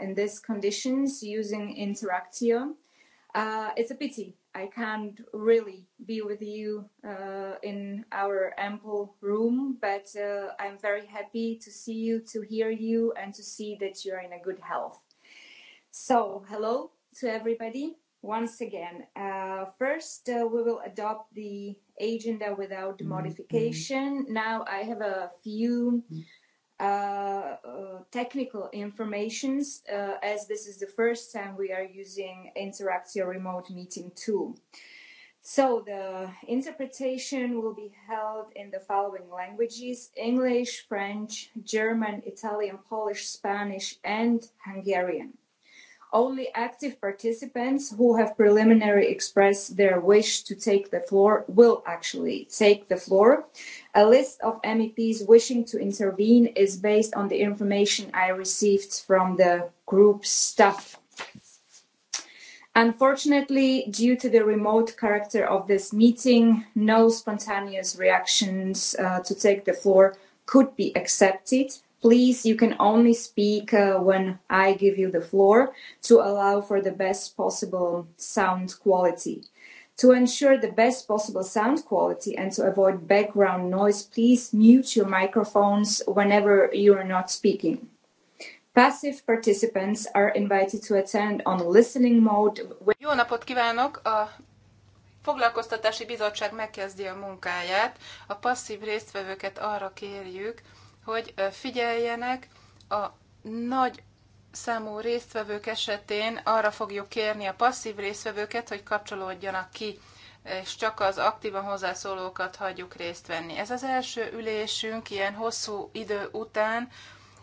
in these conditions using Interactio. Uh, it's a pity I can't really be with you uh, in our ample room, but uh, I'm very happy to see you, to hear you, and to see that you're in a good health. So, hello to everybody once again. Uh, first, uh, we will adopt the agenda without mm -hmm. modification. Now, I have a few. Mm -hmm uh, uh, technical informations uh, as this is the first time we are using Interactio remote meeting tool. So the interpretation will be held in the following languages, English, French, German, Italian, Polish, Spanish, and Hungarian. Only active participants who have preliminary expressed their wish to take the floor will actually take the floor. A list of MEPs wishing to intervene is based on the information I received from the group staff. Unfortunately, due to the remote character of this meeting, no spontaneous reactions uh, to take the floor could be accepted Please, you can only speak uh, when I give you the floor to allow for the best possible sound quality. To ensure the best possible sound quality and to avoid background noise, please mute your microphones whenever you are not speaking. Passive participants are invited to attend on listening mode. Jó napot kívánok! A Foglalkoztatási Bizottság megkezdi a munkáját. A passzív résztvevőket arra kérjük, hogy figyeljenek a nagy számú résztvevők esetén arra fogjuk kérni a passzív résztvevőket, hogy kapcsolódjanak ki, és csak az aktívan hozzászólókat hagyjuk részt venni. Ez az első ülésünk ilyen hosszú idő után,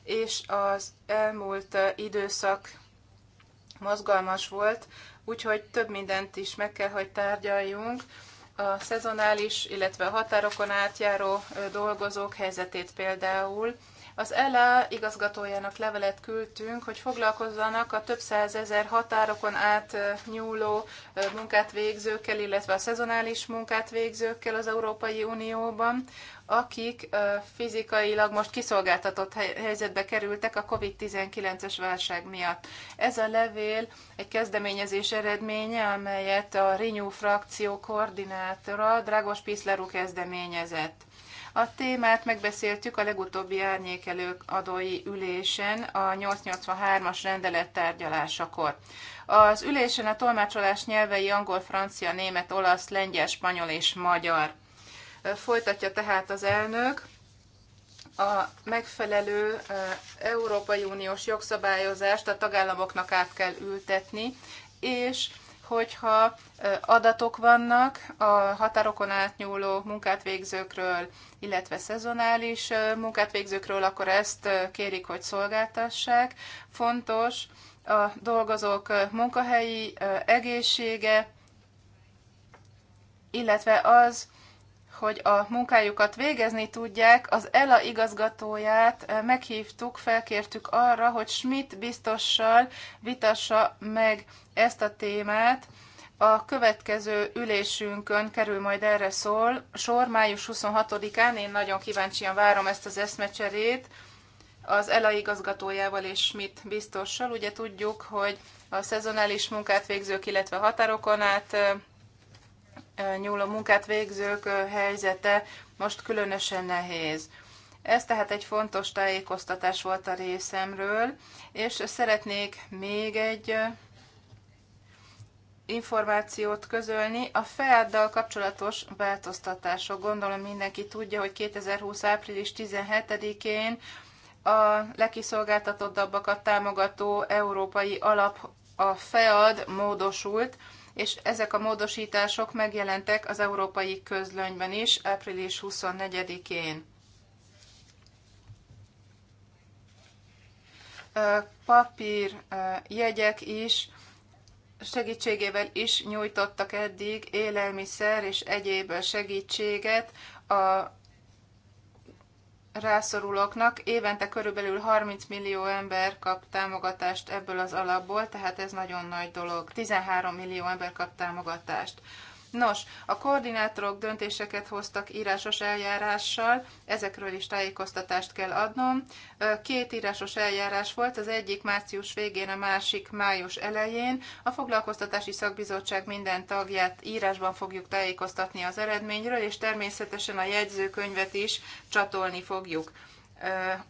és az elmúlt időszak mozgalmas volt, úgyhogy több mindent is meg kell, hogy tárgyaljunk a szezonális, illetve a határokon átjáró dolgozók helyzetét például, az ELA igazgatójának levelet küldtünk, hogy foglalkozzanak a több százezer határokon át nyúló munkát végzőkkel, illetve a szezonális munkát végzőkkel az Európai Unióban, akik fizikailag most kiszolgáltatott helyzetbe kerültek a COVID-19-es válság miatt. Ez a levél egy kezdeményezés eredménye, amelyet a Renew frakció koordinátora Dragos Piszlerú kezdeményezett. A témát megbeszéltük a legutóbbi árnyékelők adói ülésen a 883-as rendelet tárgyalásakor. Az ülésen a tolmácsolás nyelvei angol, francia, német, olasz, lengyel, spanyol és magyar. Folytatja tehát az elnök a megfelelő Európai Uniós jogszabályozást a tagállamoknak át kell ültetni, és hogyha adatok vannak a határokon átnyúló munkát végzőkről, illetve szezonális munkát végzőkről, akkor ezt kérik, hogy szolgáltassák. Fontos a dolgozók munkahelyi egészsége, illetve az, hogy a munkájukat végezni tudják, az ELA igazgatóját eh, meghívtuk, felkértük arra, hogy Schmidt biztossal vitassa meg ezt a témát. A következő ülésünkön kerül majd erre szól, sor május 26-án, én nagyon kíváncsian várom ezt az eszmecserét, az ELA igazgatójával és Schmidt biztossal. Ugye tudjuk, hogy a szezonális munkát végzők, illetve határokon át eh, nyúló munkát végzők helyzete most különösen nehéz. Ez tehát egy fontos tájékoztatás volt a részemről, és szeretnék még egy információt közölni. A FEAD-dal kapcsolatos változtatások. Gondolom mindenki tudja, hogy 2020. április 17-én a lekiszolgáltatottabbakat támogató európai alap a FEAD módosult, és ezek a módosítások megjelentek az európai közlönyben is április 24-én. Papír jegyek is segítségével is nyújtottak eddig élelmiszer és egyéb segítséget a rászorulóknak. Évente körülbelül 30 millió ember kap támogatást ebből az alapból, tehát ez nagyon nagy dolog. 13 millió ember kap támogatást. Nos, a koordinátorok döntéseket hoztak írásos eljárással, ezekről is tájékoztatást kell adnom. Két írásos eljárás volt, az egyik március végén, a másik május elején. A foglalkoztatási szakbizottság minden tagját írásban fogjuk tájékoztatni az eredményről, és természetesen a jegyzőkönyvet is csatolni fogjuk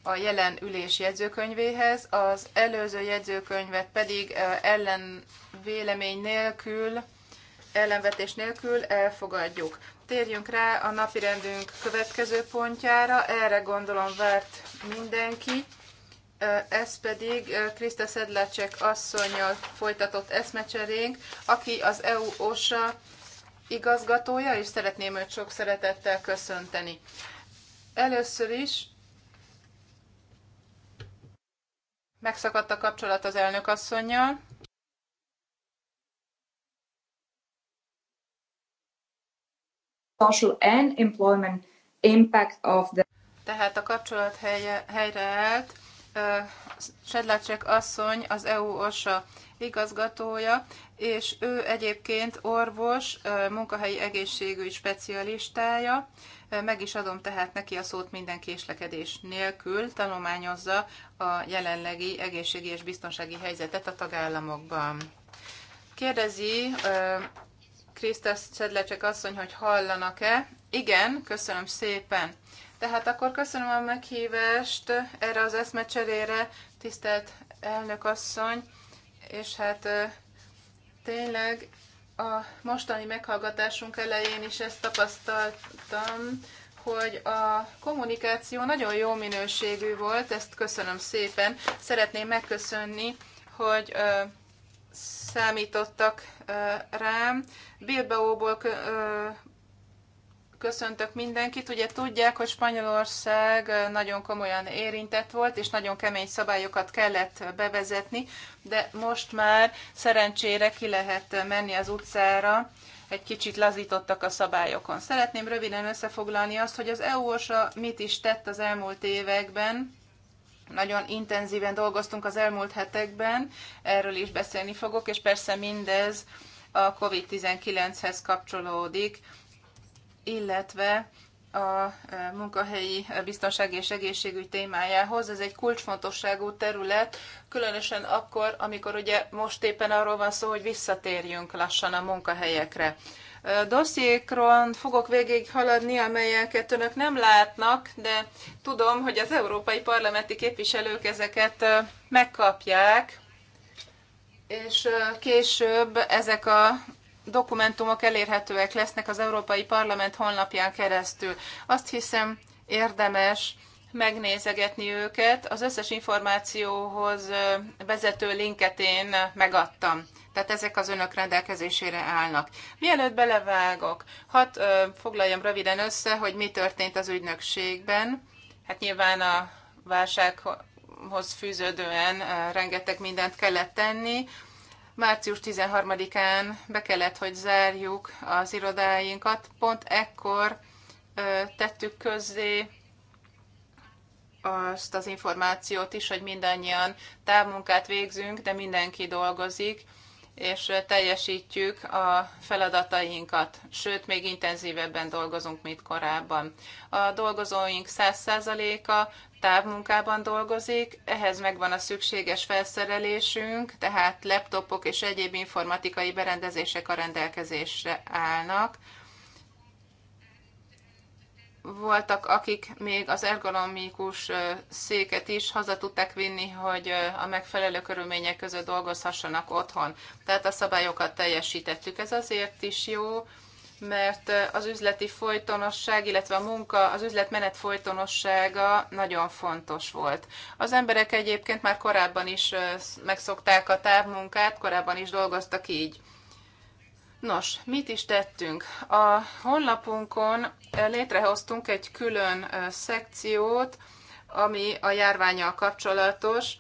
a jelen ülés jegyzőkönyvéhez, az előző jegyzőkönyvet pedig ellen vélemény nélkül ellenvetés nélkül elfogadjuk. Térjünk rá a napirendünk következő pontjára, erre gondolom várt mindenki. Ez pedig Kriszta Szedlácsek asszonynal folytatott eszmecserénk, aki az EU-OSA igazgatója, és szeretném őt sok szeretettel köszönteni. Először is megszakadt a kapcsolat az elnök asszonynal. social and employment impact of the tehát a kapcsolat helye, helyreállt. Sedlácsek asszony az EU-OSA igazgatója, és ő egyébként orvos, munkahelyi egészségügy specialistája. Meg is adom tehát neki a szót minden késlekedés nélkül, tanulmányozza a jelenlegi egészségi és biztonsági helyzetet a tagállamokban. Kérdezi Kriszta Sedlecsek asszony, hogy hallanak-e. Igen, köszönöm szépen. Tehát akkor köszönöm a meghívást erre az eszmecserére, tisztelt elnök asszony, és hát tényleg a mostani meghallgatásunk elején is ezt tapasztaltam, hogy a kommunikáció nagyon jó minőségű volt, ezt köszönöm szépen. Szeretném megköszönni, hogy számítottak rám. Bilbaóból köszöntök mindenkit. Ugye tudják, hogy Spanyolország nagyon komolyan érintett volt, és nagyon kemény szabályokat kellett bevezetni, de most már szerencsére ki lehet menni az utcára, egy kicsit lazítottak a szabályokon. Szeretném röviden összefoglalni azt, hogy az EU-osa mit is tett az elmúlt években, nagyon intenzíven dolgoztunk az elmúlt hetekben, erről is beszélni fogok, és persze mindez a COVID-19-hez kapcsolódik, illetve a munkahelyi biztonság és egészségügy témájához. Ez egy kulcsfontosságú terület, különösen akkor, amikor ugye most éppen arról van szó, hogy visszatérjünk lassan a munkahelyekre dossziékról fogok végig haladni, amelyeket önök nem látnak, de tudom, hogy az európai parlamenti képviselők ezeket megkapják, és később ezek a dokumentumok elérhetőek lesznek az Európai Parlament honlapján keresztül. Azt hiszem érdemes megnézegetni őket. Az összes információhoz vezető linket én megadtam. Tehát ezek az önök rendelkezésére állnak. Mielőtt belevágok, hadd foglaljam röviden össze, hogy mi történt az ügynökségben. Hát nyilván a válsághoz fűződően rengeteg mindent kellett tenni. Március 13-án be kellett, hogy zárjuk az irodáinkat. Pont ekkor tettük közzé azt az információt is, hogy mindannyian távmunkát végzünk, de mindenki dolgozik, és teljesítjük a feladatainkat, sőt, még intenzívebben dolgozunk, mint korábban. A dolgozóink 100%-a távmunkában dolgozik, ehhez megvan a szükséges felszerelésünk, tehát laptopok és egyéb informatikai berendezések a rendelkezésre állnak voltak, akik még az ergonomikus széket is haza tudták vinni, hogy a megfelelő körülmények között dolgozhassanak otthon. Tehát a szabályokat teljesítettük. Ez azért is jó, mert az üzleti folytonosság, illetve a munka, az üzletmenet folytonossága nagyon fontos volt. Az emberek egyébként már korábban is megszokták a távmunkát, korábban is dolgoztak így. Nos, mit is tettünk? A honlapunkon eh, létrehoztunk egy külön eh, szekciót, ami a járványal kapcsolatos,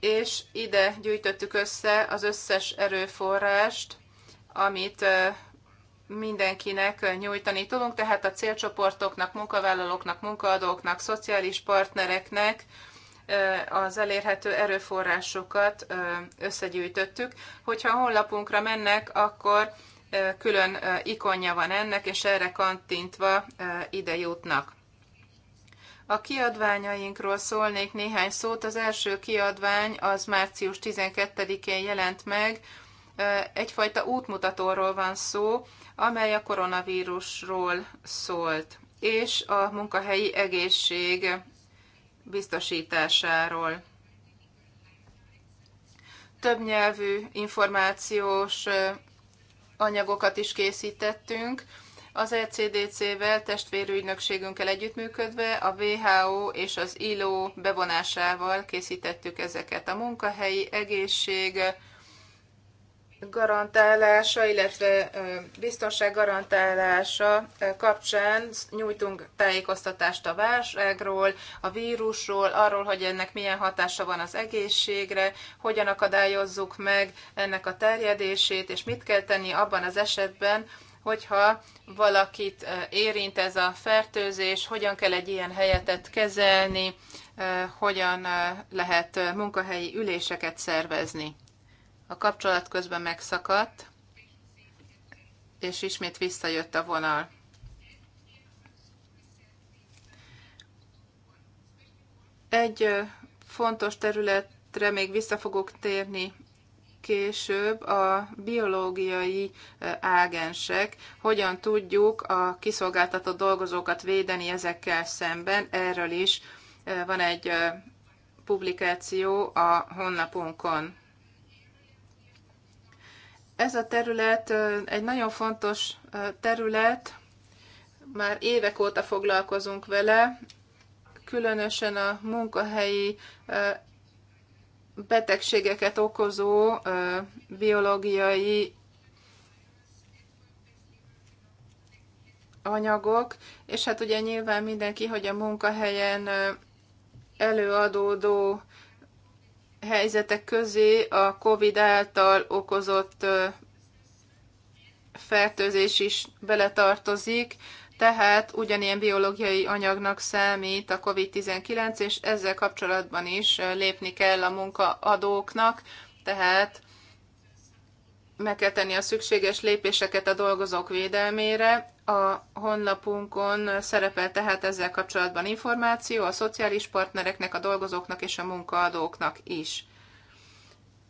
és ide gyűjtöttük össze az összes erőforrást, amit eh, mindenkinek nyújtani tudunk, tehát a célcsoportoknak, munkavállalóknak, munkaadóknak, szociális partnereknek az elérhető erőforrásokat összegyűjtöttük. Hogyha a honlapunkra mennek, akkor külön ikonja van ennek, és erre kantintva ide jutnak. A kiadványainkról szólnék néhány szót. Az első kiadvány az március 12-én jelent meg. Egyfajta útmutatóról van szó, amely a koronavírusról szólt, és a munkahelyi egészség biztosításáról. Többnyelvű információs anyagokat is készítettünk, az ECDC-vel, testvérügynökségünkkel együttműködve, a WHO és az ILO bevonásával készítettük ezeket. A munkahelyi egészség garantálása, illetve biztonság garantálása kapcsán nyújtunk tájékoztatást a válságról, a vírusról, arról, hogy ennek milyen hatása van az egészségre, hogyan akadályozzuk meg ennek a terjedését, és mit kell tenni abban az esetben, hogyha valakit érint ez a fertőzés, hogyan kell egy ilyen helyetet kezelni, hogyan lehet munkahelyi üléseket szervezni. A kapcsolat közben megszakadt, és ismét visszajött a vonal. Egy fontos területre még vissza fogok térni később a biológiai ágensek, hogyan tudjuk a kiszolgáltatott dolgozókat védeni ezekkel szemben. Erről is van egy publikáció a honlapunkon. Ez a terület egy nagyon fontos terület, már évek óta foglalkozunk vele, különösen a munkahelyi betegségeket okozó biológiai anyagok, és hát ugye nyilván mindenki, hogy a munkahelyen előadódó helyzetek közé a COVID által okozott fertőzés is beletartozik, tehát ugyanilyen biológiai anyagnak számít a COVID-19, és ezzel kapcsolatban is lépni kell a munkaadóknak, tehát meg kell tenni a szükséges lépéseket a dolgozók védelmére. A honlapunkon szerepel tehát ezzel kapcsolatban információ a szociális partnereknek, a dolgozóknak és a munkaadóknak is.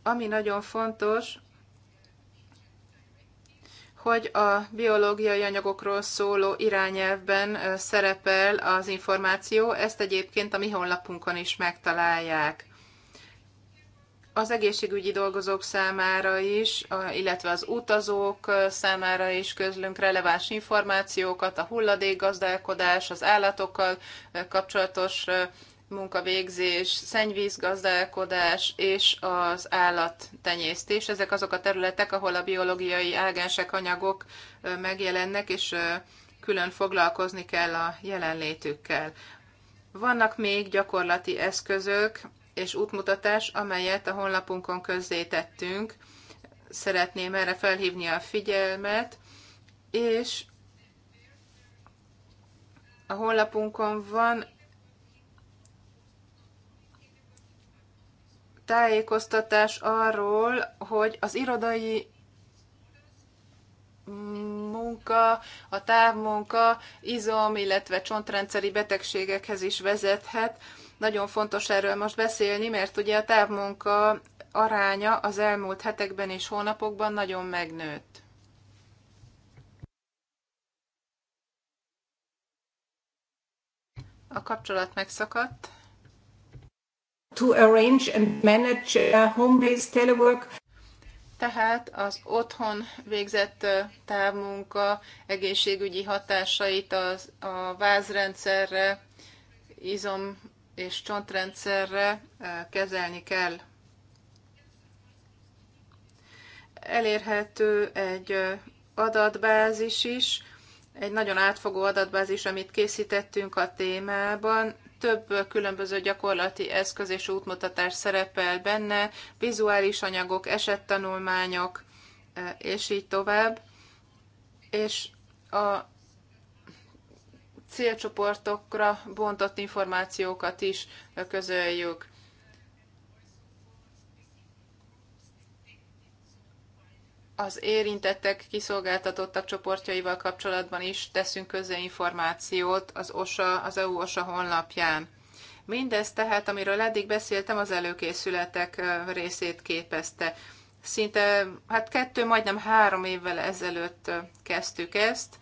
Ami nagyon fontos, hogy a biológiai anyagokról szóló irányelvben szerepel az információ, ezt egyébként a mi honlapunkon is megtalálják az egészségügyi dolgozók számára is, illetve az utazók számára is közlünk releváns információkat, a hulladékgazdálkodás, az állatokkal kapcsolatos munkavégzés, szennyvízgazdálkodás és az állattenyésztés. Ezek azok a területek, ahol a biológiai ágensek, anyagok megjelennek, és külön foglalkozni kell a jelenlétükkel. Vannak még gyakorlati eszközök, és útmutatás, amelyet a honlapunkon közzétettünk. Szeretném erre felhívni a figyelmet, és a honlapunkon van tájékoztatás arról, hogy az irodai munka, a távmunka izom, illetve csontrendszeri betegségekhez is vezethet, nagyon fontos erről most beszélni, mert ugye a távmunka aránya az elmúlt hetekben és hónapokban nagyon megnőtt. A kapcsolat megszakadt. To arrange and manage uh, home-based telework. Tehát az otthon végzett uh, távmunka egészségügyi hatásait az, a vázrendszerre, izom és csontrendszerre e, kezelni kell. Elérhető egy e, adatbázis is, egy nagyon átfogó adatbázis, amit készítettünk a témában. Több különböző gyakorlati eszköz és útmutatás szerepel benne, vizuális anyagok, esettanulmányok, e, és így tovább. És a célcsoportokra bontott információkat is közöljük. Az érintettek, kiszolgáltatottak csoportjaival kapcsolatban is teszünk közé információt az, OSA, az EU OSA honlapján. Mindez tehát, amiről eddig beszéltem, az előkészületek részét képezte. Szinte, hát kettő, majdnem három évvel ezelőtt kezdtük ezt,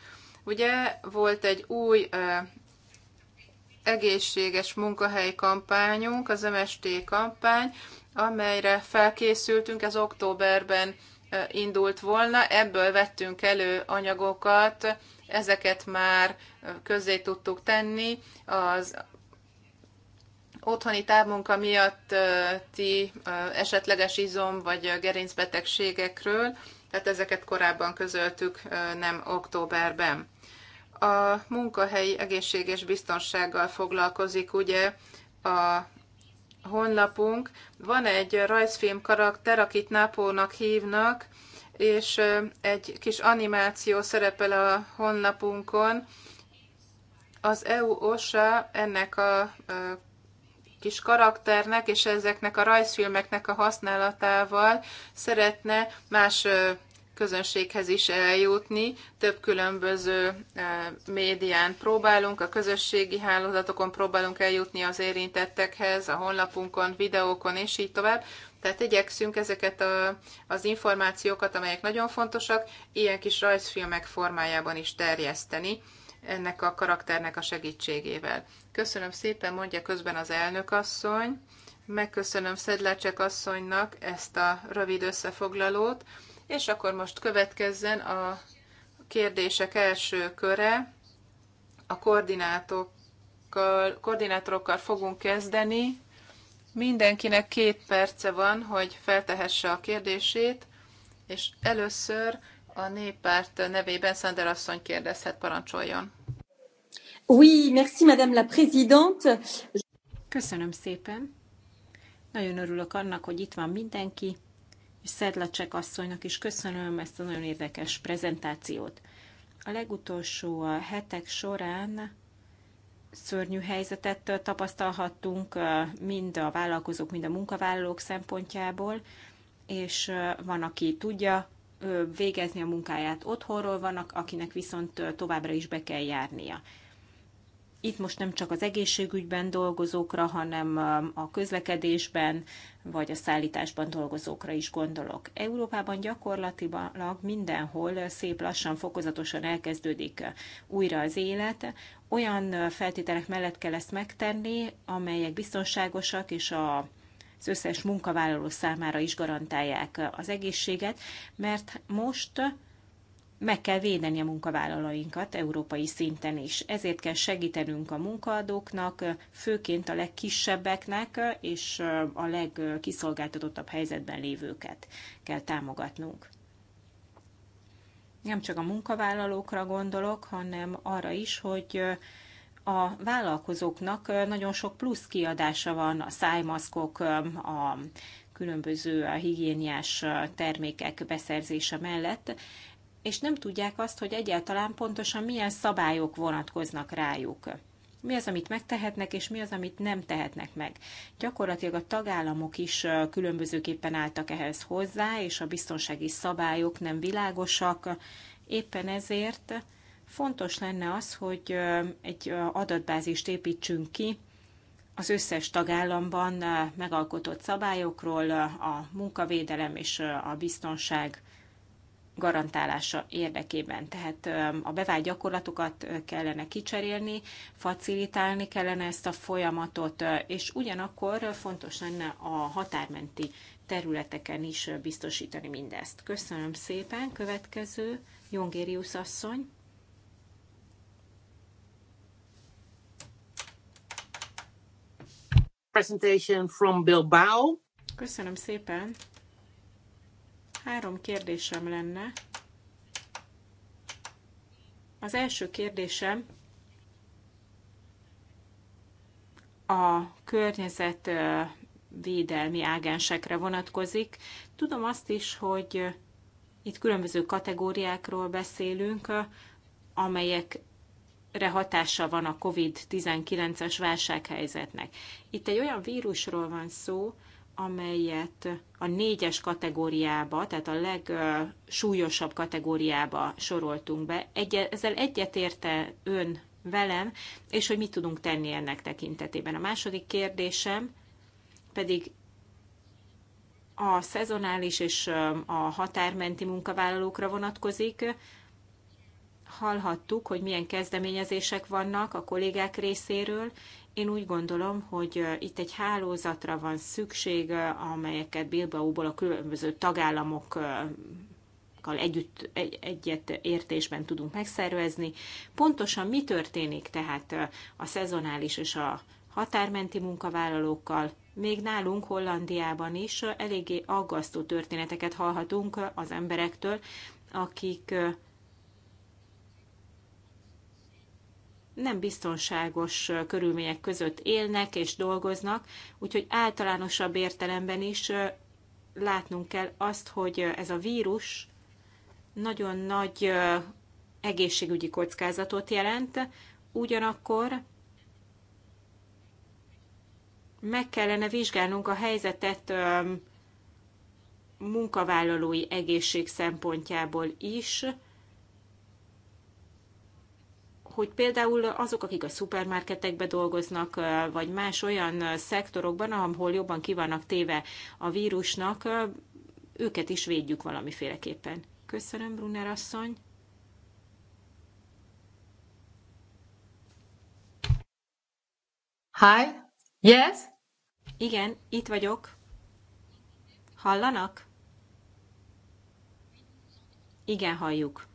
Ugye volt egy új egészséges munkahelyi kampányunk, az MST kampány, amelyre felkészültünk, ez októberben indult volna, ebből vettünk elő anyagokat, ezeket már közzé tudtuk tenni, az otthoni távmunka miatti esetleges izom vagy gerincbetegségekről, tehát ezeket korábban közöltük, nem októberben a munkahelyi egészséges biztonsággal foglalkozik, ugye a honlapunk. Van egy rajzfilm karakter, akit Napónak hívnak, és egy kis animáció szerepel a honlapunkon. Az EU OSA ennek a kis karakternek és ezeknek a rajzfilmeknek a használatával szeretne más közönséghez is eljutni. Több különböző eh, médián próbálunk, a közösségi hálózatokon próbálunk eljutni az érintettekhez, a honlapunkon, videókon és így tovább. Tehát igyekszünk ezeket a, az információkat, amelyek nagyon fontosak, ilyen kis rajzfilmek formájában is terjeszteni ennek a karakternek a segítségével. Köszönöm szépen, mondja közben az elnök asszony. Megköszönöm Szedlecsek asszonynak ezt a rövid összefoglalót. És akkor most következzen a kérdések első köre. A koordinátokkal, koordinátorokkal fogunk kezdeni. Mindenkinek két perce van, hogy feltehesse a kérdését, és először a néppárt nevében Szander asszony kérdezhet, parancsoljon. Oui, merci, madame la présidente. Köszönöm szépen. Nagyon örülök annak, hogy itt van mindenki és Szedlacsek asszonynak is köszönöm ezt a nagyon érdekes prezentációt. A legutolsó hetek során szörnyű helyzetet tapasztalhattunk mind a vállalkozók, mind a munkavállalók szempontjából, és van, aki tudja végezni a munkáját otthonról, vannak, akinek viszont továbbra is be kell járnia itt most nem csak az egészségügyben dolgozókra, hanem um, a közlekedésben vagy a szállításban dolgozókra is gondolok. Európában gyakorlatilag mindenhol uh, szép lassan, fokozatosan elkezdődik uh, újra az élet. Olyan uh, feltételek mellett kell ezt megtenni, amelyek biztonságosak és a az összes munkavállaló számára is garantálják az egészséget, mert most meg kell védeni a munkavállalóinkat európai szinten is. Ezért kell segítenünk a munkaadóknak, főként a legkisebbeknek és a legkiszolgáltatottabb helyzetben lévőket kell támogatnunk. Nem csak a munkavállalókra gondolok, hanem arra is, hogy a vállalkozóknak nagyon sok plusz kiadása van, a szájmaszkok, a különböző higiéniás termékek beszerzése mellett és nem tudják azt, hogy egyáltalán pontosan milyen szabályok vonatkoznak rájuk. Mi az, amit megtehetnek, és mi az, amit nem tehetnek meg. Gyakorlatilag a tagállamok is különbözőképpen álltak ehhez hozzá, és a biztonsági szabályok nem világosak. Éppen ezért fontos lenne az, hogy egy adatbázist építsünk ki az összes tagállamban megalkotott szabályokról, a munkavédelem és a biztonság garantálása érdekében. Tehát a bevált gyakorlatokat kellene kicserélni, facilitálni kellene ezt a folyamatot, és ugyanakkor fontos lenne a határmenti területeken is biztosítani mindezt. Köszönöm szépen. Következő, Jongérius asszony. Presentation from Bilbao. Köszönöm szépen. Három kérdésem lenne. Az első kérdésem a környezet védelmi ágensekre vonatkozik. Tudom azt is, hogy itt különböző kategóriákról beszélünk, amelyekre hatása van a COVID-19-es válsághelyzetnek. Itt egy olyan vírusról van szó, amelyet a négyes kategóriába, tehát a legsúlyosabb kategóriába soroltunk be. Egy, ezzel egyetérte ön velem, és hogy mit tudunk tenni ennek tekintetében. A második kérdésem pedig a szezonális és a határmenti munkavállalókra vonatkozik. Hallhattuk, hogy milyen kezdeményezések vannak a kollégák részéről, én úgy gondolom, hogy itt egy hálózatra van szükség, amelyeket Bilbaóból a különböző tagállamok együtt, egy, egyet értésben tudunk megszervezni. Pontosan mi történik tehát a szezonális és a határmenti munkavállalókkal, még nálunk Hollandiában is eléggé aggasztó történeteket hallhatunk az emberektől, akik nem biztonságos körülmények között élnek és dolgoznak, úgyhogy általánosabb értelemben is látnunk kell azt, hogy ez a vírus nagyon nagy egészségügyi kockázatot jelent, ugyanakkor meg kellene vizsgálnunk a helyzetet munkavállalói egészség szempontjából is, hogy például azok, akik a szupermarketekben dolgoznak, vagy más olyan szektorokban, ahol jobban kivannak téve a vírusnak, őket is védjük valamiféleképpen. Köszönöm, Brunner asszony. Hi? Yes? Igen, itt vagyok. Hallanak? Igen, halljuk.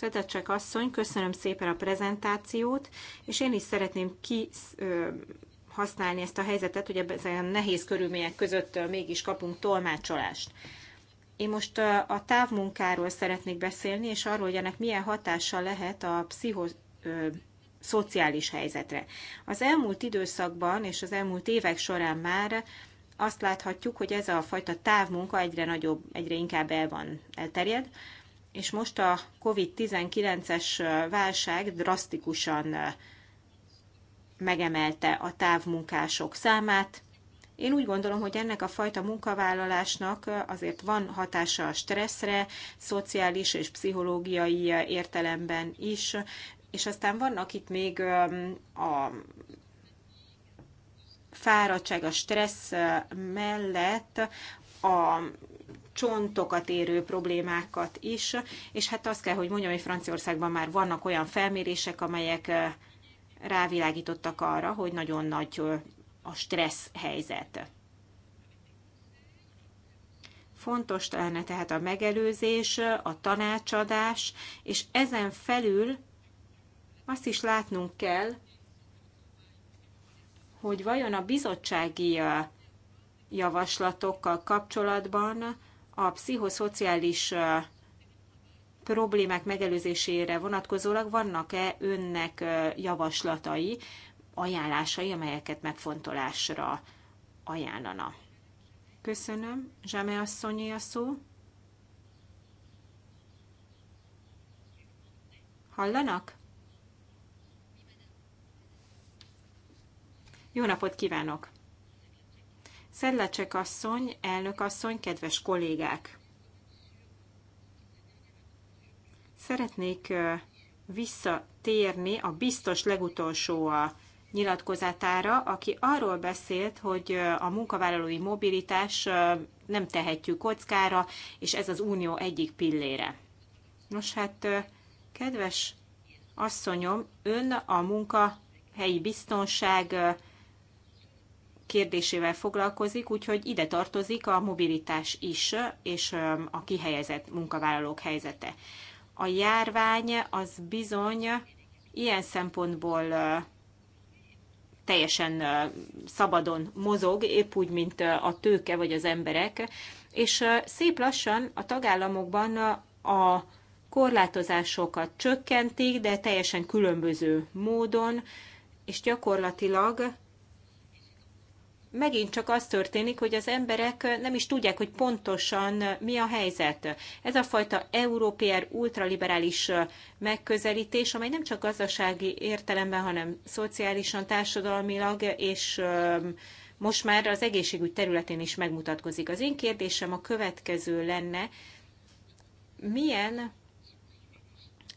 Szedecsek asszony, köszönöm szépen a prezentációt, és én is szeretném ki használni ezt a helyzetet, hogy ezen nehéz körülmények között mégis kapunk tolmácsolást. Én most a távmunkáról szeretnék beszélni, és arról, hogy ennek milyen hatása lehet a pszichoszociális helyzetre. Az elmúlt időszakban és az elmúlt évek során már azt láthatjuk, hogy ez a fajta távmunka egyre nagyobb, egyre inkább el van elterjed, és most a COVID-19-es válság drasztikusan megemelte a távmunkások számát. Én úgy gondolom, hogy ennek a fajta munkavállalásnak azért van hatása a stresszre, szociális és pszichológiai értelemben is, és aztán vannak itt még a fáradtság, a stressz mellett a csontokat érő problémákat is, és hát azt kell, hogy mondjam, hogy Franciaországban már vannak olyan felmérések, amelyek rávilágítottak arra, hogy nagyon nagy a stressz helyzet. Fontos lenne tehát a megelőzés, a tanácsadás, és ezen felül azt is látnunk kell, hogy vajon a bizottsági javaslatokkal kapcsolatban a pszichoszociális problémák megelőzésére vonatkozólag vannak-e önnek javaslatai, ajánlásai, amelyeket megfontolásra ajánlana? Köszönöm. Zsame asszonyi a szó. Hallanak? Jó napot kívánok! Szedlacsek asszony, elnök asszony, kedves kollégák! Szeretnék visszatérni a biztos legutolsó a nyilatkozatára, aki arról beszélt, hogy a munkavállalói mobilitás nem tehetjük kockára, és ez az unió egyik pillére. Nos hát, kedves asszonyom, ön a munkahelyi biztonság kérdésével foglalkozik, úgyhogy ide tartozik a mobilitás is, és a kihelyezett munkavállalók helyzete. A járvány az bizony ilyen szempontból teljesen szabadon mozog, épp úgy, mint a tőke vagy az emberek, és szép lassan a tagállamokban a korlátozásokat csökkentik, de teljesen különböző módon, és gyakorlatilag megint csak az történik, hogy az emberek nem is tudják, hogy pontosan mi a helyzet. Ez a fajta európér ultraliberális megközelítés, amely nem csak gazdasági értelemben, hanem szociálisan, társadalmilag, és most már az egészségügy területén is megmutatkozik. Az én kérdésem a következő lenne, milyen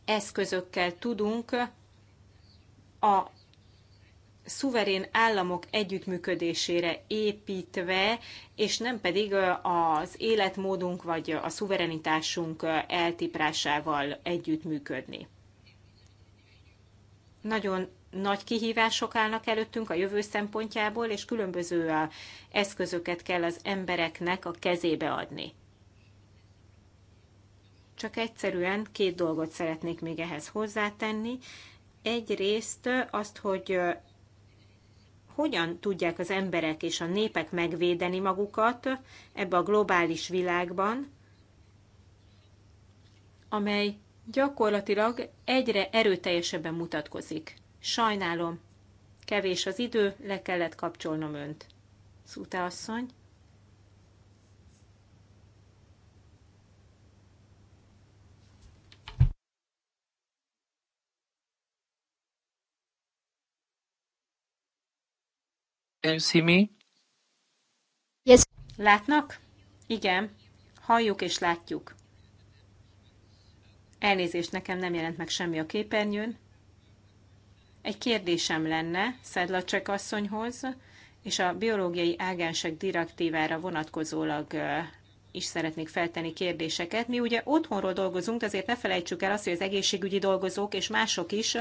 eszközökkel tudunk a szuverén államok együttműködésére építve, és nem pedig az életmódunk vagy a szuverenitásunk eltiprásával együttműködni. Nagyon nagy kihívások állnak előttünk a jövő szempontjából, és különböző eszközöket kell az embereknek a kezébe adni. Csak egyszerűen két dolgot szeretnék még ehhez hozzátenni. Egyrészt azt, hogy hogyan tudják az emberek és a népek megvédeni magukat ebbe a globális világban, amely gyakorlatilag egyre erőteljesebben mutatkozik. Sajnálom, kevés az idő, le kellett kapcsolnom önt. Szúta asszony. Can you see me? Yes. Látnak? Igen. Halljuk és látjuk. Elnézést, nekem nem jelent meg semmi a képernyőn. Egy kérdésem lenne Szedlacsek asszonyhoz, és a biológiai ágensek direktívára vonatkozólag is szeretnék feltenni kérdéseket. Mi ugye otthonról dolgozunk, de azért ne felejtsük el azt, hogy az egészségügyi dolgozók és mások is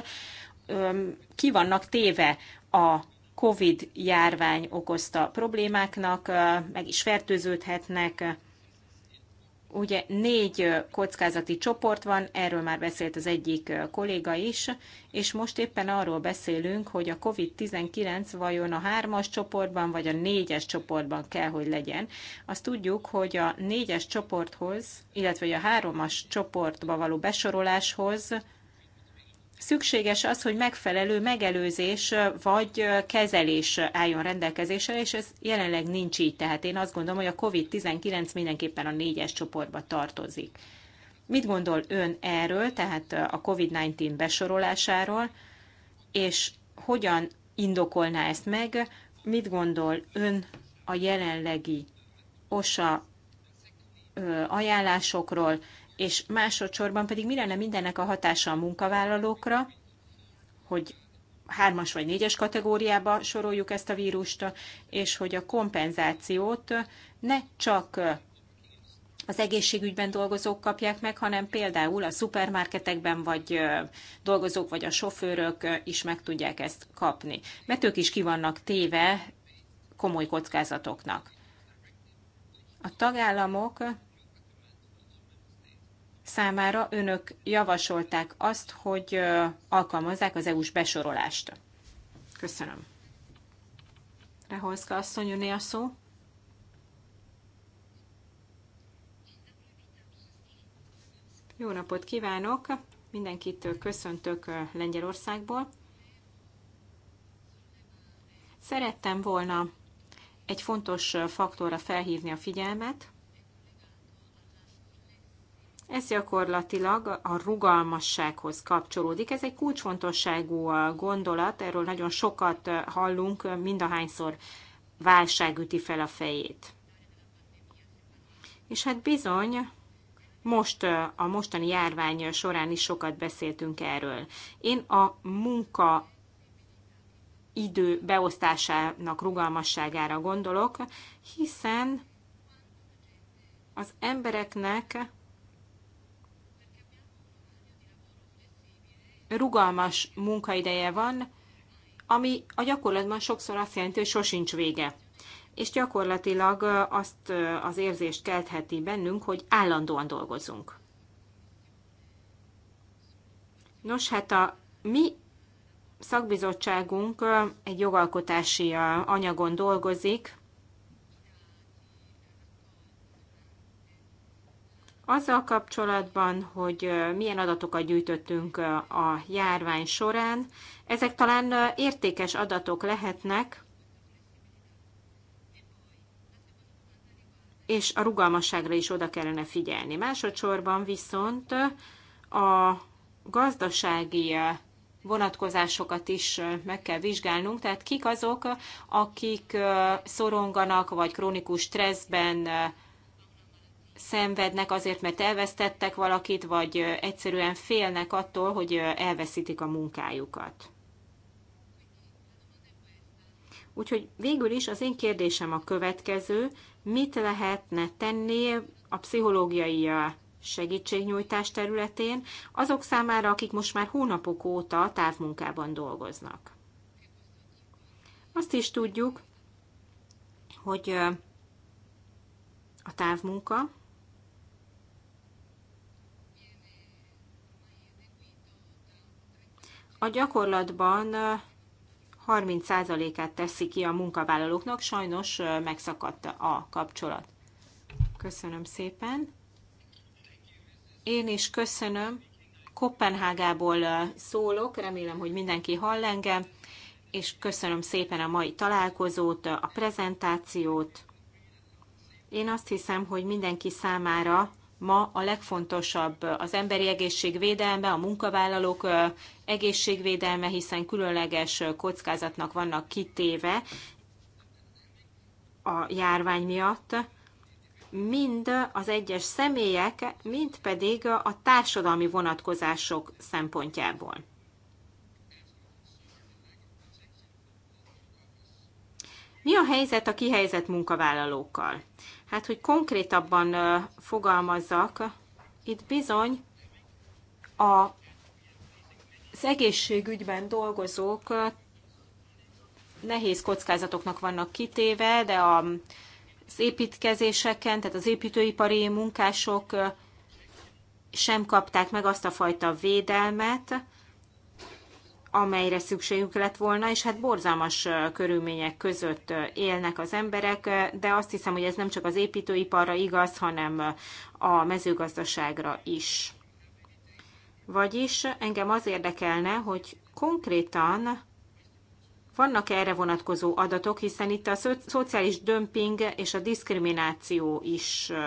öm, ki vannak téve a COVID járvány okozta problémáknak, meg is fertőződhetnek. Ugye négy kockázati csoport van, erről már beszélt az egyik kolléga is, és most éppen arról beszélünk, hogy a COVID-19 vajon a hármas csoportban vagy a négyes csoportban kell, hogy legyen. Azt tudjuk, hogy a négyes csoporthoz, illetve a háromas csoportba való besoroláshoz szükséges az, hogy megfelelő megelőzés vagy kezelés álljon rendelkezésre, és ez jelenleg nincs így. Tehát én azt gondolom, hogy a COVID-19 mindenképpen a négyes csoportba tartozik. Mit gondol ön erről, tehát a COVID-19 besorolásáról, és hogyan indokolná ezt meg, mit gondol ön a jelenlegi OSA ajánlásokról, és másodszorban pedig mi lenne mindennek a hatása a munkavállalókra, hogy hármas vagy négyes kategóriába soroljuk ezt a vírust, és hogy a kompenzációt ne csak az egészségügyben dolgozók kapják meg, hanem például a szupermarketekben vagy dolgozók, vagy a sofőrök is meg tudják ezt kapni. Mert ők is kivannak téve komoly kockázatoknak. A tagállamok számára önök javasolták azt, hogy alkalmazzák az EU-s besorolást. Köszönöm. Reholszka asszony, jönné a szó. Jó napot kívánok! Mindenkit köszöntök Lengyelországból. Szerettem volna egy fontos faktorra felhívni a figyelmet, ez gyakorlatilag a rugalmassághoz kapcsolódik. Ez egy kulcsfontosságú gondolat, erről nagyon sokat hallunk, mindahányszor válság üti fel a fejét. És hát bizony, most a mostani járvány során is sokat beszéltünk erről. Én a munka idő beosztásának rugalmasságára gondolok, hiszen az embereknek rugalmas munkaideje van, ami a gyakorlatban sokszor azt jelenti, hogy sosincs vége. És gyakorlatilag azt az érzést keltheti bennünk, hogy állandóan dolgozunk. Nos, hát a mi szakbizottságunk egy jogalkotási anyagon dolgozik, azzal kapcsolatban, hogy milyen adatokat gyűjtöttünk a járvány során. Ezek talán értékes adatok lehetnek, és a rugalmasságra is oda kellene figyelni. Másodszorban viszont a gazdasági vonatkozásokat is meg kell vizsgálnunk, tehát kik azok, akik szoronganak, vagy krónikus stresszben szenvednek azért, mert elvesztettek valakit, vagy egyszerűen félnek attól, hogy elveszítik a munkájukat. Úgyhogy végül is az én kérdésem a következő, mit lehetne tenni a pszichológiai segítségnyújtás területén azok számára, akik most már hónapok óta távmunkában dolgoznak. Azt is tudjuk, hogy a távmunka a gyakorlatban 30%-át teszi ki a munkavállalóknak, sajnos megszakadt a kapcsolat. Köszönöm szépen. Én is köszönöm. Kopenhágából szólok, remélem, hogy mindenki hall engem, és köszönöm szépen a mai találkozót, a prezentációt. Én azt hiszem, hogy mindenki számára ma a legfontosabb az emberi egészség védelme, a munkavállalók egészségvédelme, hiszen különleges kockázatnak vannak kitéve a járvány miatt, mind az egyes személyek, mind pedig a társadalmi vonatkozások szempontjából. Mi a helyzet a kihelyzett munkavállalókkal? hát hogy konkrétabban fogalmazzak, itt bizony a, az egészségügyben dolgozók nehéz kockázatoknak vannak kitéve, de a, az építkezéseken, tehát az építőipari munkások sem kapták meg azt a fajta védelmet, amelyre szükségük lett volna, és hát borzalmas körülmények között élnek az emberek, de azt hiszem, hogy ez nem csak az építőiparra igaz, hanem a mezőgazdaságra is. Vagyis engem az érdekelne, hogy konkrétan vannak -e erre vonatkozó adatok, hiszen itt a szociális dömping és a diszkrimináció is ö,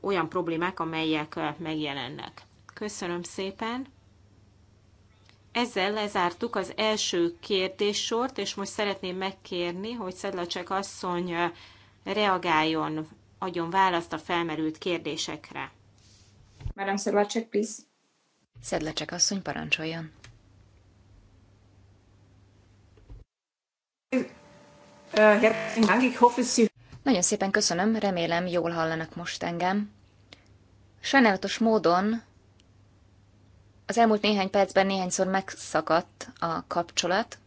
olyan problémák, amelyek megjelennek. Köszönöm szépen! Ezzel lezártuk az első kérdéssort, és most szeretném megkérni, hogy Szedlacsek asszony reagáljon, adjon választ a felmerült kérdésekre. Madam Szedlacsek, please. Szedlacsek asszony, parancsoljon. Nagyon szépen köszönöm, remélem jól hallanak most engem. Sajnálatos módon az elmúlt néhány percben néhányszor megszakadt a kapcsolat,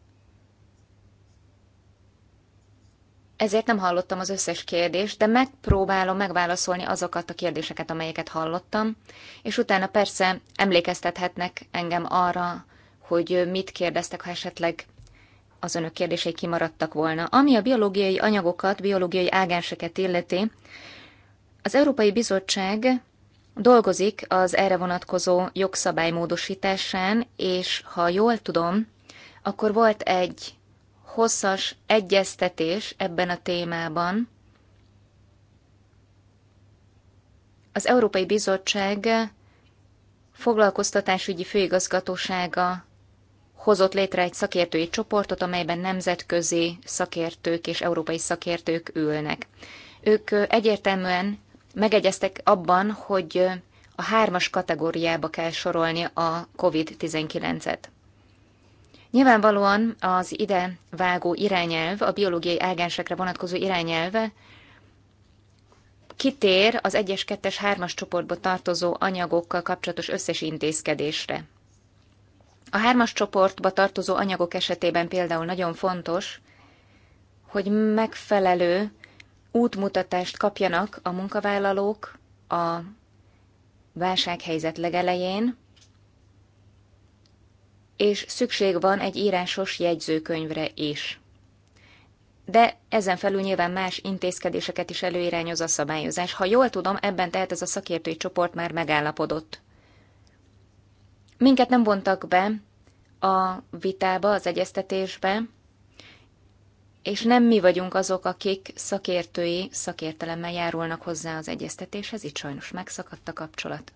ezért nem hallottam az összes kérdést, de megpróbálom megválaszolni azokat a kérdéseket, amelyeket hallottam, és utána persze emlékeztethetnek engem arra, hogy mit kérdeztek, ha esetleg az önök kérdései kimaradtak volna. Ami a biológiai anyagokat, biológiai ágenseket illeti, az Európai Bizottság dolgozik az erre vonatkozó jogszabály módosításán, és ha jól tudom, akkor volt egy hosszas egyeztetés ebben a témában. Az Európai Bizottság foglalkoztatásügyi főigazgatósága hozott létre egy szakértői csoportot, amelyben nemzetközi szakértők és európai szakértők ülnek. Ők egyértelműen megegyeztek abban, hogy a hármas kategóriába kell sorolni a COVID-19-et. Nyilvánvalóan az ide vágó irányelv, a biológiai ágensekre vonatkozó irányelve kitér az 1-es, 2-es, 3-as csoportba tartozó anyagokkal kapcsolatos összes intézkedésre. A 3-as csoportba tartozó anyagok esetében például nagyon fontos, hogy megfelelő útmutatást kapjanak a munkavállalók a válsághelyzet legelején, és szükség van egy írásos jegyzőkönyvre is. De ezen felül nyilván más intézkedéseket is előirányoz a szabályozás. Ha jól tudom, ebben tehát ez a szakértői csoport már megállapodott. Minket nem vontak be a vitába, az egyeztetésbe, és nem mi vagyunk azok, akik szakértői szakértelemmel járulnak hozzá az egyeztetéshez, itt sajnos megszakadt a kapcsolat.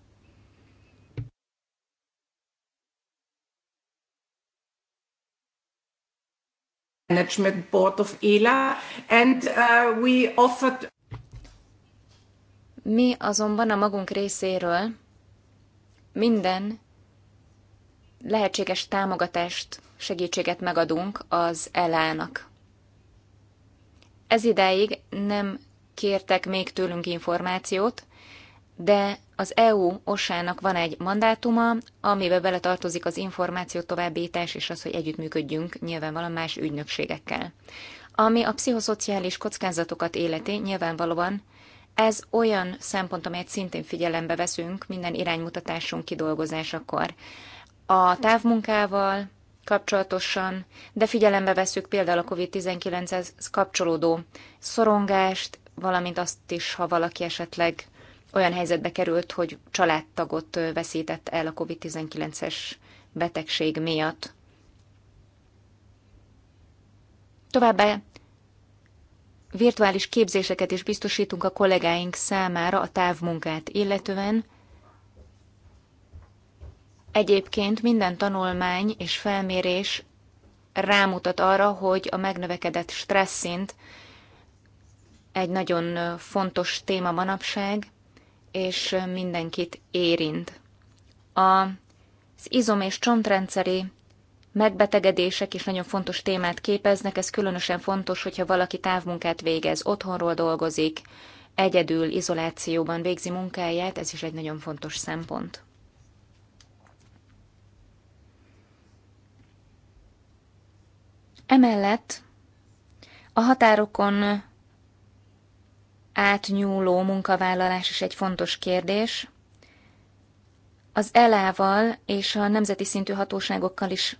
Management Board of ELA, and uh, we offered... Mi azonban a magunk részéről minden lehetséges támogatást, segítséget megadunk az elának. Ez ideig nem kértek még tőlünk információt, de az EU osának van egy mandátuma, amiben beletartozik az információ továbbítás és az, hogy együttműködjünk nyilvánvalóan más ügynökségekkel. Ami a pszichoszociális kockázatokat életi, nyilvánvalóan ez olyan szempont, amelyet szintén figyelembe veszünk minden iránymutatásunk kidolgozásakor. A távmunkával, kapcsolatosan, de figyelembe veszük például a COVID-19-hez kapcsolódó szorongást, valamint azt is, ha valaki esetleg olyan helyzetbe került, hogy családtagot veszített el a COVID-19-es betegség miatt. Továbbá virtuális képzéseket is biztosítunk a kollégáink számára a távmunkát illetően, Egyébként minden tanulmány és felmérés rámutat arra, hogy a megnövekedett szint egy nagyon fontos téma manapság, és mindenkit érint. Az izom- és csontrendszeri megbetegedések is nagyon fontos témát képeznek, ez különösen fontos, hogyha valaki távmunkát végez, otthonról dolgozik, egyedül, izolációban végzi munkáját, ez is egy nagyon fontos szempont. Emellett a határokon átnyúló munkavállalás is egy fontos kérdés. Az elával és a nemzeti szintű hatóságokkal is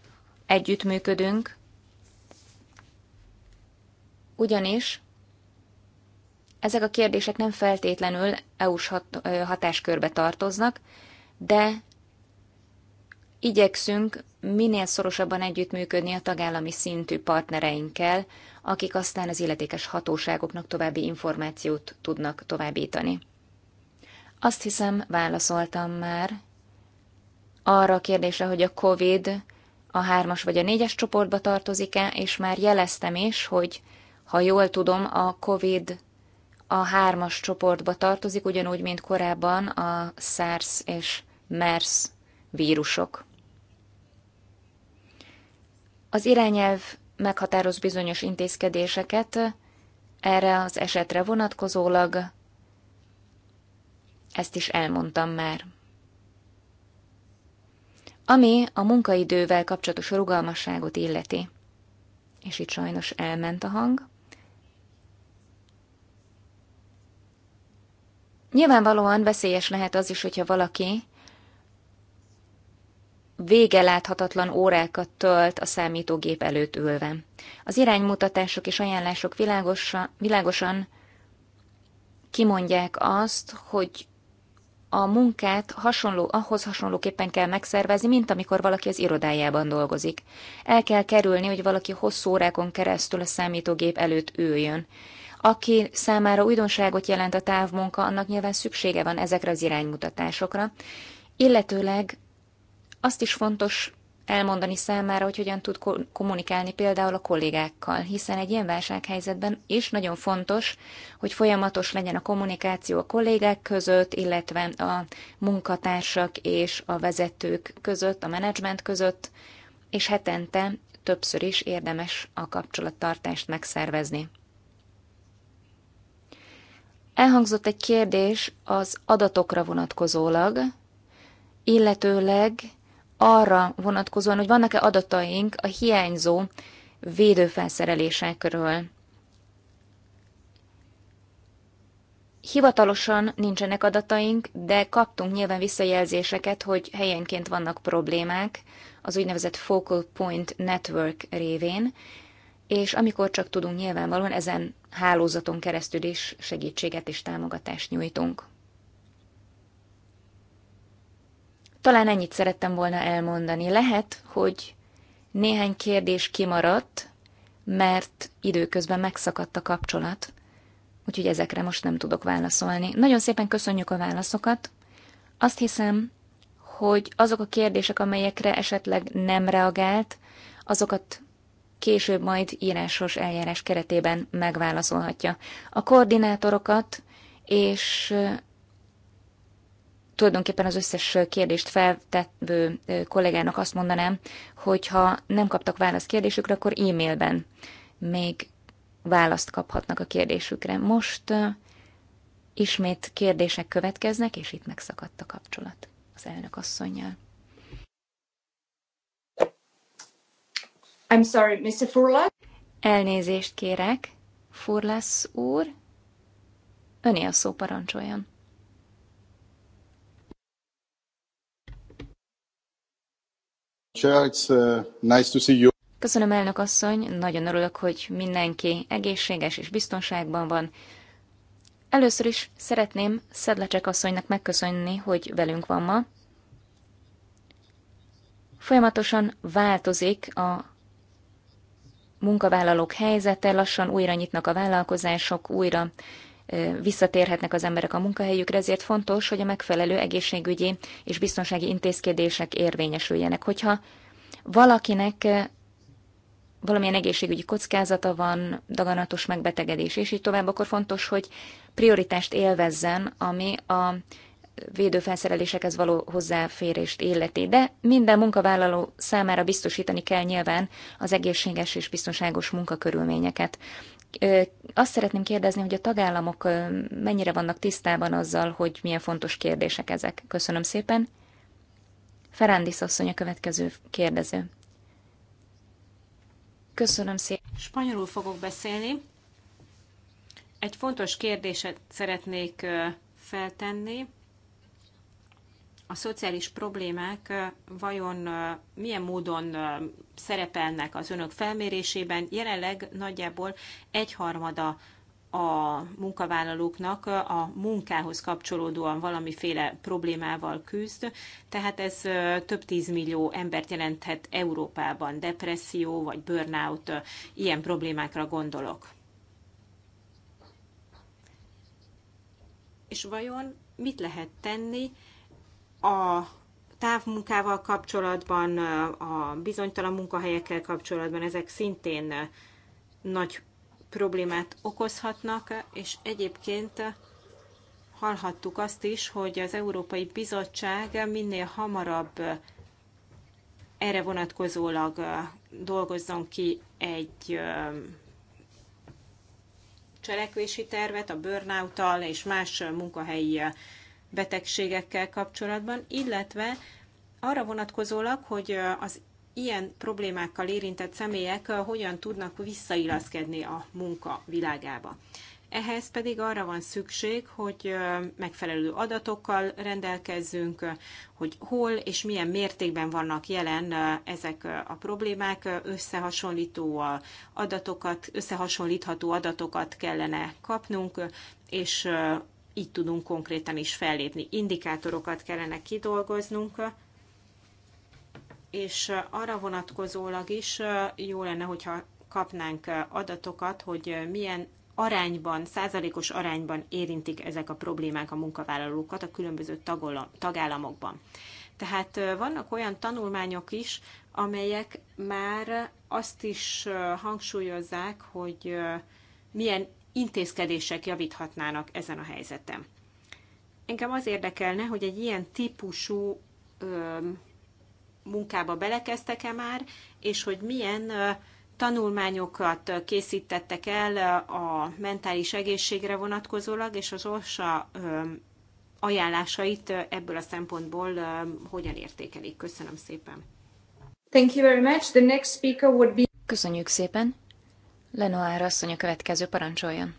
együttműködünk, ugyanis ezek a kérdések nem feltétlenül EU-s hatáskörbe tartoznak, de igyekszünk minél szorosabban együttműködni a tagállami szintű partnereinkkel, akik aztán az illetékes hatóságoknak további információt tudnak továbbítani. Azt hiszem, válaszoltam már arra a kérdésre, hogy a COVID a hármas vagy a négyes csoportba tartozik-e, és már jeleztem is, hogy ha jól tudom, a COVID a hármas csoportba tartozik, ugyanúgy, mint korábban a SARS és MERS vírusok. Az irányelv meghatároz bizonyos intézkedéseket erre az esetre vonatkozólag, ezt is elmondtam már. Ami a munkaidővel kapcsolatos rugalmasságot illeti. És itt sajnos elment a hang. Nyilvánvalóan veszélyes lehet az is, hogyha valaki vége láthatatlan órákat tölt a számítógép előtt ülve. Az iránymutatások és ajánlások világosa, világosan kimondják azt, hogy a munkát hasonló, ahhoz hasonlóképpen kell megszervezni, mint amikor valaki az irodájában dolgozik. El kell kerülni, hogy valaki hosszú órákon keresztül a számítógép előtt üljön. Aki számára újdonságot jelent a távmunka, annak nyilván szüksége van ezekre az iránymutatásokra, illetőleg azt is fontos elmondani számára, hogy hogyan tud kommunikálni például a kollégákkal, hiszen egy ilyen válsághelyzetben is nagyon fontos, hogy folyamatos legyen a kommunikáció a kollégák között, illetve a munkatársak és a vezetők között, a menedzsment között, és hetente többször is érdemes a kapcsolattartást megszervezni. Elhangzott egy kérdés az adatokra vonatkozólag, illetőleg arra vonatkozóan, hogy vannak-e adataink a hiányzó védőfelszerelésekről. Hivatalosan nincsenek adataink, de kaptunk nyilván visszajelzéseket, hogy helyenként vannak problémák az úgynevezett Focal Point Network révén, és amikor csak tudunk, nyilvánvalóan ezen hálózaton keresztül is segítséget és támogatást nyújtunk. Talán ennyit szerettem volna elmondani. Lehet, hogy néhány kérdés kimaradt, mert időközben megszakadt a kapcsolat, úgyhogy ezekre most nem tudok válaszolni. Nagyon szépen köszönjük a válaszokat. Azt hiszem, hogy azok a kérdések, amelyekre esetleg nem reagált, azokat később majd írásos eljárás keretében megválaszolhatja. A koordinátorokat és tulajdonképpen az összes kérdést feltevő kollégának azt mondanám, hogy ha nem kaptak választ kérdésükre, akkor e-mailben még választ kaphatnak a kérdésükre. Most ismét kérdések következnek, és itt megszakadt a kapcsolat az elnök asszonynal. I'm sorry, Mr. Furlas? Elnézést kérek, Furlas úr. Öné a szó parancsoljon. Uh, Köszönöm, elnök asszony, nagyon örülök, hogy mindenki egészséges és biztonságban van. Először is szeretném Szedlecsek asszonynak megköszönni, hogy velünk van ma. Folyamatosan változik a munkavállalók helyzete, lassan újra nyitnak a vállalkozások, újra visszatérhetnek az emberek a munkahelyükre, ezért fontos, hogy a megfelelő egészségügyi és biztonsági intézkedések érvényesüljenek. Hogyha valakinek valamilyen egészségügyi kockázata van, daganatos megbetegedés, és így tovább, akkor fontos, hogy prioritást élvezzen, ami a védőfelszerelésekhez való hozzáférést illeti. De minden munkavállaló számára biztosítani kell nyilván az egészséges és biztonságos munkakörülményeket azt szeretném kérdezni, hogy a tagállamok mennyire vannak tisztában azzal, hogy milyen fontos kérdések ezek. Köszönöm szépen. Ferándis asszony a következő kérdező. Köszönöm szépen. Spanyolul fogok beszélni. Egy fontos kérdéset szeretnék feltenni a szociális problémák vajon milyen módon szerepelnek az önök felmérésében. Jelenleg nagyjából egyharmada a munkavállalóknak a munkához kapcsolódóan valamiféle problémával küzd, tehát ez több tízmillió embert jelenthet Európában, depresszió vagy burnout, ilyen problémákra gondolok. És vajon mit lehet tenni, a távmunkával kapcsolatban, a bizonytalan munkahelyekkel kapcsolatban ezek szintén nagy problémát okozhatnak, és egyébként hallhattuk azt is, hogy az Európai Bizottság minél hamarabb erre vonatkozólag dolgozzon ki egy cselekvési tervet a burnout és más munkahelyi betegségekkel kapcsolatban, illetve arra vonatkozólag, hogy az ilyen problémákkal érintett személyek hogyan tudnak visszailaszkedni a munka világába. Ehhez pedig arra van szükség, hogy megfelelő adatokkal rendelkezzünk, hogy hol és milyen mértékben vannak jelen ezek a problémák, összehasonlító adatokat, összehasonlítható adatokat kellene kapnunk, és így tudunk konkrétan is fellépni. Indikátorokat kellene kidolgoznunk, és arra vonatkozólag is jó lenne, hogyha kapnánk adatokat, hogy milyen arányban, százalékos arányban érintik ezek a problémák a munkavállalókat a különböző tagállamokban. Tehát vannak olyan tanulmányok is, amelyek már azt is hangsúlyozzák, hogy milyen intézkedések javíthatnának ezen a helyzeten. Engem az érdekelne, hogy egy ilyen típusú ö, munkába belekezdtek-e már, és hogy milyen ö, tanulmányokat készítettek el a mentális egészségre vonatkozólag, és az OSA ajánlásait ebből a szempontból hogyan értékelik. Köszönöm szépen. Thank you very much. The next speaker would be... Köszönjük szépen. Lenoir asszony a következő parancsoljon.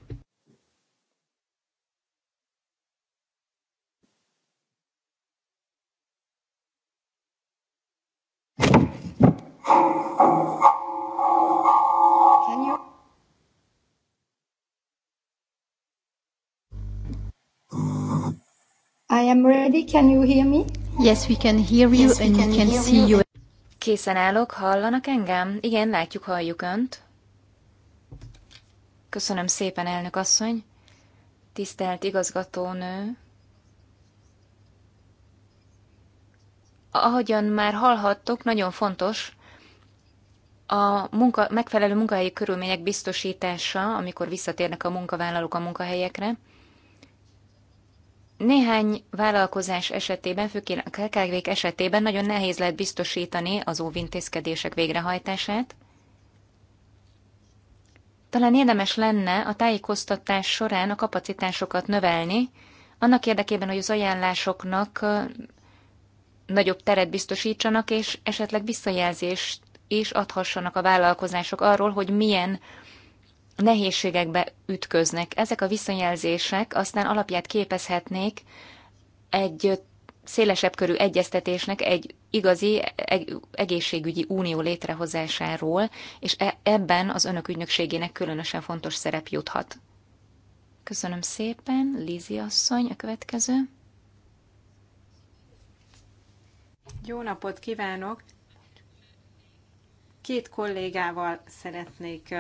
I am ready. Can you hear me? Yes, we can hear you yes, and we can, can see you. Készen állok, hallanak engem? Igen, látjuk, halljuk önt. Köszönöm szépen, elnök asszony. Tisztelt igazgatónő. Ahogyan már hallhattok, nagyon fontos a munka, megfelelő munkahelyi körülmények biztosítása, amikor visszatérnek a munkavállalók a munkahelyekre. Néhány vállalkozás esetében, főként a kkv esetében nagyon nehéz lehet biztosítani az óvintézkedések végrehajtását – talán érdemes lenne a tájékoztatás során a kapacitásokat növelni, annak érdekében, hogy az ajánlásoknak nagyobb teret biztosítsanak, és esetleg visszajelzést is adhassanak a vállalkozások arról, hogy milyen nehézségekbe ütköznek. Ezek a visszajelzések aztán alapját képezhetnék egy szélesebb körű egyeztetésnek egy igazi egészségügyi unió létrehozásáról, és e, ebben az önök ügynökségének különösen fontos szerep juthat. Köszönöm szépen, Lízi asszony, a következő. Jó napot kívánok! Két kollégával szeretnék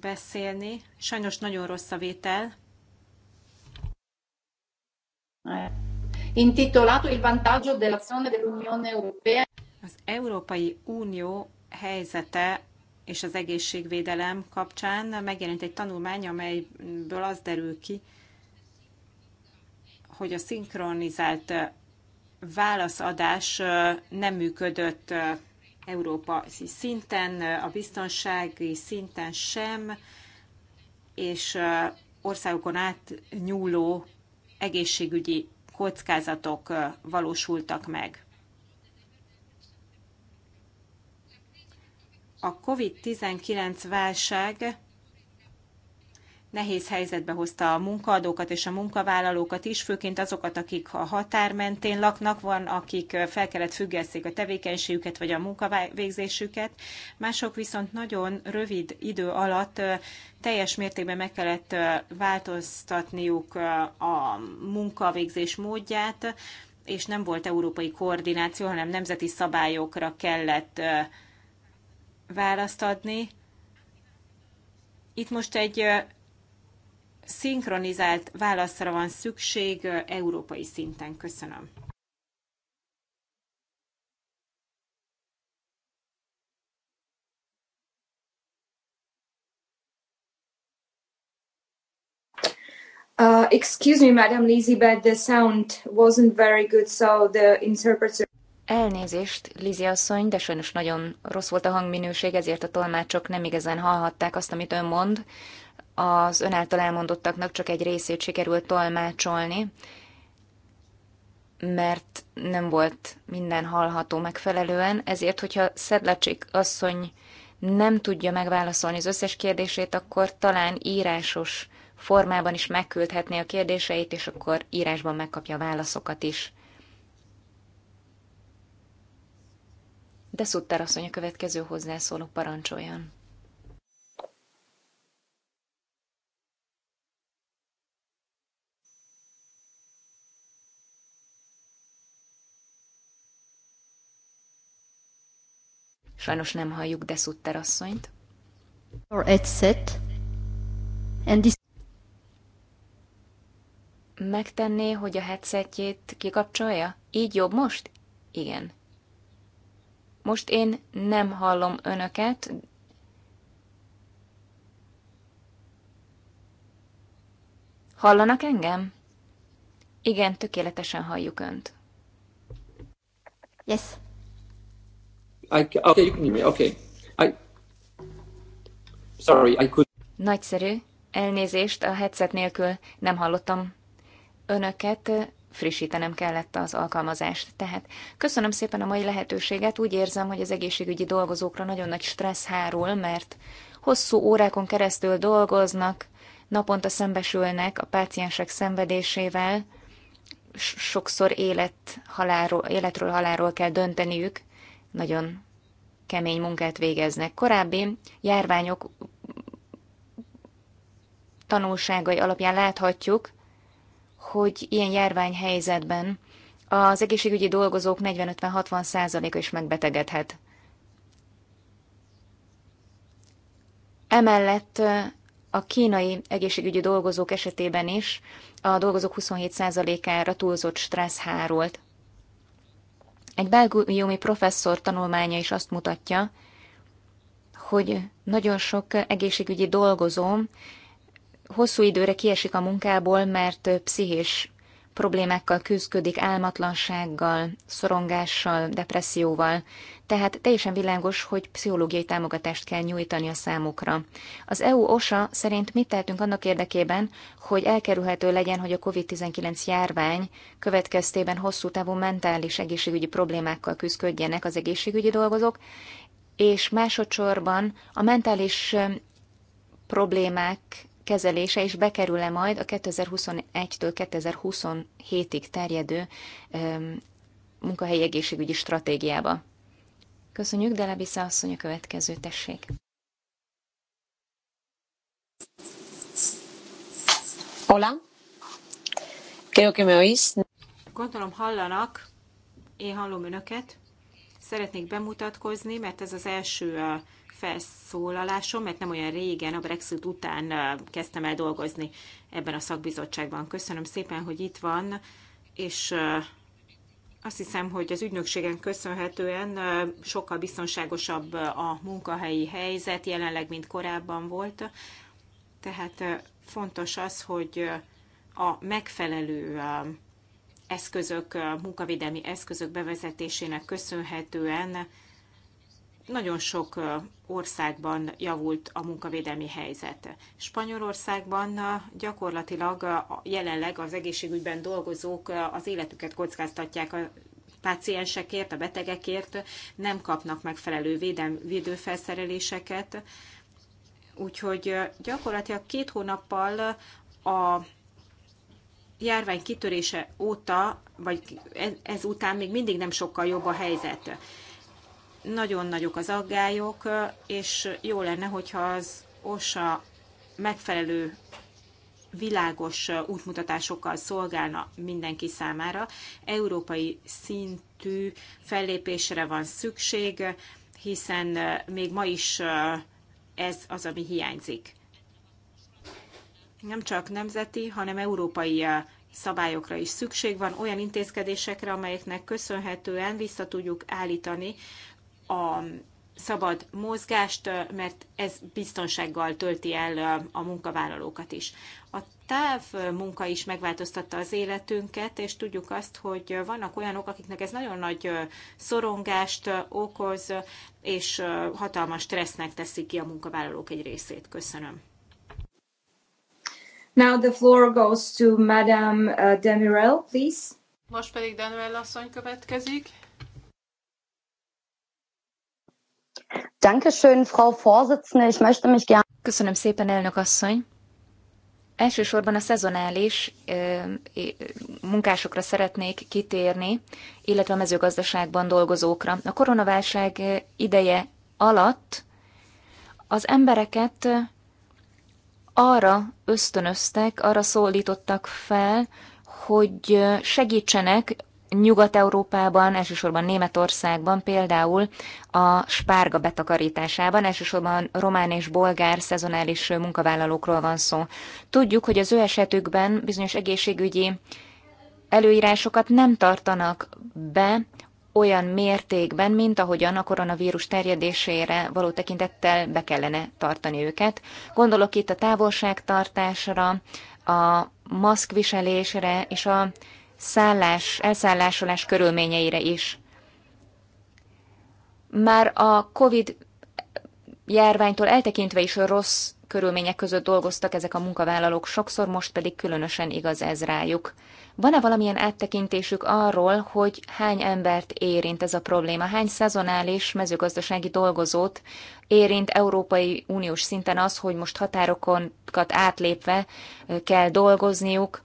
beszélni. Sajnos nagyon rossz a vétel intitolato Il vantaggio dell'azione dell'Unione Europea. Az Európai Unió helyzete és az egészségvédelem kapcsán megjelent egy tanulmány, amelyből az derül ki, hogy a szinkronizált válaszadás nem működött Európa szinten, a biztonsági szinten sem, és országokon átnyúló egészségügyi kockázatok valósultak meg. A COVID-19 válság nehéz helyzetbe hozta a munkaadókat és a munkavállalókat is, főként azokat, akik a határ mentén laknak, van, akik fel kellett függesszék a tevékenységüket vagy a munkavégzésüket, mások viszont nagyon rövid idő alatt teljes mértékben meg kellett változtatniuk a munkavégzés módját, és nem volt európai koordináció, hanem nemzeti szabályokra kellett választ adni. Itt most egy szinkronizált válaszra van szükség európai szinten. Köszönöm. Uh, excuse me, Madam Lizzie, but the sound wasn't very good, so the interpreter... Elnézést, Lizzie asszony, de sajnos nagyon rossz volt a hangminőség, ezért a tolmácsok nem igazán hallhatták azt, amit ön mond az ön által elmondottaknak csak egy részét sikerült tolmácsolni, mert nem volt minden hallható megfelelően, ezért, hogyha Szedlacsik asszony nem tudja megválaszolni az összes kérdését, akkor talán írásos formában is megküldhetné a kérdéseit, és akkor írásban megkapja a válaszokat is. De Szutter asszony a következő hozzászóló parancsoljon. Sajnos nem halljuk de Sutter asszonyt. Or at set. And this... Megtenné, hogy a headsetjét kikapcsolja? Így jobb most? Igen. Most én nem hallom önöket, Hallanak engem? Igen, tökéletesen halljuk önt. Yes. I, okay, you can hear me. Okay. I, sorry, I could... Nagyszerű. Elnézést, a headset nélkül nem hallottam önöket, frissítenem kellett az alkalmazást. Tehát köszönöm szépen a mai lehetőséget. Úgy érzem, hogy az egészségügyi dolgozókra nagyon nagy stressz hárul, mert hosszú órákon keresztül dolgoznak, naponta szembesülnek a páciensek szenvedésével, sokszor élet, haláról, életről halálról kell dönteniük, nagyon kemény munkát végeznek. Korábbi járványok tanulságai alapján láthatjuk, hogy ilyen járványhelyzetben az egészségügyi dolgozók 40-50-60 százaléka is megbetegedhet. Emellett a kínai egészségügyi dolgozók esetében is a dolgozók 27%-ára túlzott stressz hárolt. Egy belgiumi professzor tanulmánya is azt mutatja, hogy nagyon sok egészségügyi dolgozó hosszú időre kiesik a munkából, mert pszichés problémákkal küzdik, álmatlansággal, szorongással, depresszióval, tehát teljesen világos, hogy pszichológiai támogatást kell nyújtani a számukra. Az EU OSA szerint mit tehetünk annak érdekében, hogy elkerülhető legyen, hogy a COVID-19 járvány következtében hosszú távú mentális egészségügyi problémákkal küzdködjenek az egészségügyi dolgozók, és másodszorban a mentális problémák kezelése, és bekerül-e majd a 2021-től 2027-ig terjedő munkahelyi egészségügyi stratégiába. Köszönjük, de Lebisza asszony a következő, tessék. Hola. Creo que me oís. Gondolom hallanak, én hallom önöket. Szeretnék bemutatkozni, mert ez az első felszólalásom, mert nem olyan régen, a Brexit után kezdtem el dolgozni ebben a szakbizottságban. Köszönöm szépen, hogy itt van, és azt hiszem, hogy az ügynökségen köszönhetően sokkal biztonságosabb a munkahelyi helyzet jelenleg, mint korábban volt. Tehát fontos az, hogy a megfelelő eszközök, munkavédelmi eszközök bevezetésének köszönhetően nagyon sok országban javult a munkavédelmi helyzet. Spanyolországban gyakorlatilag jelenleg az egészségügyben dolgozók az életüket kockáztatják a páciensekért, a betegekért, nem kapnak megfelelő védelm, védőfelszereléseket. Úgyhogy gyakorlatilag két hónappal a járvány kitörése óta, vagy ez ezután még mindig nem sokkal jobb a helyzet nagyon nagyok az aggályok, és jó lenne, hogyha az OSA megfelelő világos útmutatásokkal szolgálna mindenki számára. Európai szintű fellépésre van szükség, hiszen még ma is ez az, ami hiányzik. Nem csak nemzeti, hanem európai szabályokra is szükség van, olyan intézkedésekre, amelyeknek köszönhetően vissza tudjuk állítani a szabad mozgást, mert ez biztonsággal tölti el a munkavállalókat is. A távmunka is megváltoztatta az életünket, és tudjuk azt, hogy vannak olyanok, akiknek ez nagyon nagy szorongást okoz, és hatalmas stressznek teszik ki a munkavállalók egy részét. Köszönöm. Now the floor goes to Madame uh, Demirel, please. Most pedig Demirel asszony következik. Dankeschön, Frau Vorsitzende. Ich möchte mich gerne... Köszönöm szépen, elnök asszony. Elsősorban a szezonális munkásokra szeretnék kitérni, illetve a mezőgazdaságban dolgozókra. A koronaválság ideje alatt az embereket arra ösztönöztek, arra szólítottak fel, hogy segítsenek Nyugat-Európában, elsősorban Németországban például a spárga betakarításában, elsősorban román és bolgár szezonális munkavállalókról van szó. Tudjuk, hogy az ő esetükben bizonyos egészségügyi előírásokat nem tartanak be olyan mértékben, mint ahogyan a koronavírus terjedésére való tekintettel be kellene tartani őket. Gondolok itt a távolságtartásra, a maszkviselésre és a szállás, elszállásolás körülményeire is. Már a COVID járványtól eltekintve is rossz körülmények között dolgoztak ezek a munkavállalók, sokszor most pedig különösen igaz ez rájuk. Van-e valamilyen áttekintésük arról, hogy hány embert érint ez a probléma, hány szezonális mezőgazdasági dolgozót érint Európai Uniós szinten az, hogy most határokat átlépve kell dolgozniuk,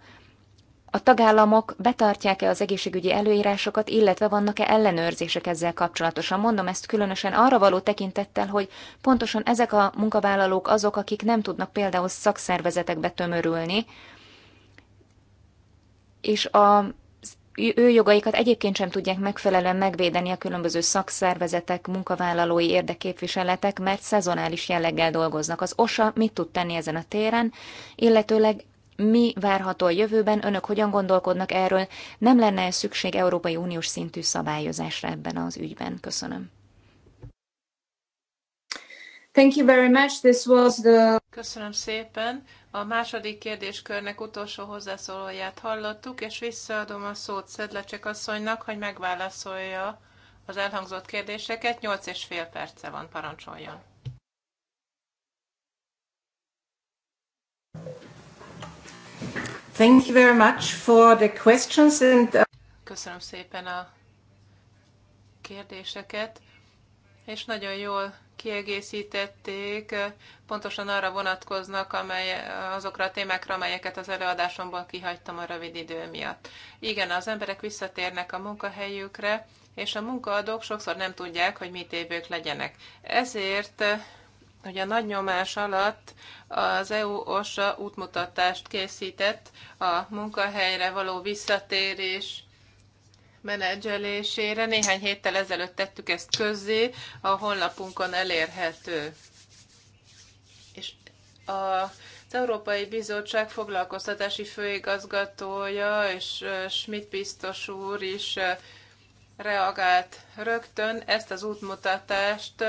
a tagállamok betartják-e az egészségügyi előírásokat, illetve vannak-e ellenőrzések ezzel kapcsolatosan? Mondom ezt különösen arra való tekintettel, hogy pontosan ezek a munkavállalók azok, akik nem tudnak például szakszervezetekbe tömörülni, és a ő jogaikat egyébként sem tudják megfelelően megvédeni a különböző szakszervezetek, munkavállalói érdekképviseletek, mert szezonális jelleggel dolgoznak. Az OSA mit tud tenni ezen a téren, illetőleg mi várható a jövőben, önök hogyan gondolkodnak erről, nem lenne -e szükség Európai Uniós szintű szabályozásra ebben az ügyben? Köszönöm. Thank you very much. This was the... Köszönöm szépen. A második kérdéskörnek utolsó hozzászólóját hallottuk, és visszaadom a szót Szedlecsek asszonynak, hogy megválaszolja az elhangzott kérdéseket. Nyolc és fél perce van, parancsoljon. Thank you very much for the questions and... Uh, Köszönöm szépen a kérdéseket, és nagyon jól kiegészítették, pontosan arra vonatkoznak amely, azokra a témákra, amelyeket az előadásomból kihagytam a rövid idő miatt. Igen, az emberek visszatérnek a munkahelyükre, és a munkaadók sokszor nem tudják, hogy mit évők legyenek. Ezért hogy a nagy nyomás alatt az EU OSA útmutatást készített a munkahelyre való visszatérés menedzselésére. Néhány héttel ezelőtt tettük ezt közzé, a honlapunkon elérhető. És a, az Európai Bizottság foglalkoztatási főigazgatója és Schmidt biztos úr is reagált rögtön, ezt az útmutatást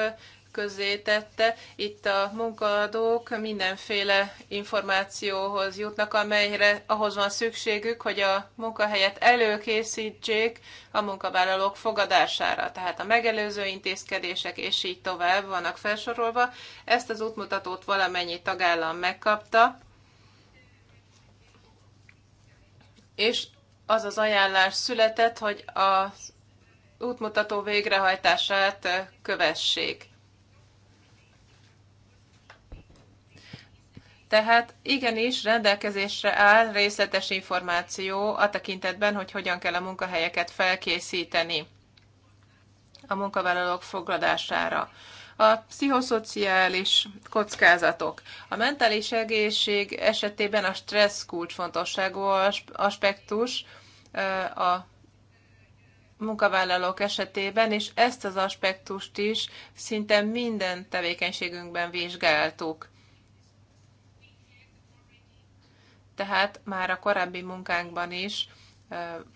közzé tette. Itt a munkaadók mindenféle információhoz jutnak, amelyre ahhoz van szükségük, hogy a munkahelyet előkészítsék a munkavállalók fogadására. Tehát a megelőző intézkedések és így tovább vannak felsorolva. Ezt az útmutatót valamennyi tagállam megkapta. És az az ajánlás született, hogy az útmutató végrehajtását kövessék. Tehát igenis rendelkezésre áll részletes információ a tekintetben, hogy hogyan kell a munkahelyeket felkészíteni a munkavállalók fogladására. A pszichoszociális kockázatok. A mentális egészség esetében a stressz kulcsfontosságú aspektus a munkavállalók esetében, és ezt az aspektust is szinte minden tevékenységünkben vizsgáltuk Tehát már a korábbi munkánkban is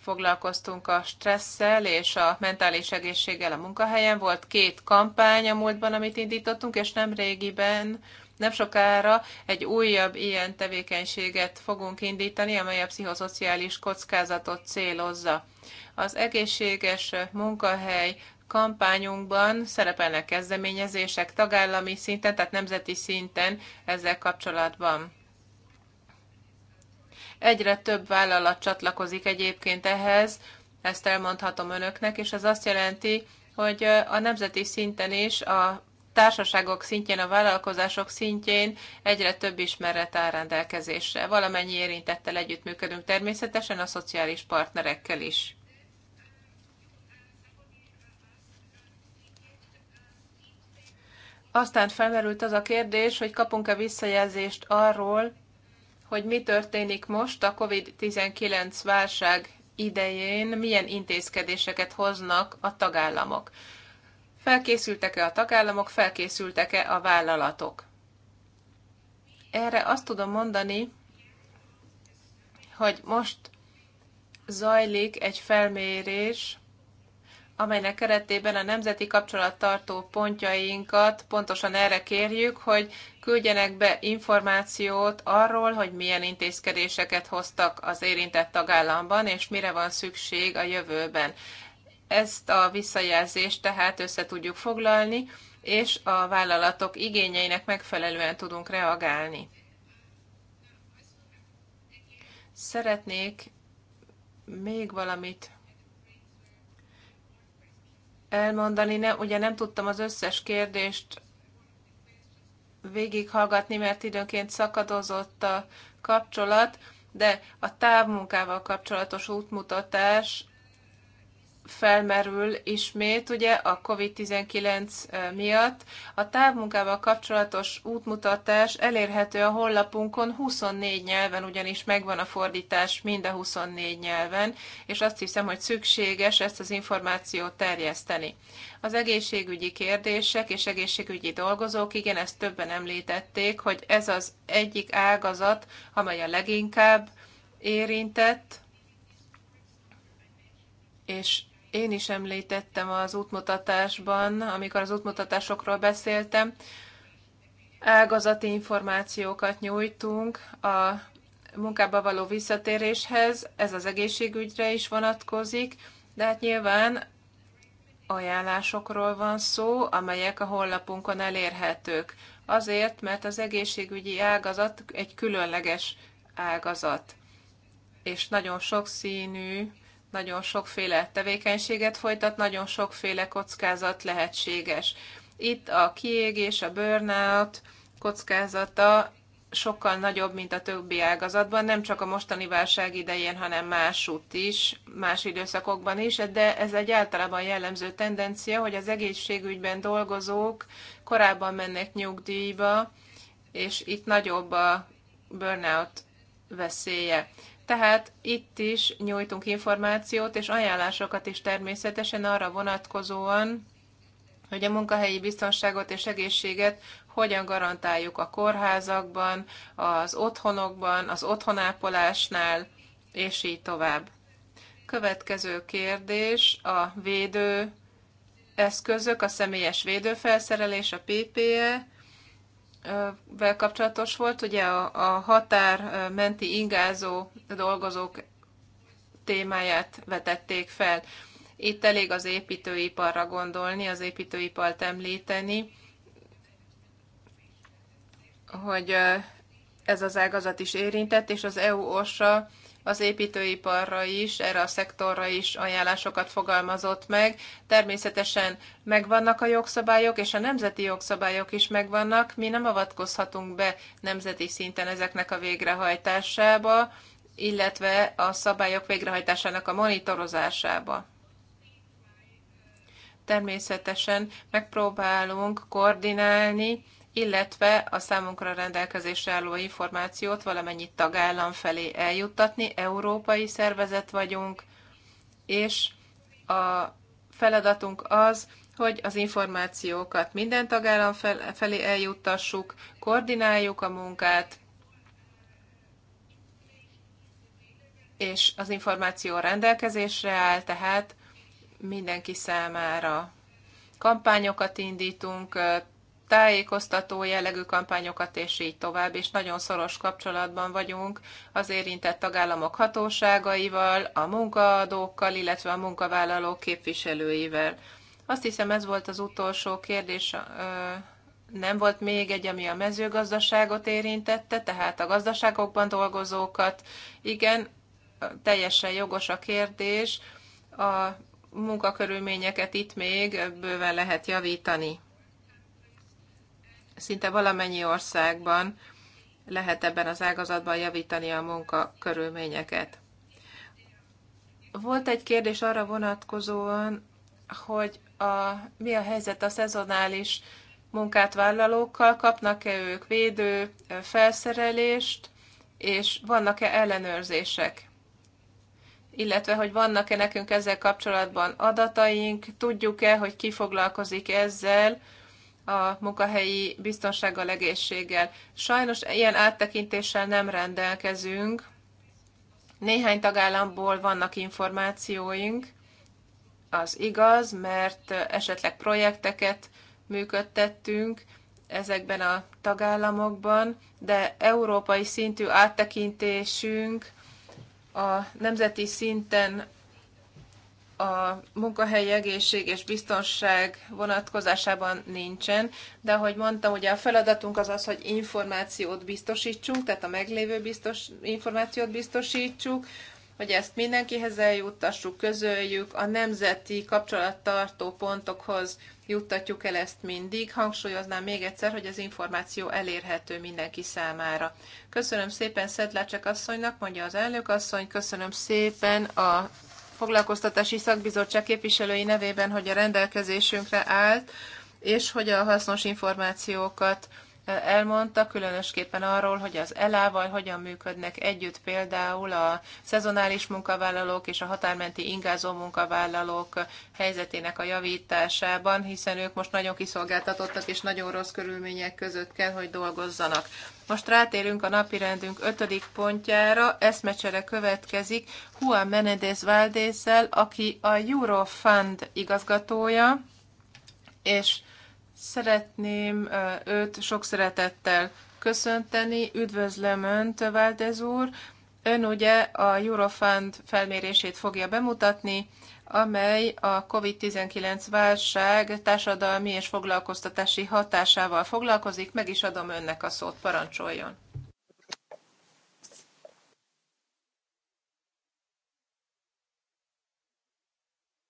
foglalkoztunk a stresszel és a mentális egészséggel a munkahelyen. Volt két kampány a múltban, amit indítottunk, és nem régiben, nem sokára egy újabb ilyen tevékenységet fogunk indítani, amely a pszichoszociális kockázatot célozza. Az egészséges munkahely kampányunkban szerepelnek kezdeményezések tagállami szinten, tehát nemzeti szinten ezzel kapcsolatban. Egyre több vállalat csatlakozik egyébként ehhez, ezt elmondhatom önöknek, és ez azt jelenti, hogy a nemzeti szinten is, a társaságok szintjén, a vállalkozások szintjén egyre több ismeret áll rendelkezésre. Valamennyi érintettel együttműködünk természetesen, a szociális partnerekkel is. Aztán felmerült az a kérdés, hogy kapunk-e visszajelzést arról, hogy mi történik most a COVID-19 válság idején, milyen intézkedéseket hoznak a tagállamok. Felkészültek-e a tagállamok, felkészültek-e a vállalatok? Erre azt tudom mondani, hogy most zajlik egy felmérés, amelynek keretében a nemzeti kapcsolattartó pontjainkat pontosan erre kérjük, hogy küldjenek be információt arról, hogy milyen intézkedéseket hoztak az érintett tagállamban, és mire van szükség a jövőben. Ezt a visszajelzést tehát össze tudjuk foglalni, és a vállalatok igényeinek megfelelően tudunk reagálni. Szeretnék még valamit elmondani, ne, ugye nem tudtam az összes kérdést végighallgatni, mert időnként szakadozott a kapcsolat, de a távmunkával kapcsolatos útmutatás felmerül ismét ugye a COVID-19 miatt. A távmunkával kapcsolatos útmutatás elérhető a honlapunkon 24 nyelven, ugyanis megvan a fordítás mind a 24 nyelven, és azt hiszem, hogy szükséges ezt az információt terjeszteni. Az egészségügyi kérdések és egészségügyi dolgozók, igen, ezt többen említették, hogy ez az egyik ágazat, amely a leginkább érintett, és én is említettem az útmutatásban, amikor az útmutatásokról beszéltem, ágazati információkat nyújtunk a munkába való visszatéréshez, ez az egészségügyre is vonatkozik, de hát nyilván ajánlásokról van szó, amelyek a honlapunkon elérhetők. Azért, mert az egészségügyi ágazat egy különleges ágazat, és nagyon sokszínű nagyon sokféle tevékenységet folytat, nagyon sokféle kockázat lehetséges. Itt a kiégés, a burnout kockázata sokkal nagyobb, mint a többi ágazatban, nem csak a mostani válság idején, hanem másút is, más időszakokban is, de ez egy általában jellemző tendencia, hogy az egészségügyben dolgozók korábban mennek nyugdíjba, és itt nagyobb a burnout veszélye. Tehát itt is nyújtunk információt és ajánlásokat is természetesen arra vonatkozóan, hogy a munkahelyi biztonságot és egészséget hogyan garantáljuk a kórházakban, az otthonokban, az otthonápolásnál, és így tovább. Következő kérdés a védő eszközök, a személyes védőfelszerelés, a PPE vel kapcsolatos volt, ugye a, a határ menti ingázó dolgozók témáját vetették fel. Itt elég az építőiparra gondolni, az építőipart említeni, hogy ez az ágazat is érintett, és az EU-OSA az építőiparra is, erre a szektorra is ajánlásokat fogalmazott meg. Természetesen megvannak a jogszabályok, és a nemzeti jogszabályok is megvannak. Mi nem avatkozhatunk be nemzeti szinten ezeknek a végrehajtásába, illetve a szabályok végrehajtásának a monitorozásába. Természetesen megpróbálunk koordinálni illetve a számunkra rendelkezésre álló információt valamennyi tagállam felé eljuttatni. Európai szervezet vagyunk, és a feladatunk az, hogy az információkat minden tagállam felé eljuttassuk, koordináljuk a munkát, és az információ rendelkezésre áll, tehát mindenki számára kampányokat indítunk, tájékoztató jellegű kampányokat, és így tovább, és nagyon szoros kapcsolatban vagyunk az érintett tagállamok hatóságaival, a munkaadókkal, illetve a munkavállalók képviselőivel. Azt hiszem ez volt az utolsó kérdés, nem volt még egy, ami a mezőgazdaságot érintette, tehát a gazdaságokban dolgozókat. Igen, teljesen jogos a kérdés. A munkakörülményeket itt még bőven lehet javítani szinte valamennyi országban lehet ebben az ágazatban javítani a munka körülményeket. Volt egy kérdés arra vonatkozóan, hogy a, mi a helyzet a szezonális munkát vállalókkal, kapnak-e ők védő felszerelést, és vannak-e ellenőrzések? Illetve, hogy vannak-e nekünk ezzel kapcsolatban adataink, tudjuk-e, hogy ki foglalkozik ezzel, a munkahelyi biztonsággal, egészséggel. Sajnos ilyen áttekintéssel nem rendelkezünk. Néhány tagállamból vannak információink, az igaz, mert esetleg projekteket működtettünk ezekben a tagállamokban, de európai szintű áttekintésünk a nemzeti szinten a munkahelyi egészség és biztonság vonatkozásában nincsen, de ahogy mondtam, ugye a feladatunk az az, hogy információt biztosítsunk, tehát a meglévő biztos, információt biztosítsuk, hogy ezt mindenkihez eljuttassuk, közöljük, a nemzeti kapcsolattartó pontokhoz juttatjuk el ezt mindig. Hangsúlyoznám még egyszer, hogy az információ elérhető mindenki számára. Köszönöm szépen Szedlácsek asszonynak, mondja az elnök asszony, köszönöm szépen a foglalkoztatási szakbizottság képviselői nevében, hogy a rendelkezésünkre állt, és hogy a hasznos információkat elmondta, különösképpen arról, hogy az elával hogyan működnek együtt például a szezonális munkavállalók és a határmenti ingázó munkavállalók helyzetének a javításában, hiszen ők most nagyon kiszolgáltatottak és nagyon rossz körülmények között kell, hogy dolgozzanak. Most rátérünk a rendünk ötödik pontjára, eszmecsere következik Juan Menedez Valdészel, aki a Eurofund igazgatója, és Szeretném őt sok szeretettel köszönteni. Üdvözlöm Önt, Valdez úr. Ön ugye a Eurofund felmérését fogja bemutatni, amely a COVID-19 válság társadalmi és foglalkoztatási hatásával foglalkozik. Meg is adom önnek a szót, parancsoljon.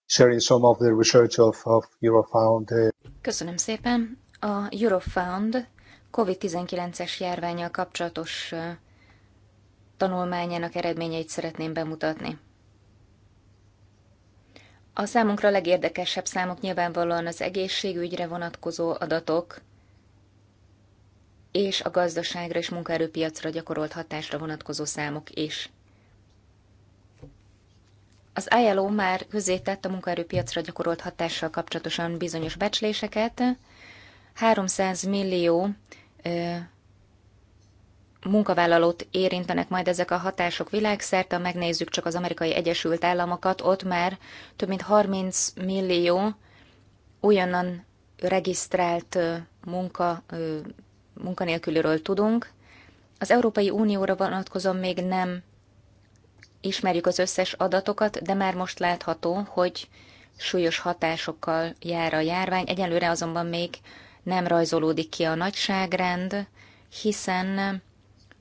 Sharing some of the research of, of Eurofound. Uh, Köszönöm szépen. A Eurofound COVID-19-es járványjal kapcsolatos tanulmányának eredményeit szeretném bemutatni. A számunkra legérdekesebb számok nyilvánvalóan az egészségügyre vonatkozó adatok és a gazdaságra és munkaerőpiacra gyakorolt hatásra vonatkozó számok is. Az ILO már közzétett a munkaerőpiacra gyakorolt hatással kapcsolatosan bizonyos becsléseket. 300 millió ö, munkavállalót érintenek majd ezek a hatások világszerte. Megnézzük csak az amerikai Egyesült Államokat, ott már több mint 30 millió olyanan regisztrált munka, munkanélküliről tudunk. Az Európai Unióra vonatkozom még nem ismerjük az összes adatokat, de már most látható, hogy súlyos hatásokkal jár a járvány. Egyelőre azonban még nem rajzolódik ki a nagyságrend, hiszen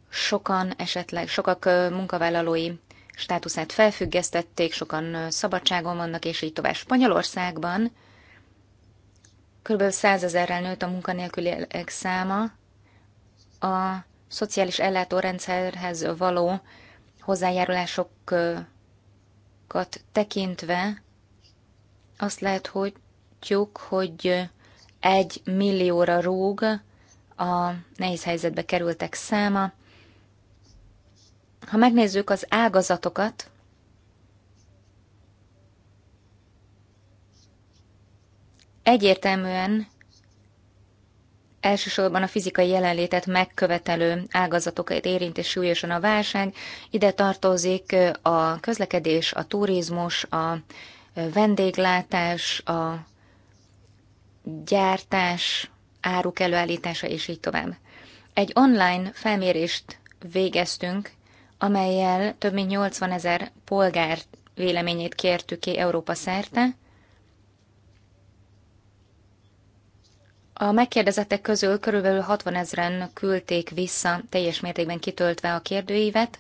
sokan esetleg, sokak munkavállalói státuszát felfüggesztették, sokan szabadságon vannak, és így tovább. Spanyolországban kb. 100 ezerrel nőtt a munkanélküliek száma, a szociális ellátórendszerhez való hozzájárulásokat tekintve azt láthatjuk, hogy egy millióra rúg a nehéz helyzetbe kerültek száma. Ha megnézzük az ágazatokat, egyértelműen elsősorban a fizikai jelenlétet megkövetelő ágazatokat érinti súlyosan a válság. Ide tartozik a közlekedés, a turizmus, a vendéglátás, a gyártás, áruk előállítása és így tovább. Egy online felmérést végeztünk, amelyel több mint 80 ezer polgár véleményét kértük ki Európa szerte, A megkérdezettek közül körülbelül 60 ezeren küldték vissza teljes mértékben kitöltve a kérdőívet.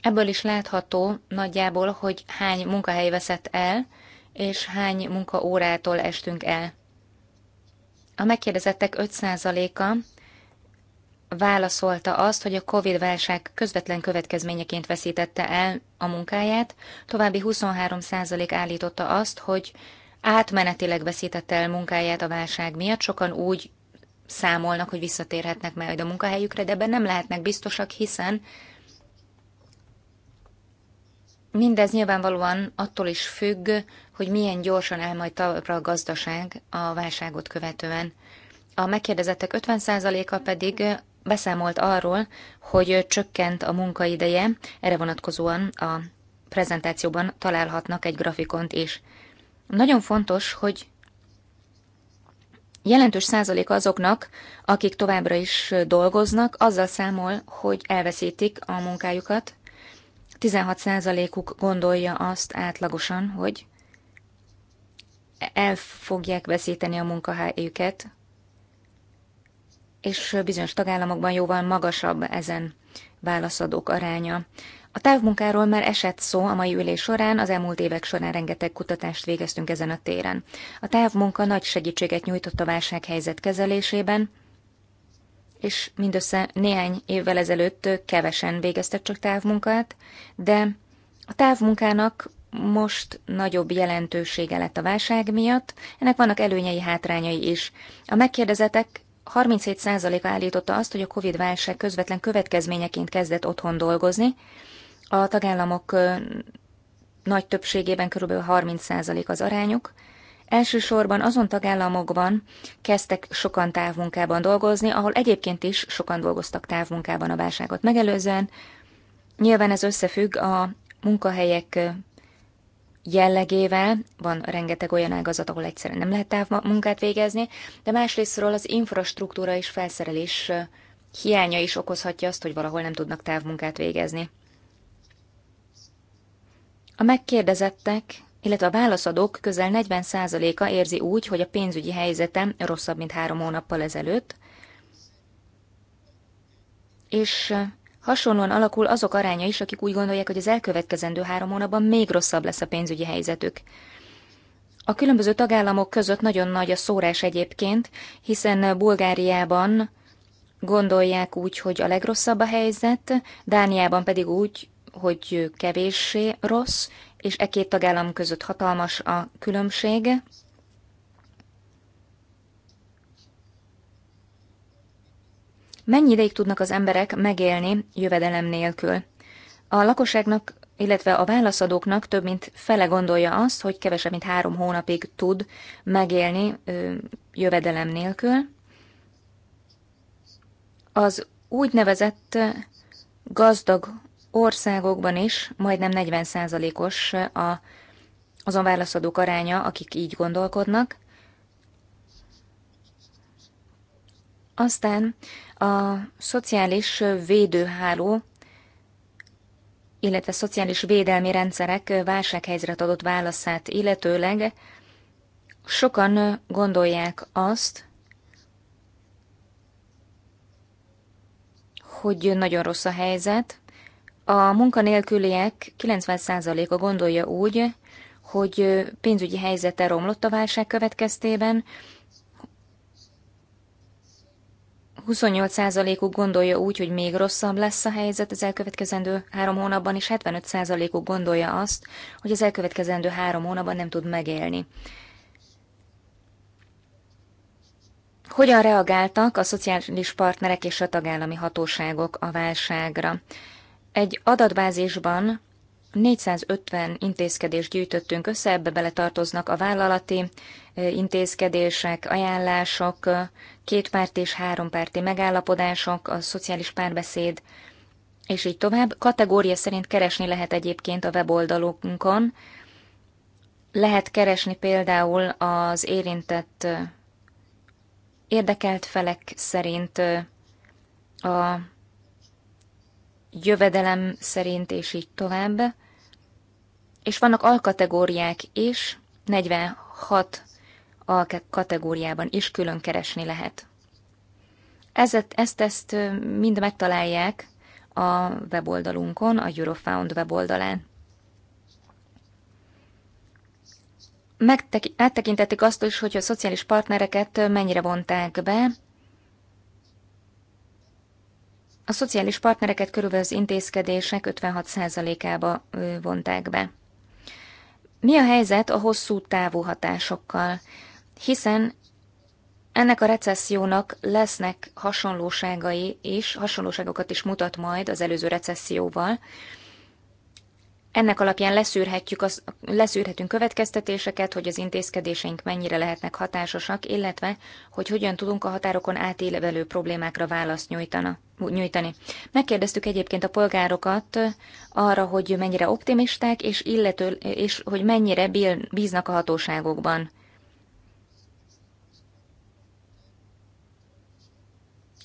Ebből is látható nagyjából, hogy hány munkahely veszett el, és hány munkaórától estünk el. A megkérdezettek 5%-a válaszolta azt, hogy a COVID-válság közvetlen következményeként veszítette el a munkáját, további 23% állította azt, hogy átmenetileg veszített el munkáját a válság miatt, sokan úgy számolnak, hogy visszatérhetnek majd a munkahelyükre, de ebben nem lehetnek biztosak, hiszen mindez nyilvánvalóan attól is függ, hogy milyen gyorsan áll majd talpra a gazdaság a válságot követően. A megkérdezettek 50%-a pedig beszámolt arról, hogy csökkent a munkaideje, erre vonatkozóan a prezentációban találhatnak egy grafikont is. Nagyon fontos, hogy jelentős százalék azoknak, akik továbbra is dolgoznak, azzal számol, hogy elveszítik a munkájukat. 16 százalékuk gondolja azt átlagosan, hogy el fogják veszíteni a munkahelyüket, és bizonyos tagállamokban jóval magasabb ezen válaszadók aránya. A távmunkáról már esett szó a mai ülés során, az elmúlt évek során rengeteg kutatást végeztünk ezen a téren. A távmunka nagy segítséget nyújtott a válsághelyzet kezelésében, és mindössze néhány évvel ezelőtt kevesen végeztek csak távmunkát, de a távmunkának most nagyobb jelentősége lett a válság miatt, ennek vannak előnyei, hátrányai is. A megkérdezetek 37%-a állította azt, hogy a COVID-válság közvetlen következményeként kezdett otthon dolgozni, a tagállamok nagy többségében kb. 30% az arányuk. Elsősorban azon tagállamokban kezdtek sokan távmunkában dolgozni, ahol egyébként is sokan dolgoztak távmunkában a válságot megelőzően. Nyilván ez összefügg a munkahelyek jellegével, van rengeteg olyan ágazat, ahol egyszerűen nem lehet távmunkát végezni, de másrésztről az infrastruktúra és felszerelés hiánya is okozhatja azt, hogy valahol nem tudnak távmunkát végezni. A megkérdezettek, illetve a válaszadók közel 40%-a érzi úgy, hogy a pénzügyi helyzete rosszabb, mint három hónappal ezelőtt, és hasonlóan alakul azok aránya is, akik úgy gondolják, hogy az elkövetkezendő három hónapban még rosszabb lesz a pénzügyi helyzetük. A különböző tagállamok között nagyon nagy a szórás egyébként, hiszen Bulgáriában gondolják úgy, hogy a legrosszabb a helyzet, Dániában pedig úgy, hogy kevéssé rossz, és e két tagállam között hatalmas a különbség. Mennyi ideig tudnak az emberek megélni jövedelem nélkül? A lakosságnak, illetve a válaszadóknak több mint fele gondolja azt, hogy kevesebb, mint három hónapig tud megélni ö, jövedelem nélkül. Az úgynevezett gazdag országokban is majdnem 40%-os a, azon válaszadók aránya, akik így gondolkodnak. Aztán a szociális védőháló, illetve szociális védelmi rendszerek válsághelyzetet adott válaszát illetőleg sokan gondolják azt, hogy nagyon rossz a helyzet, a munkanélküliek 90%-a gondolja úgy, hogy pénzügyi helyzete romlott a válság következtében, 28%-uk gondolja úgy, hogy még rosszabb lesz a helyzet az elkövetkezendő három hónapban, és 75%-uk gondolja azt, hogy az elkövetkezendő három hónapban nem tud megélni. Hogyan reagáltak a szociális partnerek és a tagállami hatóságok a válságra? Egy adatbázisban 450 intézkedést gyűjtöttünk össze, ebbe beletartoznak a vállalati intézkedések, ajánlások, kétpárti és hárompárti megállapodások, a szociális párbeszéd, és így tovább. Kategória szerint keresni lehet egyébként a weboldalunkon. Lehet keresni például az érintett érdekelt felek szerint a jövedelem szerint, és így tovább. És vannak alkategóriák is, 46 alkategóriában is külön keresni lehet. Ezt, ezt, ezt mind megtalálják a weboldalunkon, a Eurofound weboldalán. Megtek- áttekintették azt is, hogy a szociális partnereket mennyire vonták be, a szociális partnereket körülbelül az intézkedések 56%-ába vonták be. Mi a helyzet a hosszú távú hatásokkal? Hiszen ennek a recessziónak lesznek hasonlóságai és hasonlóságokat is mutat majd az előző recesszióval, ennek alapján leszűrhetjük az, leszűrhetünk következtetéseket, hogy az intézkedéseink mennyire lehetnek hatásosak, illetve hogy hogyan tudunk a határokon átélevelő problémákra választ nyújtana, nyújtani. Megkérdeztük egyébként a polgárokat arra, hogy mennyire optimisták, és, illető, és hogy mennyire bíznak a hatóságokban.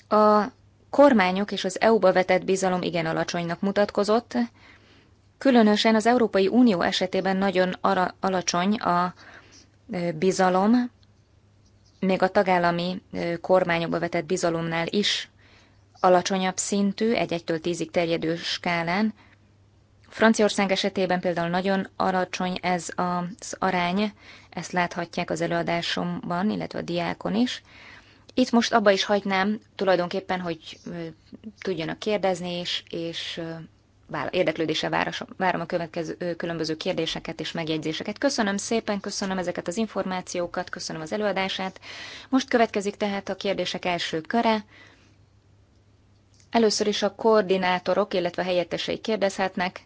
A kormányok és az EU-ba vetett bizalom igen alacsonynak mutatkozott, Különösen az Európai Unió esetében nagyon ara, alacsony a bizalom, még a tagállami kormányokba vetett bizalomnál is alacsonyabb szintű, egy-egytől tízig terjedő skálán. Franciaország esetében például nagyon alacsony ez az arány, ezt láthatják az előadásomban, illetve a diákon is. Itt most abba is hagynám tulajdonképpen, hogy tudjanak kérdezni, és, és érdeklődése várom a következő különböző kérdéseket és megjegyzéseket. Köszönöm szépen, köszönöm ezeket az információkat, köszönöm az előadását. Most következik tehát a kérdések első köre. Először is a koordinátorok, illetve a helyettesei kérdezhetnek.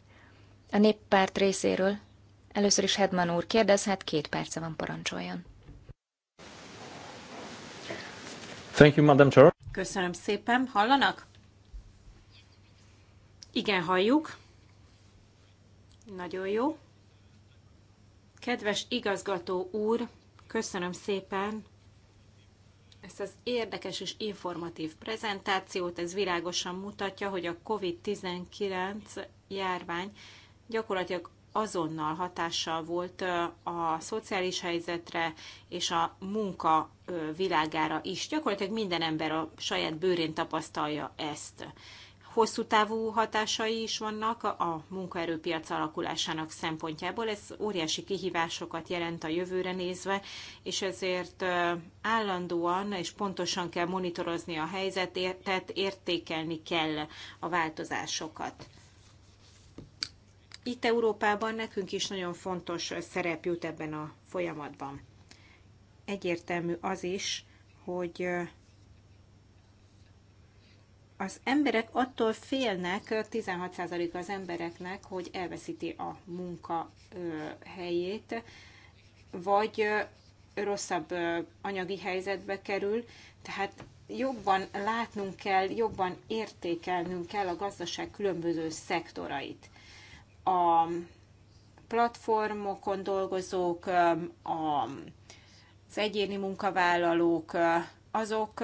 A néppárt részéről először is Hedman úr kérdezhet, két perce van, parancsoljon. Thank you, Madam Chair. Köszönöm szépen. Hallanak? Igen, halljuk. Nagyon jó. Kedves igazgató úr, köszönöm szépen ezt az érdekes és informatív prezentációt. Ez világosan mutatja, hogy a COVID-19 járvány gyakorlatilag azonnal hatással volt a szociális helyzetre és a munka világára is. Gyakorlatilag minden ember a saját bőrén tapasztalja ezt hosszú távú hatásai is vannak a munkaerőpiac alakulásának szempontjából. Ez óriási kihívásokat jelent a jövőre nézve, és ezért állandóan és pontosan kell monitorozni a helyzetet, értékelni kell a változásokat. Itt Európában nekünk is nagyon fontos szerep jut ebben a folyamatban. Egyértelmű az is, hogy az emberek attól félnek, 16% az embereknek, hogy elveszíti a munka helyét, vagy rosszabb anyagi helyzetbe kerül, tehát jobban látnunk kell, jobban értékelnünk kell a gazdaság különböző szektorait. A platformokon dolgozók, az egyéni munkavállalók, azok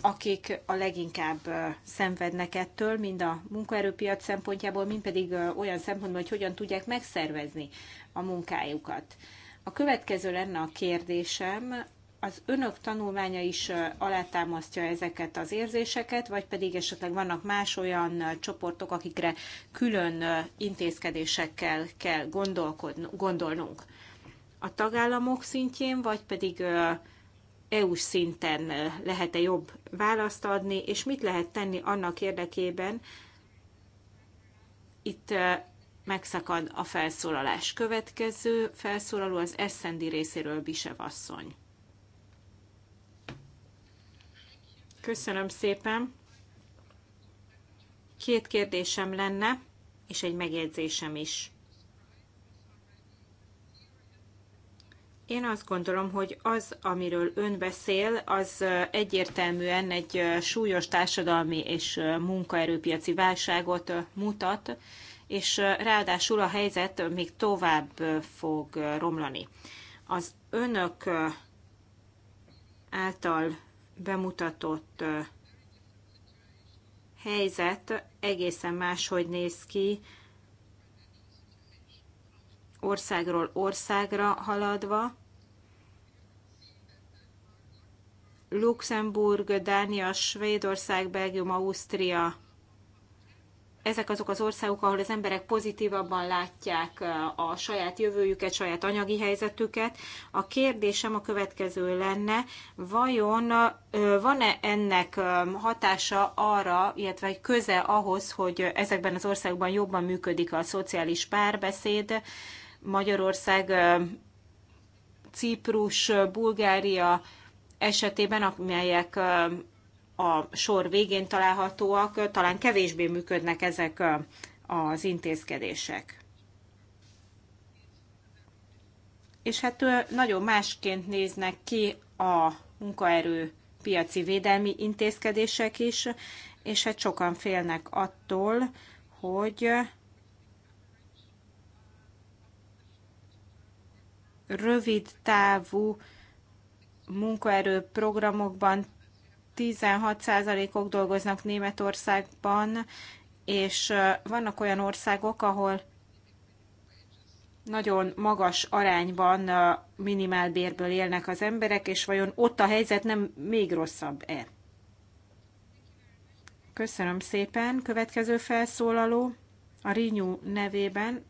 akik a leginkább szenvednek ettől, mind a munkaerőpiac szempontjából, mind pedig olyan szempontból, hogy hogyan tudják megszervezni a munkájukat. A következő lenne a kérdésem, az önök tanulmánya is alátámasztja ezeket az érzéseket, vagy pedig esetleg vannak más olyan csoportok, akikre külön intézkedésekkel kell gondolnunk? A tagállamok szintjén, vagy pedig EU-s szinten lehet-e jobb választ adni, és mit lehet tenni annak érdekében, itt megszakad a felszólalás. Következő felszólaló az Eszendi részéről Bisev asszony. Köszönöm szépen. Két kérdésem lenne, és egy megjegyzésem is. Én azt gondolom, hogy az, amiről ön beszél, az egyértelműen egy súlyos társadalmi és munkaerőpiaci válságot mutat, és ráadásul a helyzet még tovább fog romlani. Az önök által bemutatott helyzet egészen máshogy néz ki, országról országra haladva, Luxemburg, Dánia, Svédország, Belgium, Ausztria, ezek azok az országok, ahol az emberek pozitívabban látják eh, a saját jövőjüket, saját anyagi helyzetüket. A kérdésem a következő lenne, vajon eh, van-e ennek eh, hatása arra, illetve köze ahhoz, hogy ezekben az országokban jobban működik a szociális párbeszéd, Magyarország, Ciprus, Bulgária, esetében, amelyek a sor végén találhatóak, talán kevésbé működnek ezek az intézkedések. És hát nagyon másként néznek ki a munkaerő piaci védelmi intézkedések is, és hát sokan félnek attól, hogy rövid távú munkaerő programokban 16%-ok dolgoznak Németországban, és vannak olyan országok, ahol nagyon magas arányban minimálbérből élnek az emberek, és vajon ott a helyzet nem még rosszabb-e? Köszönöm szépen. Következő felszólaló a Rinyú nevében,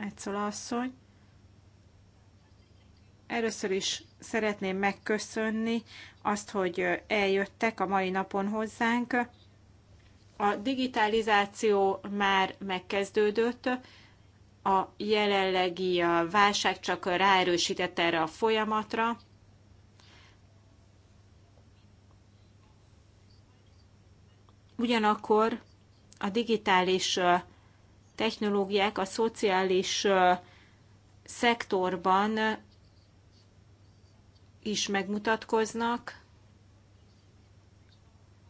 Egyszer asszony. Először is szeretném megköszönni azt, hogy eljöttek a mai napon hozzánk. A digitalizáció már megkezdődött, a jelenlegi válság csak ráerősített erre a folyamatra. Ugyanakkor a digitális technológiák a szociális szektorban is megmutatkoznak.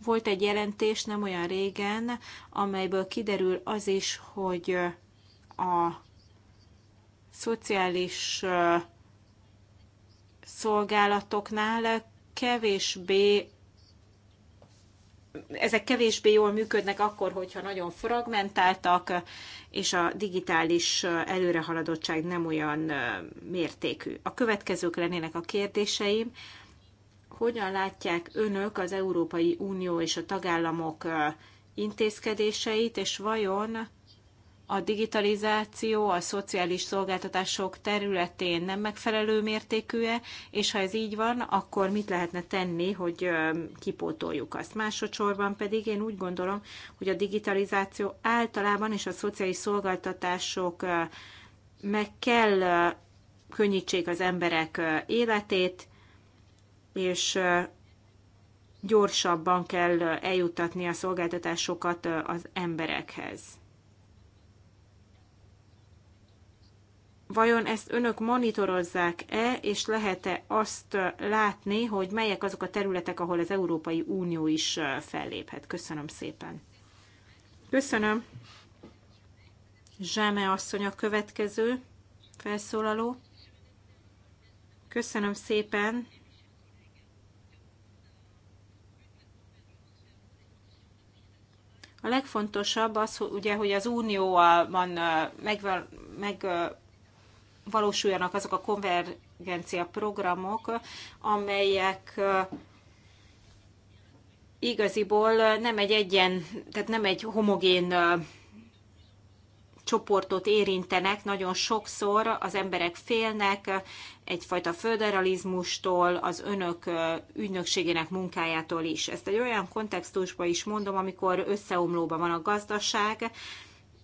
Volt egy jelentés nem olyan régen, amelyből kiderül az is, hogy a szociális szolgálatoknál kevésbé ezek kevésbé jól működnek akkor, hogyha nagyon fragmentáltak, és a digitális előrehaladottság nem olyan mértékű. A következők lennének a kérdéseim. Hogyan látják önök az Európai Unió és a tagállamok intézkedéseit, és vajon a digitalizáció a szociális szolgáltatások területén nem megfelelő mértékűe, és ha ez így van, akkor mit lehetne tenni, hogy kipótoljuk azt. Másodszorban pedig én úgy gondolom, hogy a digitalizáció általában és a szociális szolgáltatások meg kell könnyítsék az emberek életét, és gyorsabban kell eljutatni a szolgáltatásokat az emberekhez. vajon ezt önök monitorozzák-e, és lehet-e azt látni, hogy melyek azok a területek, ahol az Európai Unió is felléphet? Köszönöm szépen. Köszönöm. Zsáme asszony a következő felszólaló. Köszönöm szépen. A legfontosabb az, hogy ugye, hogy az unióban meg, meg valósuljanak azok a konvergencia programok, amelyek igaziból nem egy egyen, tehát nem egy homogén csoportot érintenek, nagyon sokszor az emberek félnek egyfajta föderalizmustól, az önök ügynökségének munkájától is. Ezt egy olyan kontextusban is mondom, amikor összeomlóban van a gazdaság,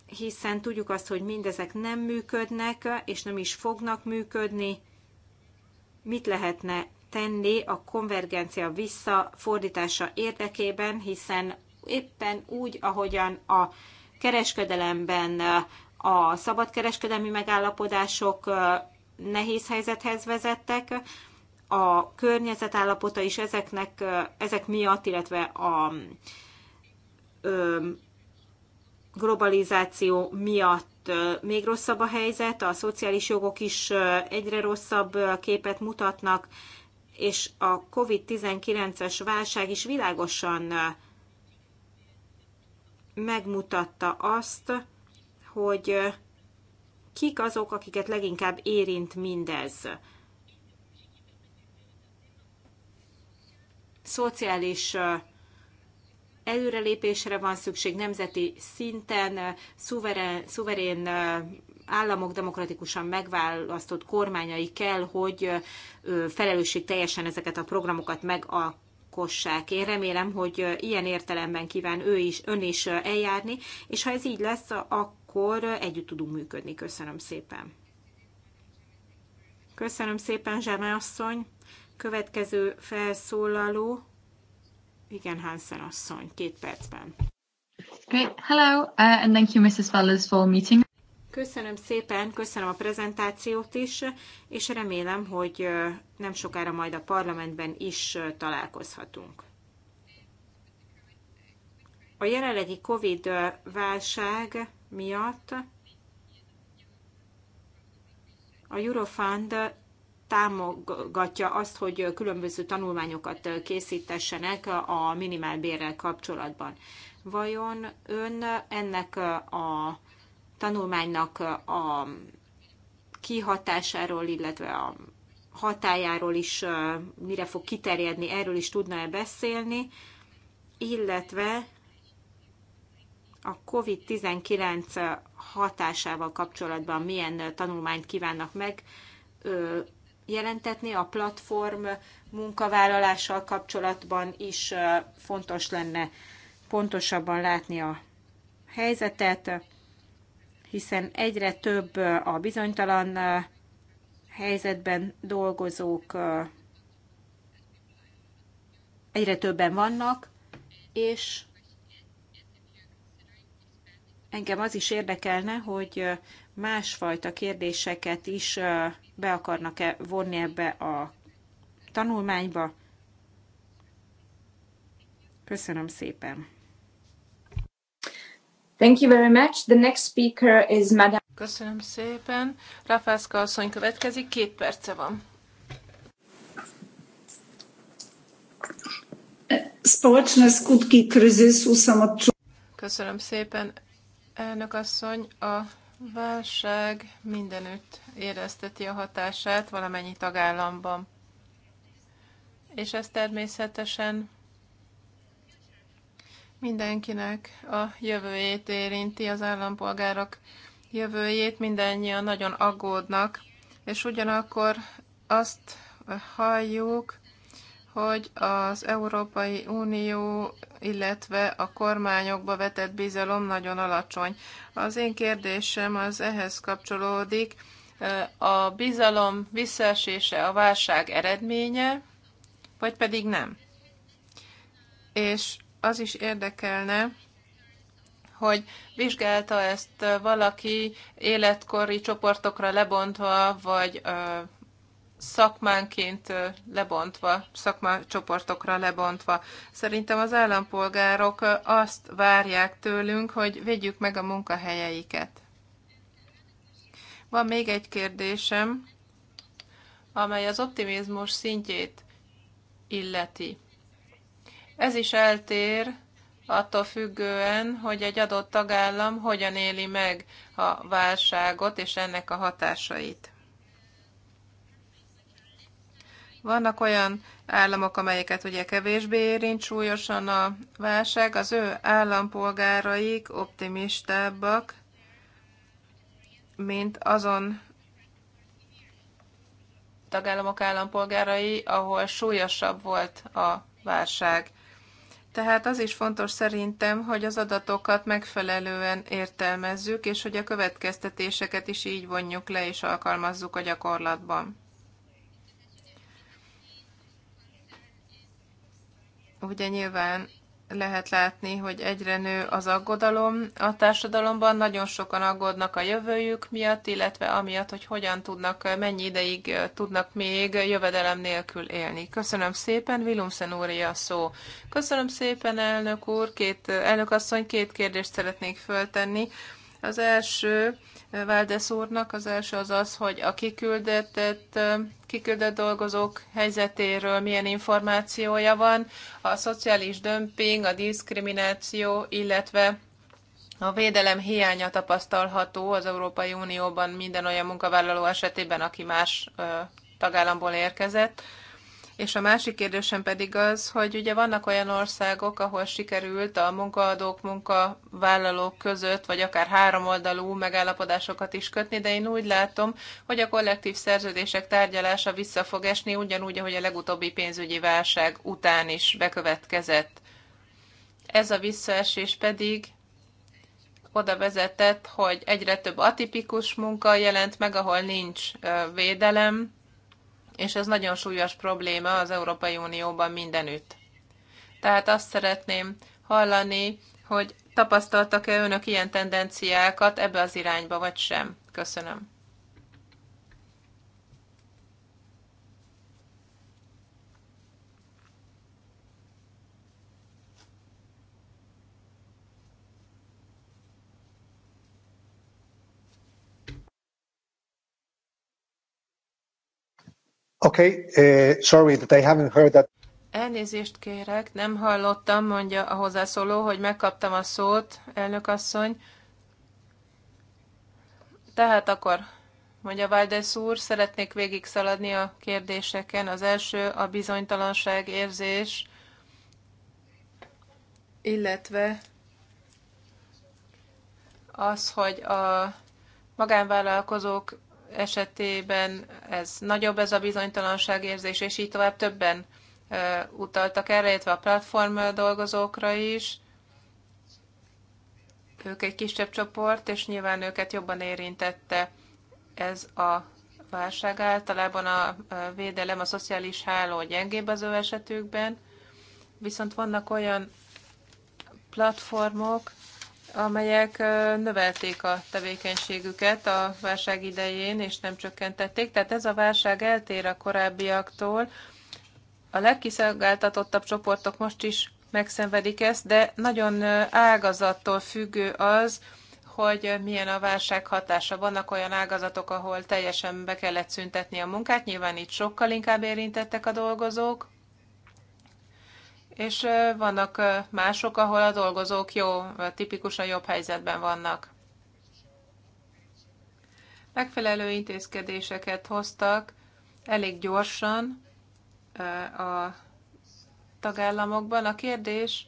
hiszen tudjuk azt, hogy mindezek nem működnek, és nem is fognak működni. Mit lehetne tenni a konvergencia visszafordítása érdekében, hiszen éppen úgy, ahogyan a kereskedelemben a szabadkereskedelmi megállapodások nehéz helyzethez vezettek, a környezet állapota is ezeknek, ezek miatt, illetve a globalizáció miatt még rosszabb a helyzet, a szociális jogok is egyre rosszabb képet mutatnak, és a COVID-19-es válság is világosan megmutatta azt, hogy kik azok, akiket leginkább érint mindez. Szociális Előrelépésre van szükség nemzeti szinten, szuverén, szuverén államok demokratikusan megválasztott kormányai kell, hogy felelősség teljesen ezeket a programokat megalkossák alkossák. Én remélem, hogy ilyen értelemben kíván ő is, ön is eljárni, és ha ez így lesz, akkor együtt tudunk működni. Köszönöm szépen. Köszönöm szépen, Zseme asszony. Következő felszólaló igen, Hansen asszony, két percben. Great. Hello, uh, and thank you, Mrs. Fellows, for meeting. Köszönöm szépen, köszönöm a prezentációt is, és remélem, hogy nem sokára majd a parlamentben is találkozhatunk. A jelenlegi COVID válság miatt a Eurofund támogatja azt, hogy különböző tanulmányokat készítessenek a minimálbérrel kapcsolatban. Vajon ön ennek a tanulmánynak a kihatásáról, illetve a hatájáról is mire fog kiterjedni, erről is tudna-e beszélni, illetve a COVID-19 hatásával kapcsolatban milyen tanulmányt kívánnak meg jelentetni, a platform munkavállalással kapcsolatban is fontos lenne pontosabban látni a helyzetet, hiszen egyre több a bizonytalan helyzetben dolgozók egyre többen vannak, és engem az is érdekelne, hogy másfajta kérdéseket is be akarnak-e vonni ebbe a tanulmányba. Köszönöm szépen. Thank you very much. The next speaker is Madame. Köszönöm szépen. Rafászka asszony következik, két perce van. Społeczne skutki kryzysu samodczuwania. Köszönöm szépen, elnök asszony. A válság mindenütt érezteti a hatását valamennyi tagállamban. És ez természetesen mindenkinek a jövőjét érinti, az állampolgárok jövőjét, mindannyian nagyon aggódnak, és ugyanakkor azt halljuk, hogy az Európai Unió, illetve a kormányokba vetett bizalom nagyon alacsony. Az én kérdésem az ehhez kapcsolódik. A bizalom visszaesése a válság eredménye, vagy pedig nem? És az is érdekelne, hogy vizsgálta ezt valaki életkori csoportokra lebontva, vagy szakmánként lebontva, szakmacsoportokra lebontva. Szerintem az állampolgárok azt várják tőlünk, hogy védjük meg a munkahelyeiket. Van még egy kérdésem, amely az optimizmus szintjét illeti. Ez is eltér attól függően, hogy egy adott tagállam hogyan éli meg a válságot és ennek a hatásait. Vannak olyan államok, amelyeket ugye kevésbé érint súlyosan a válság, az ő állampolgáraik optimistábbak, mint azon tagállamok állampolgárai, ahol súlyosabb volt a válság. Tehát az is fontos szerintem, hogy az adatokat megfelelően értelmezzük, és hogy a következtetéseket is így vonjuk le és alkalmazzuk a gyakorlatban. ugye nyilván lehet látni, hogy egyre nő az aggodalom a társadalomban, nagyon sokan aggódnak a jövőjük miatt, illetve amiatt, hogy hogyan tudnak, mennyi ideig tudnak még jövedelem nélkül élni. Köszönöm szépen, Vilumsen úr a szó. Köszönöm szépen, elnök úr, két, elnök asszony, két kérdést szeretnék föltenni. Az első, Valdes úrnak. Az első az az, hogy a kiküldetett, kiküldett dolgozók helyzetéről milyen információja van, a szociális dömping, a diszkrimináció, illetve a védelem hiánya tapasztalható az Európai Unióban minden olyan munkavállaló esetében, aki más tagállamból érkezett. És a másik kérdésem pedig az, hogy ugye vannak olyan országok, ahol sikerült a munkaadók, munkavállalók között, vagy akár háromoldalú megállapodásokat is kötni, de én úgy látom, hogy a kollektív szerződések tárgyalása vissza fog esni, ugyanúgy, ahogy a legutóbbi pénzügyi válság után is bekövetkezett. Ez a visszaesés pedig oda vezetett, hogy egyre több atipikus munka jelent meg, ahol nincs védelem, és ez nagyon súlyos probléma az Európai Unióban mindenütt. Tehát azt szeretném hallani, hogy tapasztaltak-e önök ilyen tendenciákat ebbe az irányba, vagy sem? Köszönöm. Okay, uh, sorry that I haven't heard that. Elnézést kérek, nem hallottam, mondja a hozzászóló, hogy megkaptam a szót, elnök asszony. Tehát akkor, mondja Valdez úr, szeretnék végig szaladni a kérdéseken. Az első a bizonytalanság érzés, illetve az, hogy a magánvállalkozók esetében ez nagyobb ez a bizonytalanságérzés, és így tovább többen utaltak erre, illetve a platform dolgozókra is. Ők egy kisebb csoport, és nyilván őket jobban érintette ez a válság. Általában a védelem, a szociális háló gyengébb az ő esetükben, viszont vannak olyan platformok, amelyek növelték a tevékenységüket a válság idején, és nem csökkentették. Tehát ez a válság eltér a korábbiaktól. A legkiszolgáltatottabb csoportok most is megszenvedik ezt, de nagyon ágazattól függő az, hogy milyen a válság hatása. Vannak olyan ágazatok, ahol teljesen be kellett szüntetni a munkát, nyilván itt sokkal inkább érintettek a dolgozók, és vannak mások, ahol a dolgozók jó, tipikusan jobb helyzetben vannak. Megfelelő intézkedéseket hoztak elég gyorsan a tagállamokban. A kérdés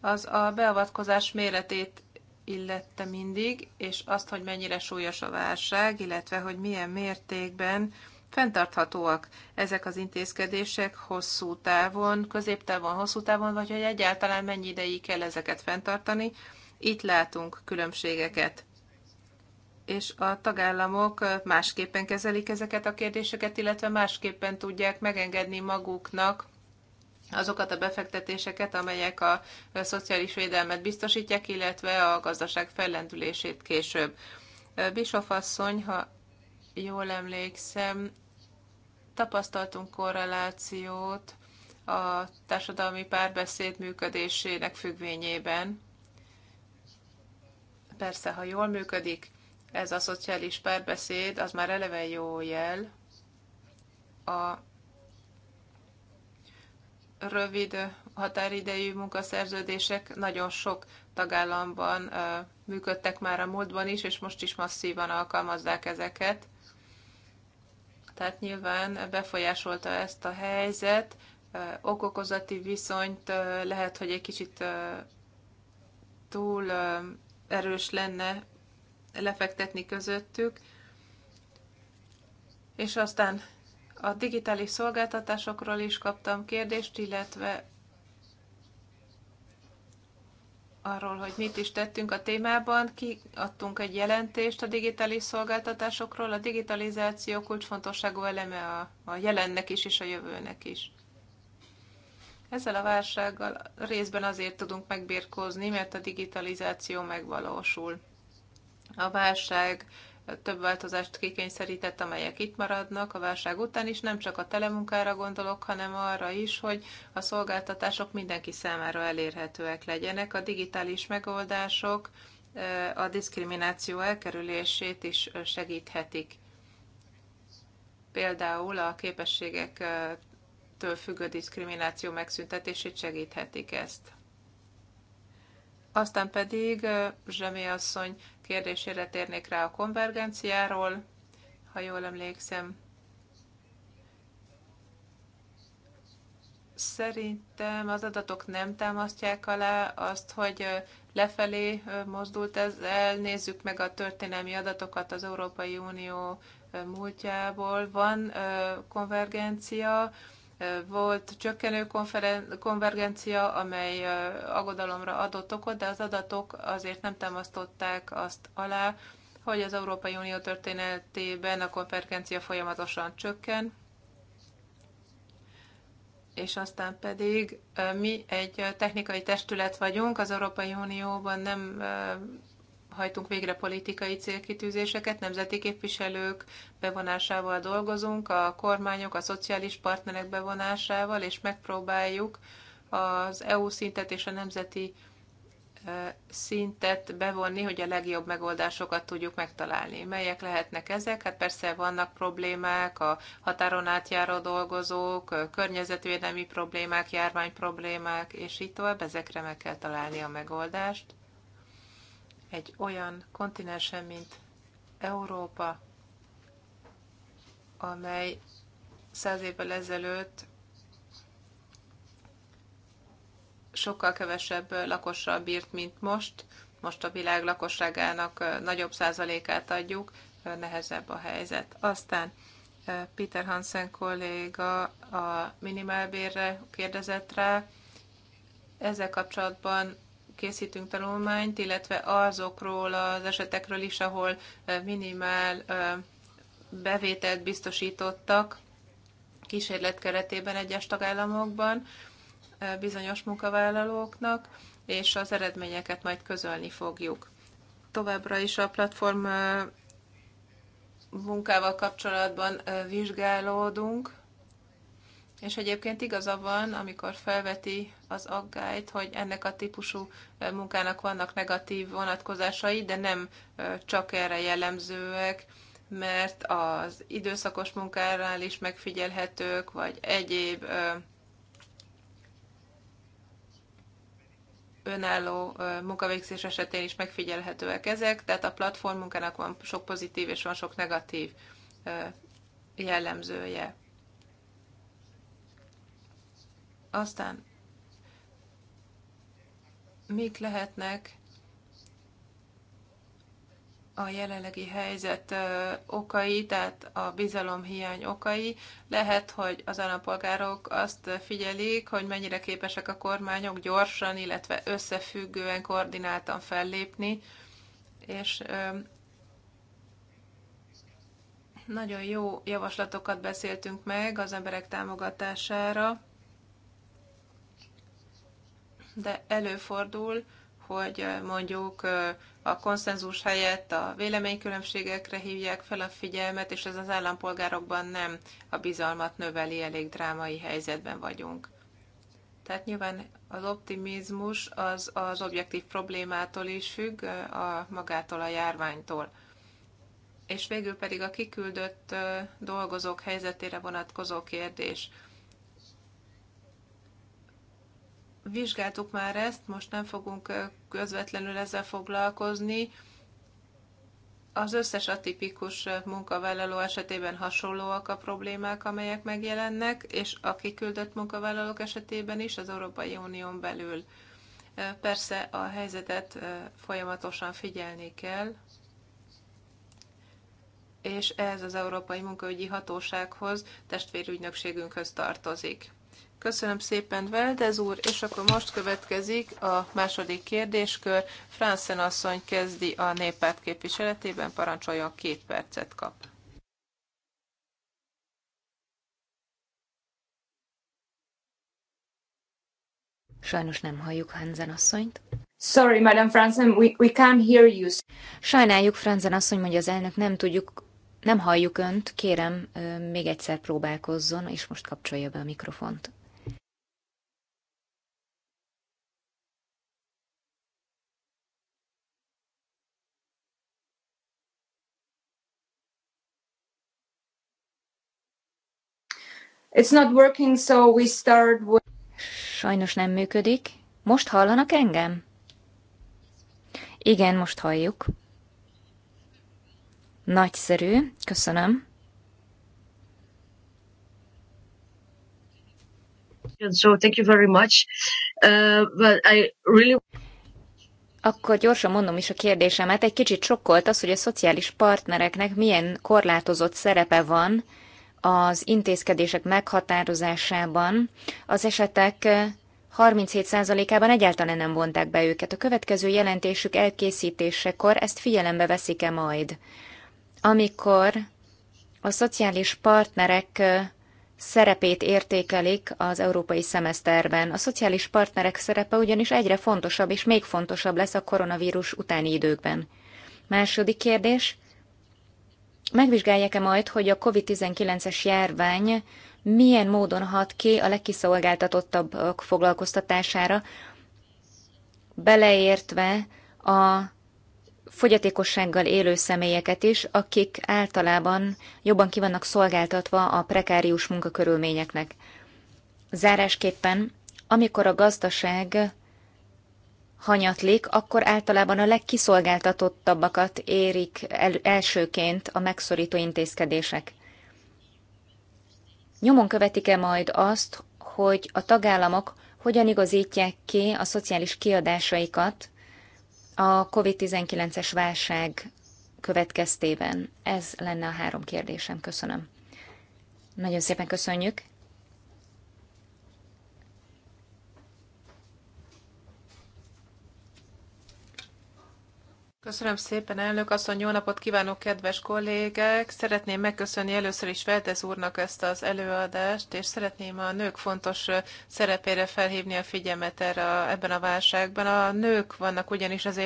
az a beavatkozás méretét illette mindig, és azt, hogy mennyire súlyos a válság, illetve hogy milyen mértékben fenntarthatóak ezek az intézkedések hosszú távon, középtávon, hosszú távon, vagy hogy egyáltalán mennyi ideig kell ezeket fenntartani. Itt látunk különbségeket. És a tagállamok másképpen kezelik ezeket a kérdéseket, illetve másképpen tudják megengedni maguknak azokat a befektetéseket, amelyek a szociális védelmet biztosítják, illetve a gazdaság fellendülését később. Bischoff asszony, ha jól emlékszem, tapasztaltunk korrelációt a társadalmi párbeszéd működésének függvényében. Persze, ha jól működik ez a szociális párbeszéd, az már eleve jó jel. A rövid határidejű munkaszerződések nagyon sok tagállamban működtek már a múltban is, és most is masszívan alkalmazzák ezeket tehát nyilván befolyásolta ezt a helyzet, okokozati viszonyt lehet, hogy egy kicsit túl erős lenne lefektetni közöttük, és aztán a digitális szolgáltatásokról is kaptam kérdést, illetve arról, hogy mit is tettünk a témában. Kiadtunk egy jelentést a digitális szolgáltatásokról. A digitalizáció kulcsfontosságú eleme a, a jelennek is és a jövőnek is. Ezzel a válsággal részben azért tudunk megbírkozni, mert a digitalizáció megvalósul. A válság több változást kikényszerített, amelyek itt maradnak a válság után is. Nem csak a telemunkára gondolok, hanem arra is, hogy a szolgáltatások mindenki számára elérhetőek legyenek. A digitális megoldások a diszkrimináció elkerülését is segíthetik. Például a képességek től függő diszkrimináció megszüntetését segíthetik ezt. Aztán pedig Zsemi asszony kérdésére térnék rá a konvergenciáról, ha jól emlékszem. Szerintem az adatok nem támasztják alá azt, hogy lefelé mozdult ez el. Nézzük meg a történelmi adatokat az Európai Unió múltjából. Van konvergencia, volt csökkenő konvergencia, amely aggodalomra adott okot, de az adatok azért nem támasztották azt alá, hogy az Európai Unió történetében a konvergencia folyamatosan csökken, és aztán pedig mi egy technikai testület vagyunk, az Európai Unióban nem hajtunk végre politikai célkitűzéseket, nemzeti képviselők bevonásával dolgozunk, a kormányok, a szociális partnerek bevonásával, és megpróbáljuk az EU szintet és a nemzeti szintet bevonni, hogy a legjobb megoldásokat tudjuk megtalálni. Melyek lehetnek ezek? Hát persze vannak problémák, a határon átjáró dolgozók, környezetvédelmi problémák, járvány problémák, és így tovább, ezekre meg kell találni a megoldást egy olyan kontinensen, mint Európa, amely száz évvel ezelőtt sokkal kevesebb lakossal bírt, mint most. Most a világ lakosságának nagyobb százalékát adjuk, nehezebb a helyzet. Aztán Peter Hansen kolléga a minimálbérre kérdezett rá. Ezzel kapcsolatban készítünk tanulmányt, illetve azokról az esetekről is, ahol minimál bevételt biztosítottak kísérlet keretében egyes tagállamokban bizonyos munkavállalóknak, és az eredményeket majd közölni fogjuk. Továbbra is a platform munkával kapcsolatban vizsgálódunk, és egyébként igaza van, amikor felveti az aggályt, hogy ennek a típusú munkának vannak negatív vonatkozásai, de nem csak erre jellemzőek, mert az időszakos munkáról is megfigyelhetők, vagy egyéb önálló munkavégzés esetén is megfigyelhetőek ezek, tehát a platform munkának van sok pozitív és van sok negatív jellemzője. Aztán mik lehetnek a jelenlegi helyzet okai, tehát a bizalomhiány okai. Lehet, hogy az állampolgárok azt figyelik, hogy mennyire képesek a kormányok gyorsan, illetve összefüggően, koordináltan fellépni, és nagyon jó javaslatokat beszéltünk meg az emberek támogatására de előfordul, hogy mondjuk a konszenzus helyett a véleménykülönbségekre hívják fel a figyelmet, és ez az állampolgárokban nem a bizalmat növeli, elég drámai helyzetben vagyunk. Tehát nyilván az optimizmus az az objektív problémától is függ, a magától a járványtól. És végül pedig a kiküldött dolgozók helyzetére vonatkozó kérdés – vizsgáltuk már ezt, most nem fogunk közvetlenül ezzel foglalkozni. Az összes atipikus munkavállaló esetében hasonlóak a problémák, amelyek megjelennek, és a kiküldött munkavállalók esetében is az Európai Unión belül. Persze a helyzetet folyamatosan figyelni kell, és ez az Európai Munkaügyi Hatósághoz, testvérügynökségünkhöz tartozik. Köszönöm szépen, Veldez úr, és akkor most következik a második kérdéskör. Franszen asszony kezdi a néppárt képviseletében, parancsoljon két percet kap. Sajnos nem halljuk Hansen asszonyt. Sorry, Madam Franzen, we, we can't hear you. Sajnáljuk, Franzen asszony, hogy az elnök nem tudjuk, nem halljuk önt. Kérem, még egyszer próbálkozzon, és most kapcsolja be a mikrofont. It's not working, so we start with... Sajnos nem működik. Most hallanak engem? Igen, most halljuk. Nagyszerű, köszönöm. So thank you very much. Uh, but I really... Akkor gyorsan mondom is a kérdésemet. Egy kicsit sokkolt az, hogy a szociális partnereknek milyen korlátozott szerepe van az intézkedések meghatározásában az esetek 37%-ában egyáltalán nem vonták be őket. A következő jelentésük elkészítésekor ezt figyelembe veszik-e majd? Amikor a szociális partnerek szerepét értékelik az európai szemeszterben. A szociális partnerek szerepe ugyanis egyre fontosabb és még fontosabb lesz a koronavírus utáni időkben. Második kérdés, megvizsgálják-e majd, hogy a COVID-19-es járvány milyen módon hat ki a legkiszolgáltatottabbak foglalkoztatására, beleértve a fogyatékossággal élő személyeket is, akik általában jobban kivannak szolgáltatva a prekárius munkakörülményeknek. Zárásképpen, amikor a gazdaság hanyatlik, akkor általában a legkiszolgáltatottabbakat érik el, elsőként a megszorító intézkedések. Nyomon követik-e majd azt, hogy a tagállamok hogyan igazítják ki a szociális kiadásaikat a COVID-19-es válság következtében? Ez lenne a három kérdésem. Köszönöm. Nagyon szépen köszönjük. Köszönöm szépen, elnök asszony, jó napot kívánok, kedves kollégek! Szeretném megköszönni először is Feltez úrnak ezt az előadást, és szeretném a nők fontos szerepére felhívni a figyelmet erre ebben a válságban. A nők vannak ugyanis az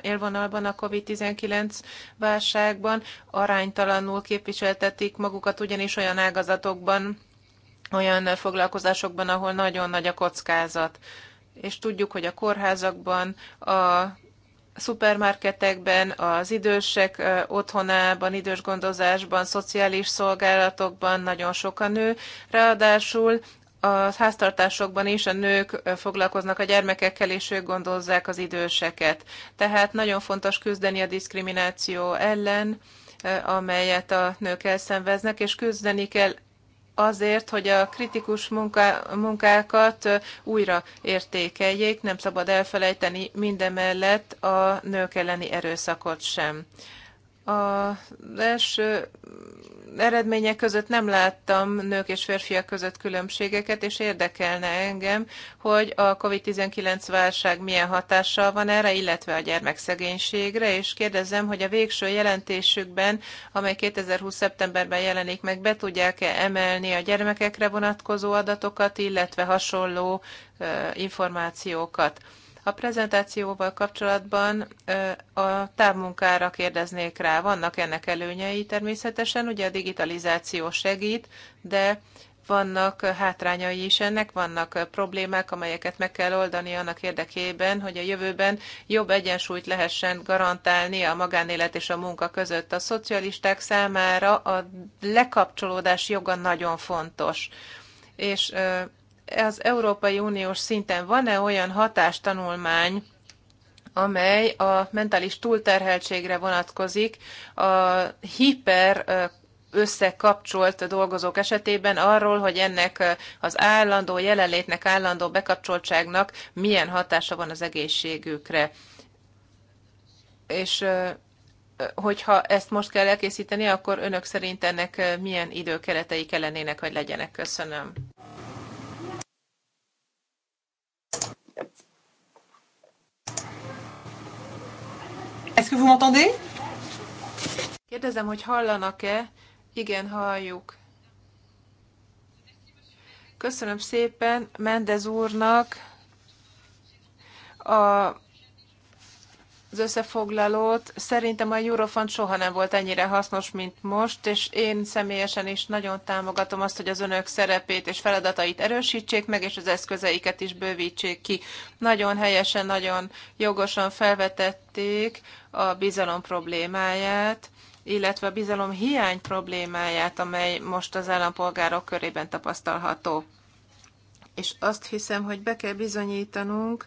élvonalban a COVID-19 válságban, aránytalanul képviseltetik magukat ugyanis olyan ágazatokban, olyan foglalkozásokban, ahol nagyon nagy a kockázat. És tudjuk, hogy a kórházakban, a szupermarketekben, az idősek otthonában, idős gondozásban, szociális szolgálatokban nagyon sok a nő. Ráadásul a háztartásokban is a nők foglalkoznak a gyermekekkel, és ők gondozzák az időseket. Tehát nagyon fontos küzdeni a diszkrimináció ellen, amelyet a nők elszenveznek, és küzdeni kell azért, hogy a kritikus munká, munkákat újra értékeljék, nem szabad elfelejteni mindemellett a nők elleni erőszakot sem. Az első eredmények között nem láttam nők és férfiak között különbségeket, és érdekelne engem, hogy a COVID-19 válság milyen hatással van erre, illetve a gyermekszegénységre, és kérdezem, hogy a végső jelentésükben, amely 2020. szeptemberben jelenik meg, be tudják-e emelni a gyermekekre vonatkozó adatokat, illetve hasonló információkat. A prezentációval kapcsolatban a távmunkára kérdeznék rá, vannak ennek előnyei természetesen, ugye a digitalizáció segít, de vannak hátrányai is ennek, vannak problémák, amelyeket meg kell oldani annak érdekében, hogy a jövőben jobb egyensúlyt lehessen garantálni a magánélet és a munka között. A szocialisták számára a lekapcsolódás joga nagyon fontos, és az Európai Uniós szinten van-e olyan hatástanulmány, amely a mentális túlterheltségre vonatkozik, a hiper összekapcsolt dolgozók esetében arról, hogy ennek az állandó jelenlétnek, állandó bekapcsoltságnak milyen hatása van az egészségükre. És hogyha ezt most kell elkészíteni, akkor önök szerint ennek milyen időkeretei kellenének, hogy legyenek? Köszönöm. Est-ce que vous m'entendez? Kérdezem, hogy hallanak-e? Igen, halljuk. Köszönöm szépen Mendez úrnak a az összefoglalót. Szerintem a Eurofond soha nem volt ennyire hasznos, mint most, és én személyesen is nagyon támogatom azt, hogy az önök szerepét és feladatait erősítsék meg, és az eszközeiket is bővítsék ki. Nagyon helyesen, nagyon jogosan felvetették a bizalom problémáját illetve a bizalom hiány problémáját, amely most az állampolgárok körében tapasztalható. És azt hiszem, hogy be kell bizonyítanunk,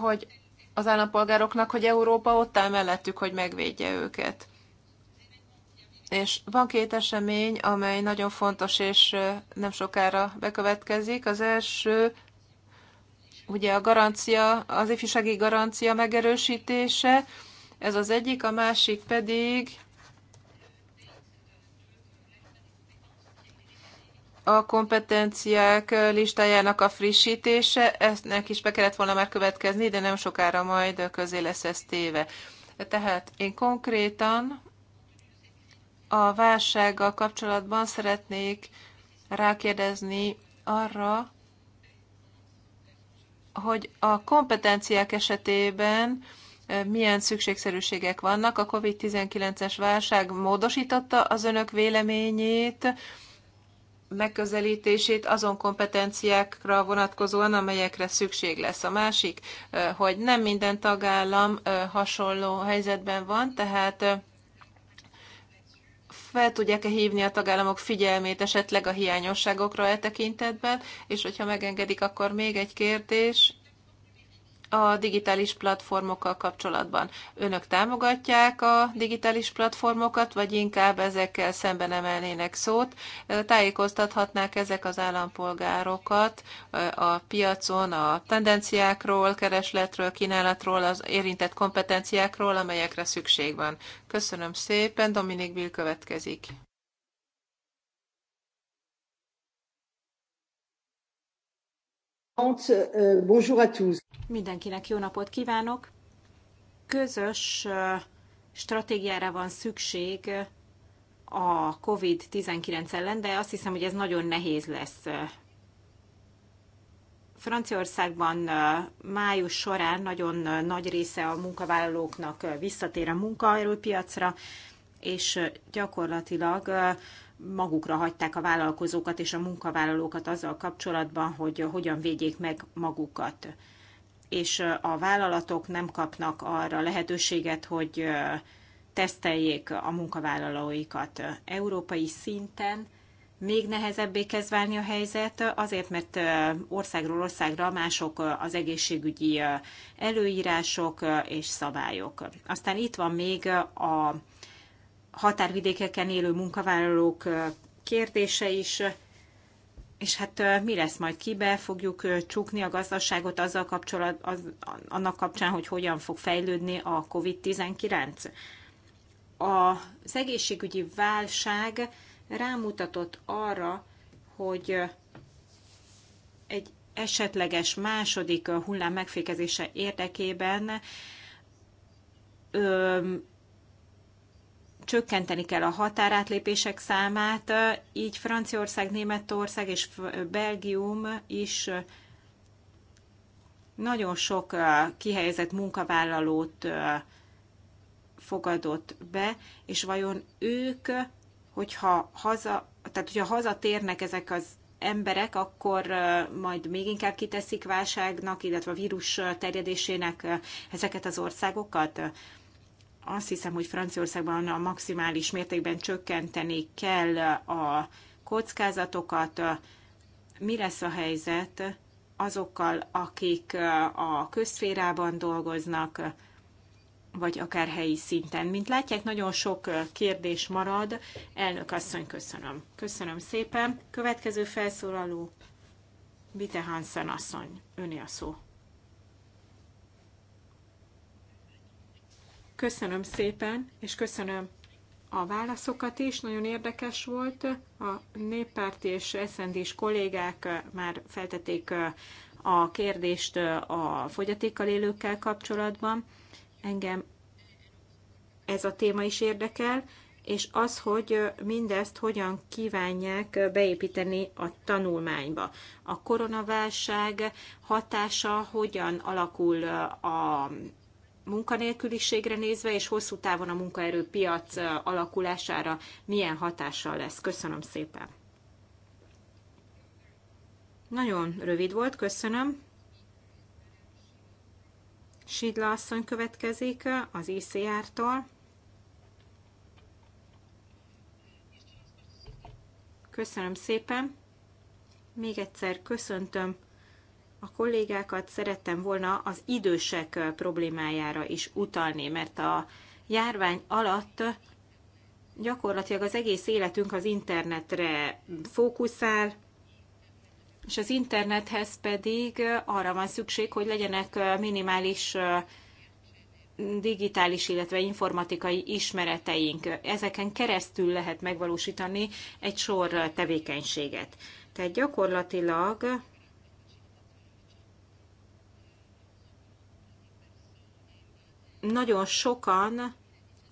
hogy az állampolgároknak, hogy Európa ott áll mellettük, hogy megvédje őket. És van két esemény, amely nagyon fontos, és nem sokára bekövetkezik. Az első, ugye a garancia, az ifjúsági garancia megerősítése, ez az egyik, a másik pedig a kompetenciák listájának a frissítése, ennek is be kellett volna már következni, de nem sokára majd közé lesz ez téve. Tehát én konkrétan a válsággal kapcsolatban szeretnék rákérdezni arra, hogy a kompetenciák esetében eh, milyen szükségszerűségek vannak. A COVID-19-es válság módosította az önök véleményét, megközelítését azon kompetenciákra vonatkozóan, amelyekre szükség lesz. A másik, hogy nem minden tagállam hasonló helyzetben van, tehát fel tudják-e hívni a tagállamok figyelmét esetleg a hiányosságokra e tekintetben, és hogyha megengedik, akkor még egy kérdés, a digitális platformokkal kapcsolatban. Önök támogatják a digitális platformokat, vagy inkább ezekkel szemben emelnének szót? Tájékoztathatnák ezek az állampolgárokat a piacon, a tendenciákról, keresletről, kínálatról, az érintett kompetenciákról, amelyekre szükség van. Köszönöm szépen, Dominik Bill következik. Euh, bonjour à tous. Mindenkinek jó napot kívánok. Közös stratégiára van szükség a COVID-19 ellen, de azt hiszem, hogy ez nagyon nehéz lesz. Franciaországban május során nagyon nagy része a munkavállalóknak visszatér a munkaerőpiacra, és gyakorlatilag magukra hagyták a vállalkozókat és a munkavállalókat azzal kapcsolatban, hogy hogyan védjék meg magukat. És a vállalatok nem kapnak arra lehetőséget, hogy teszteljék a munkavállalóikat európai szinten, még nehezebbé kezd válni a helyzet, azért, mert országról országra mások az egészségügyi előírások és szabályok. Aztán itt van még a határvidékeken élő munkavállalók kérdése is, és hát mi lesz majd kibe, fogjuk csukni a gazdaságot azzal kapcsolat, az, annak kapcsán, hogy hogyan fog fejlődni a COVID-19. Az egészségügyi válság rámutatott arra, hogy egy esetleges második hullám megfékezése érdekében csökkenteni kell a határátlépések számát, így Franciaország, Németország és Belgium is nagyon sok kihelyezett munkavállalót fogadott be, és vajon ők, hogyha haza, tehát hogyha hazatérnek ezek az emberek, akkor majd még inkább kiteszik válságnak, illetve a vírus terjedésének ezeket az országokat azt hiszem, hogy Franciaországban a maximális mértékben csökkenteni kell a kockázatokat. Mi lesz a helyzet azokkal, akik a közférában dolgoznak, vagy akár helyi szinten. Mint látják, nagyon sok kérdés marad. Elnök asszony, köszönöm. Köszönöm szépen. Következő felszólaló, Vite Hansen asszony, öné a szó. Köszönöm szépen, és köszönöm a válaszokat is. Nagyon érdekes volt. A néppárti és eszendés kollégák már feltették a kérdést a fogyatékkal élőkkel kapcsolatban. Engem ez a téma is érdekel, és az, hogy mindezt hogyan kívánják beépíteni a tanulmányba. A koronaválság hatása hogyan alakul a munkanélküliségre nézve, és hosszú távon a munkaerőpiac alakulására milyen hatással lesz. Köszönöm szépen! Nagyon rövid volt, köszönöm. Sidla asszony következik az ICR-tól. Köszönöm szépen. Még egyszer köszöntöm a kollégákat szerettem volna az idősek problémájára is utalni, mert a járvány alatt gyakorlatilag az egész életünk az internetre fókuszál, és az internethez pedig arra van szükség, hogy legyenek minimális digitális, illetve informatikai ismereteink. Ezeken keresztül lehet megvalósítani egy sor tevékenységet. Tehát gyakorlatilag nagyon sokan,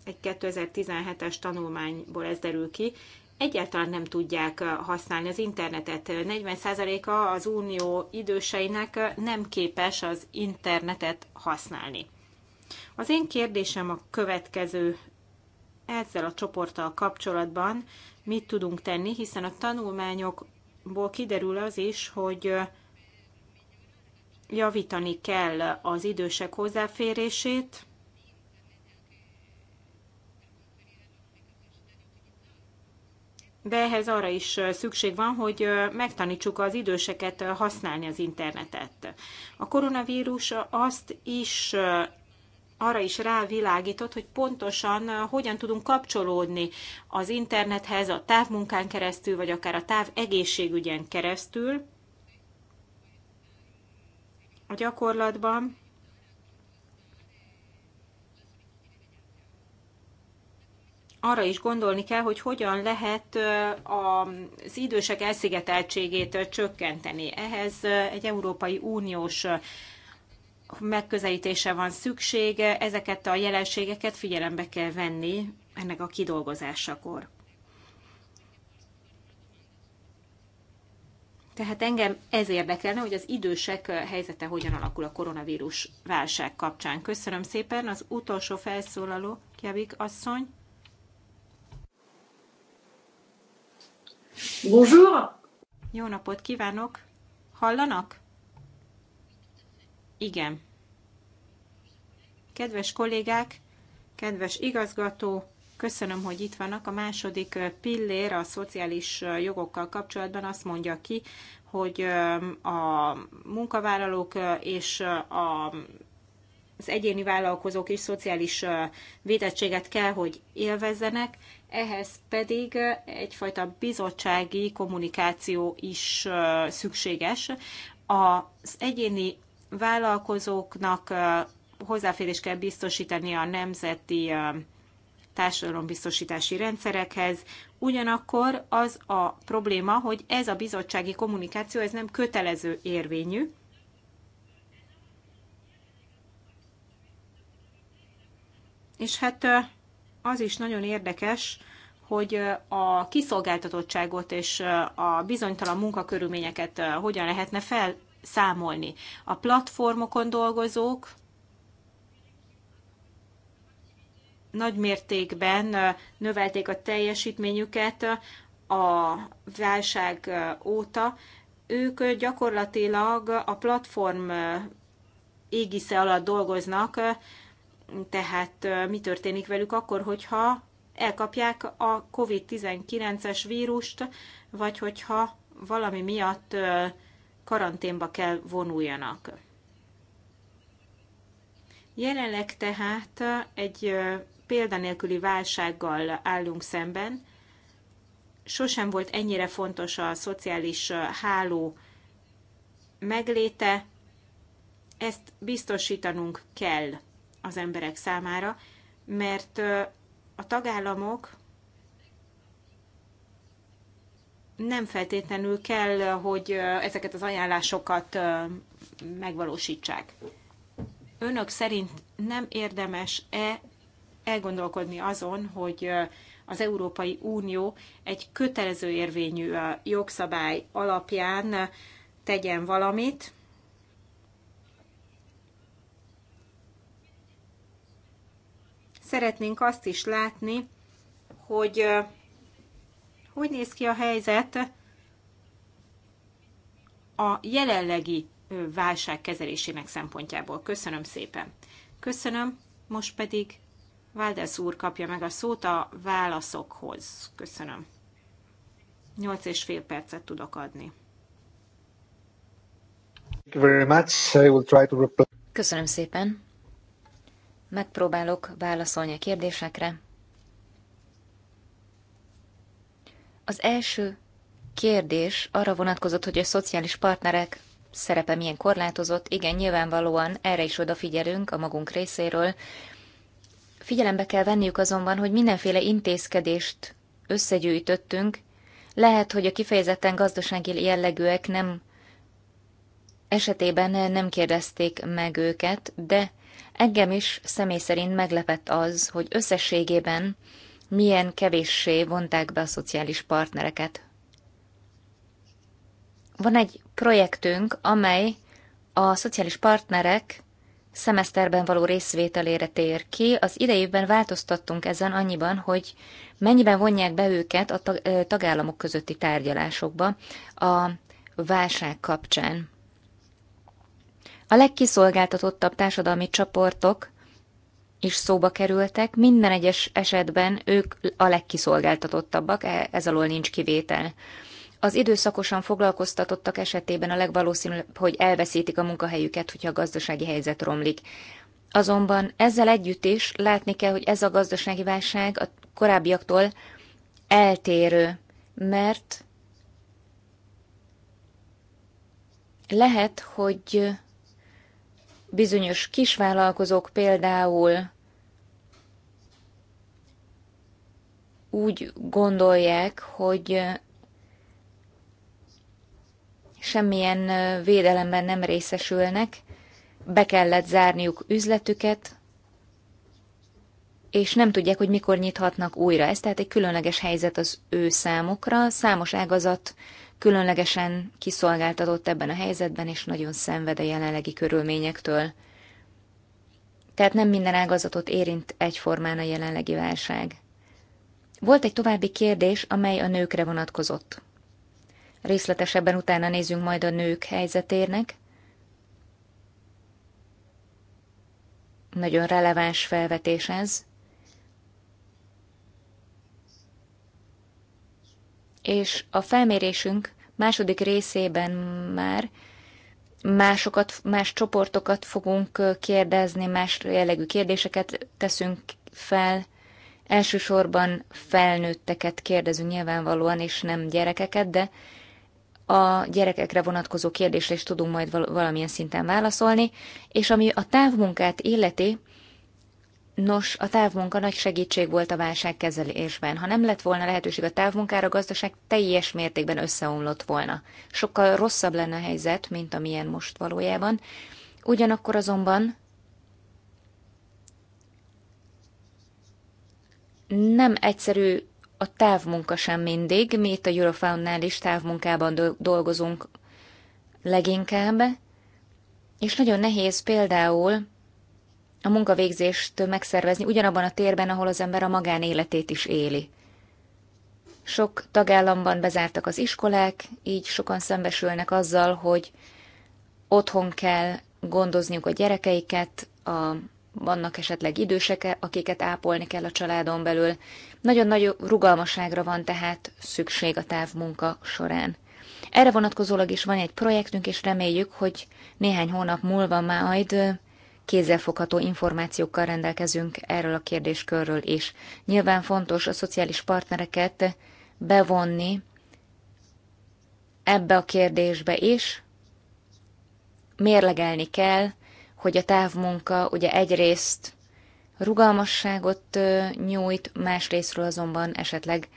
egy 2017-es tanulmányból ez derül ki, egyáltalán nem tudják használni az internetet. 40%-a az unió időseinek nem képes az internetet használni. Az én kérdésem a következő ezzel a csoporttal kapcsolatban mit tudunk tenni, hiszen a tanulmányokból kiderül az is, hogy javítani kell az idősek hozzáférését de ehhez arra is szükség van, hogy megtanítsuk az időseket használni az internetet. A koronavírus azt is arra is rávilágított, hogy pontosan hogyan tudunk kapcsolódni az internethez, a távmunkán keresztül, vagy akár a táv egészségügyen keresztül. A gyakorlatban arra is gondolni kell, hogy hogyan lehet az idősek elszigeteltségét csökkenteni. Ehhez egy Európai Uniós megközelítése van szüksége, ezeket a jelenségeket figyelembe kell venni ennek a kidolgozásakor. Tehát engem ez érdekelne, hogy az idősek helyzete hogyan alakul a koronavírus válság kapcsán. Köszönöm szépen. Az utolsó felszólaló, Kjavik asszony. Bonjour! Jó napot kívánok! Hallanak? Igen. Kedves kollégák, kedves igazgató, köszönöm, hogy itt vannak. A második pillér a szociális jogokkal kapcsolatban azt mondja ki, hogy a munkavállalók és a az egyéni vállalkozók is szociális védettséget kell, hogy élvezzenek, ehhez pedig egyfajta bizottsági kommunikáció is szükséges. Az egyéni vállalkozóknak hozzáférés kell biztosítani a nemzeti társadalombiztosítási rendszerekhez. Ugyanakkor az a probléma, hogy ez a bizottsági kommunikáció ez nem kötelező érvényű, és hát az is nagyon érdekes, hogy a kiszolgáltatottságot és a bizonytalan munkakörülményeket hogyan lehetne felszámolni. A platformokon dolgozók nagy mértékben növelték a teljesítményüket a válság óta. Ők gyakorlatilag a platform égisze alatt dolgoznak, tehát mi történik velük akkor, hogyha elkapják a COVID-19-es vírust, vagy hogyha valami miatt karanténba kell vonuljanak. Jelenleg tehát egy példanélküli válsággal állunk szemben. Sosem volt ennyire fontos a szociális háló megléte, ezt biztosítanunk kell az emberek számára, mert a tagállamok nem feltétlenül kell, hogy ezeket az ajánlásokat megvalósítsák. Önök szerint nem érdemes-e elgondolkodni azon, hogy az Európai Unió egy kötelező érvényű jogszabály alapján tegyen valamit, szeretnénk azt is látni, hogy hogy néz ki a helyzet a jelenlegi válság kezelésének szempontjából. Köszönöm szépen. Köszönöm, most pedig Váldász úr kapja meg a szót a válaszokhoz. Köszönöm. Nyolc és fél percet tudok adni. Köszönöm szépen megpróbálok válaszolni a kérdésekre. Az első kérdés arra vonatkozott, hogy a szociális partnerek szerepe milyen korlátozott. Igen, nyilvánvalóan erre is odafigyelünk a magunk részéről. Figyelembe kell venniük azonban, hogy mindenféle intézkedést összegyűjtöttünk. Lehet, hogy a kifejezetten gazdasági jellegűek nem esetében nem kérdezték meg őket, de Engem is személy szerint meglepett az, hogy összességében milyen kevéssé vonták be a szociális partnereket. Van egy projektünk, amely a szociális partnerek szemeszterben való részvételére tér ki. Az idejében változtattunk ezen annyiban, hogy mennyiben vonják be őket a tagállamok közötti tárgyalásokba a válság kapcsán. A legkiszolgáltatottabb társadalmi csoportok is szóba kerültek, minden egyes esetben ők a legkiszolgáltatottabbak, e- ez alól nincs kivétel. Az időszakosan foglalkoztatottak esetében a legvalószínűbb, hogy elveszítik a munkahelyüket, hogyha a gazdasági helyzet romlik. Azonban ezzel együtt is látni kell, hogy ez a gazdasági válság a korábbiaktól eltérő, mert lehet, hogy Bizonyos kisvállalkozók például úgy gondolják, hogy semmilyen védelemben nem részesülnek, be kellett zárniuk üzletüket, és nem tudják, hogy mikor nyithatnak újra. Ez tehát egy különleges helyzet az ő számukra. Számos ágazat különlegesen kiszolgáltatott ebben a helyzetben, és nagyon szenved a jelenlegi körülményektől. Tehát nem minden ágazatot érint egyformán a jelenlegi válság. Volt egy további kérdés, amely a nőkre vonatkozott. Részletesebben utána nézünk majd a nők helyzetének. Nagyon releváns felvetés ez. és a felmérésünk második részében már másokat, más csoportokat fogunk kérdezni, más jellegű kérdéseket teszünk fel. Elsősorban felnőtteket kérdezünk nyilvánvalóan, és nem gyerekeket, de a gyerekekre vonatkozó kérdésre is tudunk majd valamilyen szinten válaszolni, és ami a távmunkát illeti, Nos, a távmunka nagy segítség volt a válságkezelésben. Ha nem lett volna lehetőség a távmunkára, a gazdaság teljes mértékben összeomlott volna. Sokkal rosszabb lenne a helyzet, mint amilyen most valójában. Ugyanakkor azonban nem egyszerű a távmunka sem mindig. Mi itt a Eurofoundnál is távmunkában dolgozunk leginkább, és nagyon nehéz például a munkavégzést megszervezni ugyanabban a térben, ahol az ember a magánéletét is éli. Sok tagállamban bezártak az iskolák, így sokan szembesülnek azzal, hogy otthon kell gondozniuk a gyerekeiket, a, vannak esetleg idősek, akiket ápolni kell a családon belül. Nagyon nagy rugalmaságra van tehát szükség a távmunka során. Erre vonatkozólag is van egy projektünk, és reméljük, hogy néhány hónap múlva majd kézzelfogható információkkal rendelkezünk erről a kérdéskörről is. Nyilván fontos a szociális partnereket bevonni ebbe a kérdésbe is. Mérlegelni kell, hogy a távmunka ugye egyrészt rugalmasságot nyújt, másrésztről azonban esetleg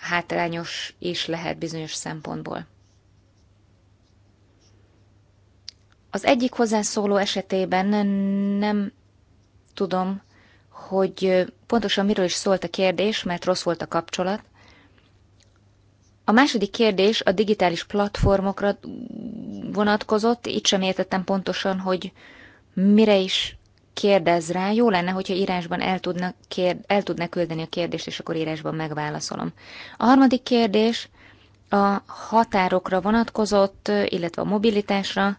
hátrányos is lehet bizonyos szempontból. Az egyik hozzászóló esetében nem tudom, hogy pontosan miről is szólt a kérdés, mert rossz volt a kapcsolat. A második kérdés a digitális platformokra vonatkozott, itt sem értettem pontosan, hogy mire is kérdez rá. Jó lenne, hogyha írásban el tudna, kérd, el tudna küldeni a kérdést, és akkor írásban megválaszolom. A harmadik kérdés a határokra vonatkozott, illetve a mobilitásra.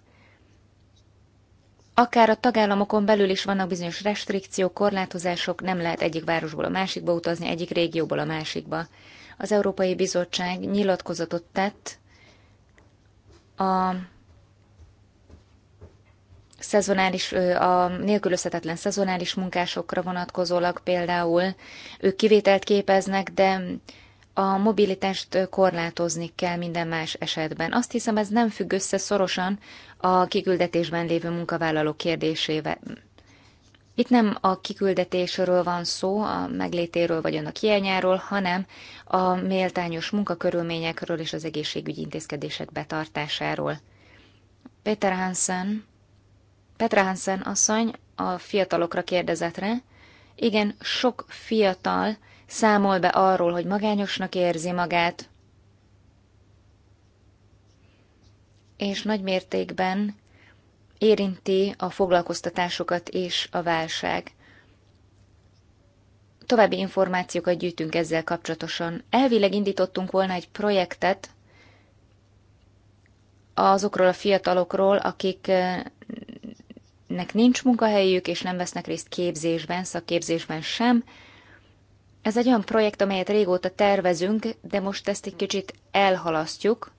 Akár a tagállamokon belül is vannak bizonyos restrikciók, korlátozások, nem lehet egyik városból a másikba utazni, egyik régióból a másikba. Az Európai Bizottság nyilatkozatot tett a szezonális, a nélkülözhetetlen szezonális munkásokra vonatkozólag például ők kivételt képeznek, de a mobilitást korlátozni kell minden más esetben. Azt hiszem, ez nem függ össze szorosan a kiküldetésben lévő munkavállalók kérdésével. Itt nem a kiküldetésről van szó, a meglétéről vagy annak hiányáról, hanem a méltányos munkakörülményekről és az egészségügyi intézkedések betartásáról. Peter Hansen, Petra Hansen asszony a fiatalokra kérdezetre, igen, sok fiatal számol be arról, hogy magányosnak érzi magát, és nagy mértékben érinti a foglalkoztatásokat és a válság. További információkat gyűjtünk ezzel kapcsolatosan. Elvileg indítottunk volna egy projektet azokról a fiatalokról, akiknek nincs munkahelyük, és nem vesznek részt képzésben, szakképzésben sem. Ez egy olyan projekt, amelyet régóta tervezünk, de most ezt egy kicsit elhalasztjuk –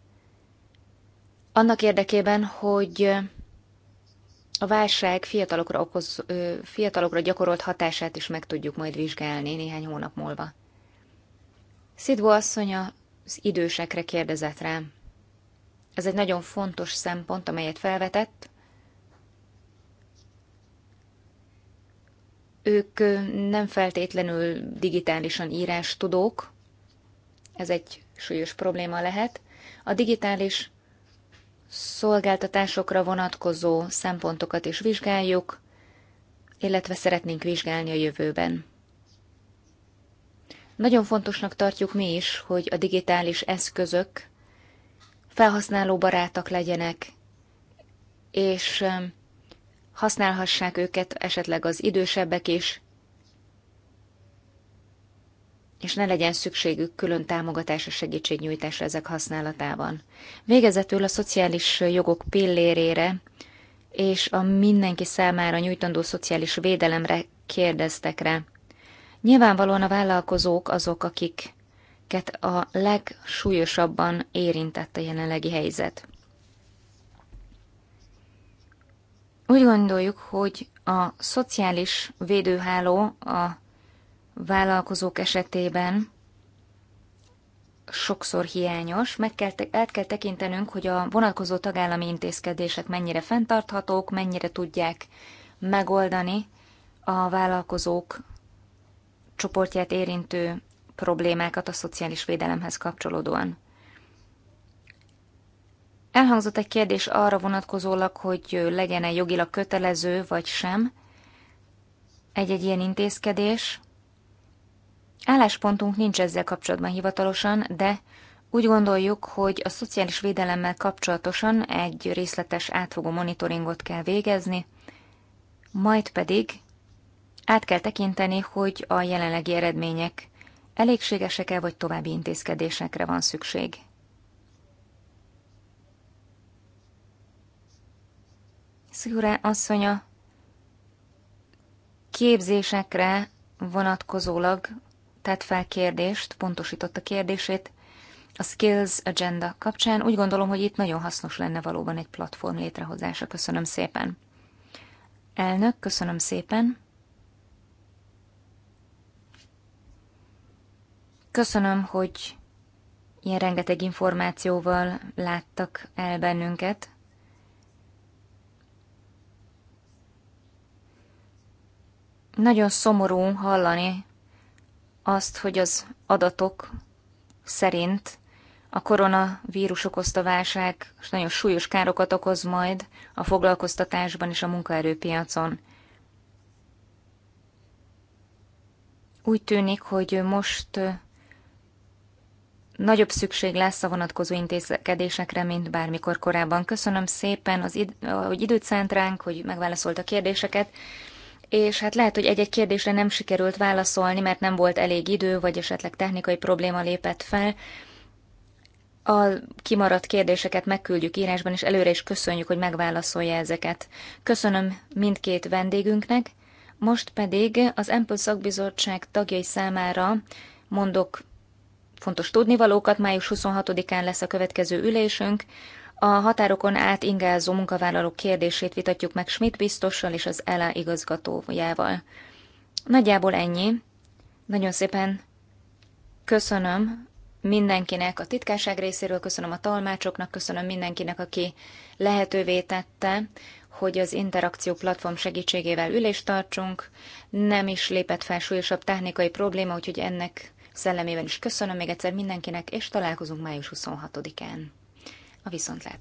annak érdekében, hogy a válság fiatalokra, okoz, fiatalokra gyakorolt hatását is meg tudjuk majd vizsgálni néhány hónap múlva. Szidvó asszony az idősekre kérdezett rám. Ez egy nagyon fontos szempont, amelyet felvetett. Ők nem feltétlenül digitálisan írás tudók, ez egy súlyos probléma lehet. A digitális szolgáltatásokra vonatkozó szempontokat is vizsgáljuk, illetve szeretnénk vizsgálni a jövőben. Nagyon fontosnak tartjuk mi is, hogy a digitális eszközök barátak legyenek, és használhassák őket esetleg az idősebbek is, és ne legyen szükségük külön támogatásra, segítségnyújtásra ezek használatában. Végezetül a szociális jogok pillérére és a mindenki számára nyújtandó szociális védelemre kérdeztek rá. Nyilvánvalóan a vállalkozók azok, akiket a legsúlyosabban érintett a jelenlegi helyzet. Úgy gondoljuk, hogy a szociális védőháló a vállalkozók esetében sokszor hiányos, meg kell, át kell tekintenünk, hogy a vonatkozó tagállami intézkedések mennyire fenntarthatók, mennyire tudják megoldani a vállalkozók csoportját érintő problémákat a szociális védelemhez kapcsolódóan. Elhangzott egy kérdés arra vonatkozólag, hogy legyen-e jogilag kötelező vagy sem egy-egy ilyen intézkedés. Álláspontunk nincs ezzel kapcsolatban hivatalosan, de úgy gondoljuk, hogy a szociális védelemmel kapcsolatosan egy részletes átfogó monitoringot kell végezni, majd pedig át kell tekinteni, hogy a jelenlegi eredmények elégségesek-e vagy további intézkedésekre van szükség. Szigurá asszonya képzésekre vonatkozólag tett fel kérdést, pontosította kérdését a Skills Agenda kapcsán. Úgy gondolom, hogy itt nagyon hasznos lenne valóban egy platform létrehozása. Köszönöm szépen. Elnök, köszönöm szépen. Köszönöm, hogy ilyen rengeteg információval láttak el bennünket. Nagyon szomorú hallani azt, hogy az adatok szerint a koronavírus okozta válság nagyon súlyos károkat okoz majd a foglalkoztatásban és a munkaerőpiacon. Úgy tűnik, hogy most nagyobb szükség lesz a vonatkozó intézkedésekre, mint bármikor korábban. Köszönöm szépen, az id- hogy időt szánt ránk, hogy megválaszolt a kérdéseket és hát lehet, hogy egy-egy kérdésre nem sikerült válaszolni, mert nem volt elég idő, vagy esetleg technikai probléma lépett fel. A kimaradt kérdéseket megküldjük írásban, és előre is köszönjük, hogy megválaszolja ezeket. Köszönöm mindkét vendégünknek, most pedig az Empl szakbizottság tagjai számára mondok fontos tudnivalókat. Május 26-án lesz a következő ülésünk. A határokon át ingázó munkavállalók kérdését vitatjuk meg Schmidt biztossal és az ELA igazgatójával. Nagyjából ennyi. Nagyon szépen köszönöm mindenkinek a titkásság részéről, köszönöm a talmácsoknak, köszönöm mindenkinek, aki lehetővé tette, hogy az interakció platform segítségével ülést tartsunk. Nem is lépett fel súlyosabb technikai probléma, úgyhogy ennek szellemében is köszönöm még egyszer mindenkinek, és találkozunk május 26-án a viszontlátás.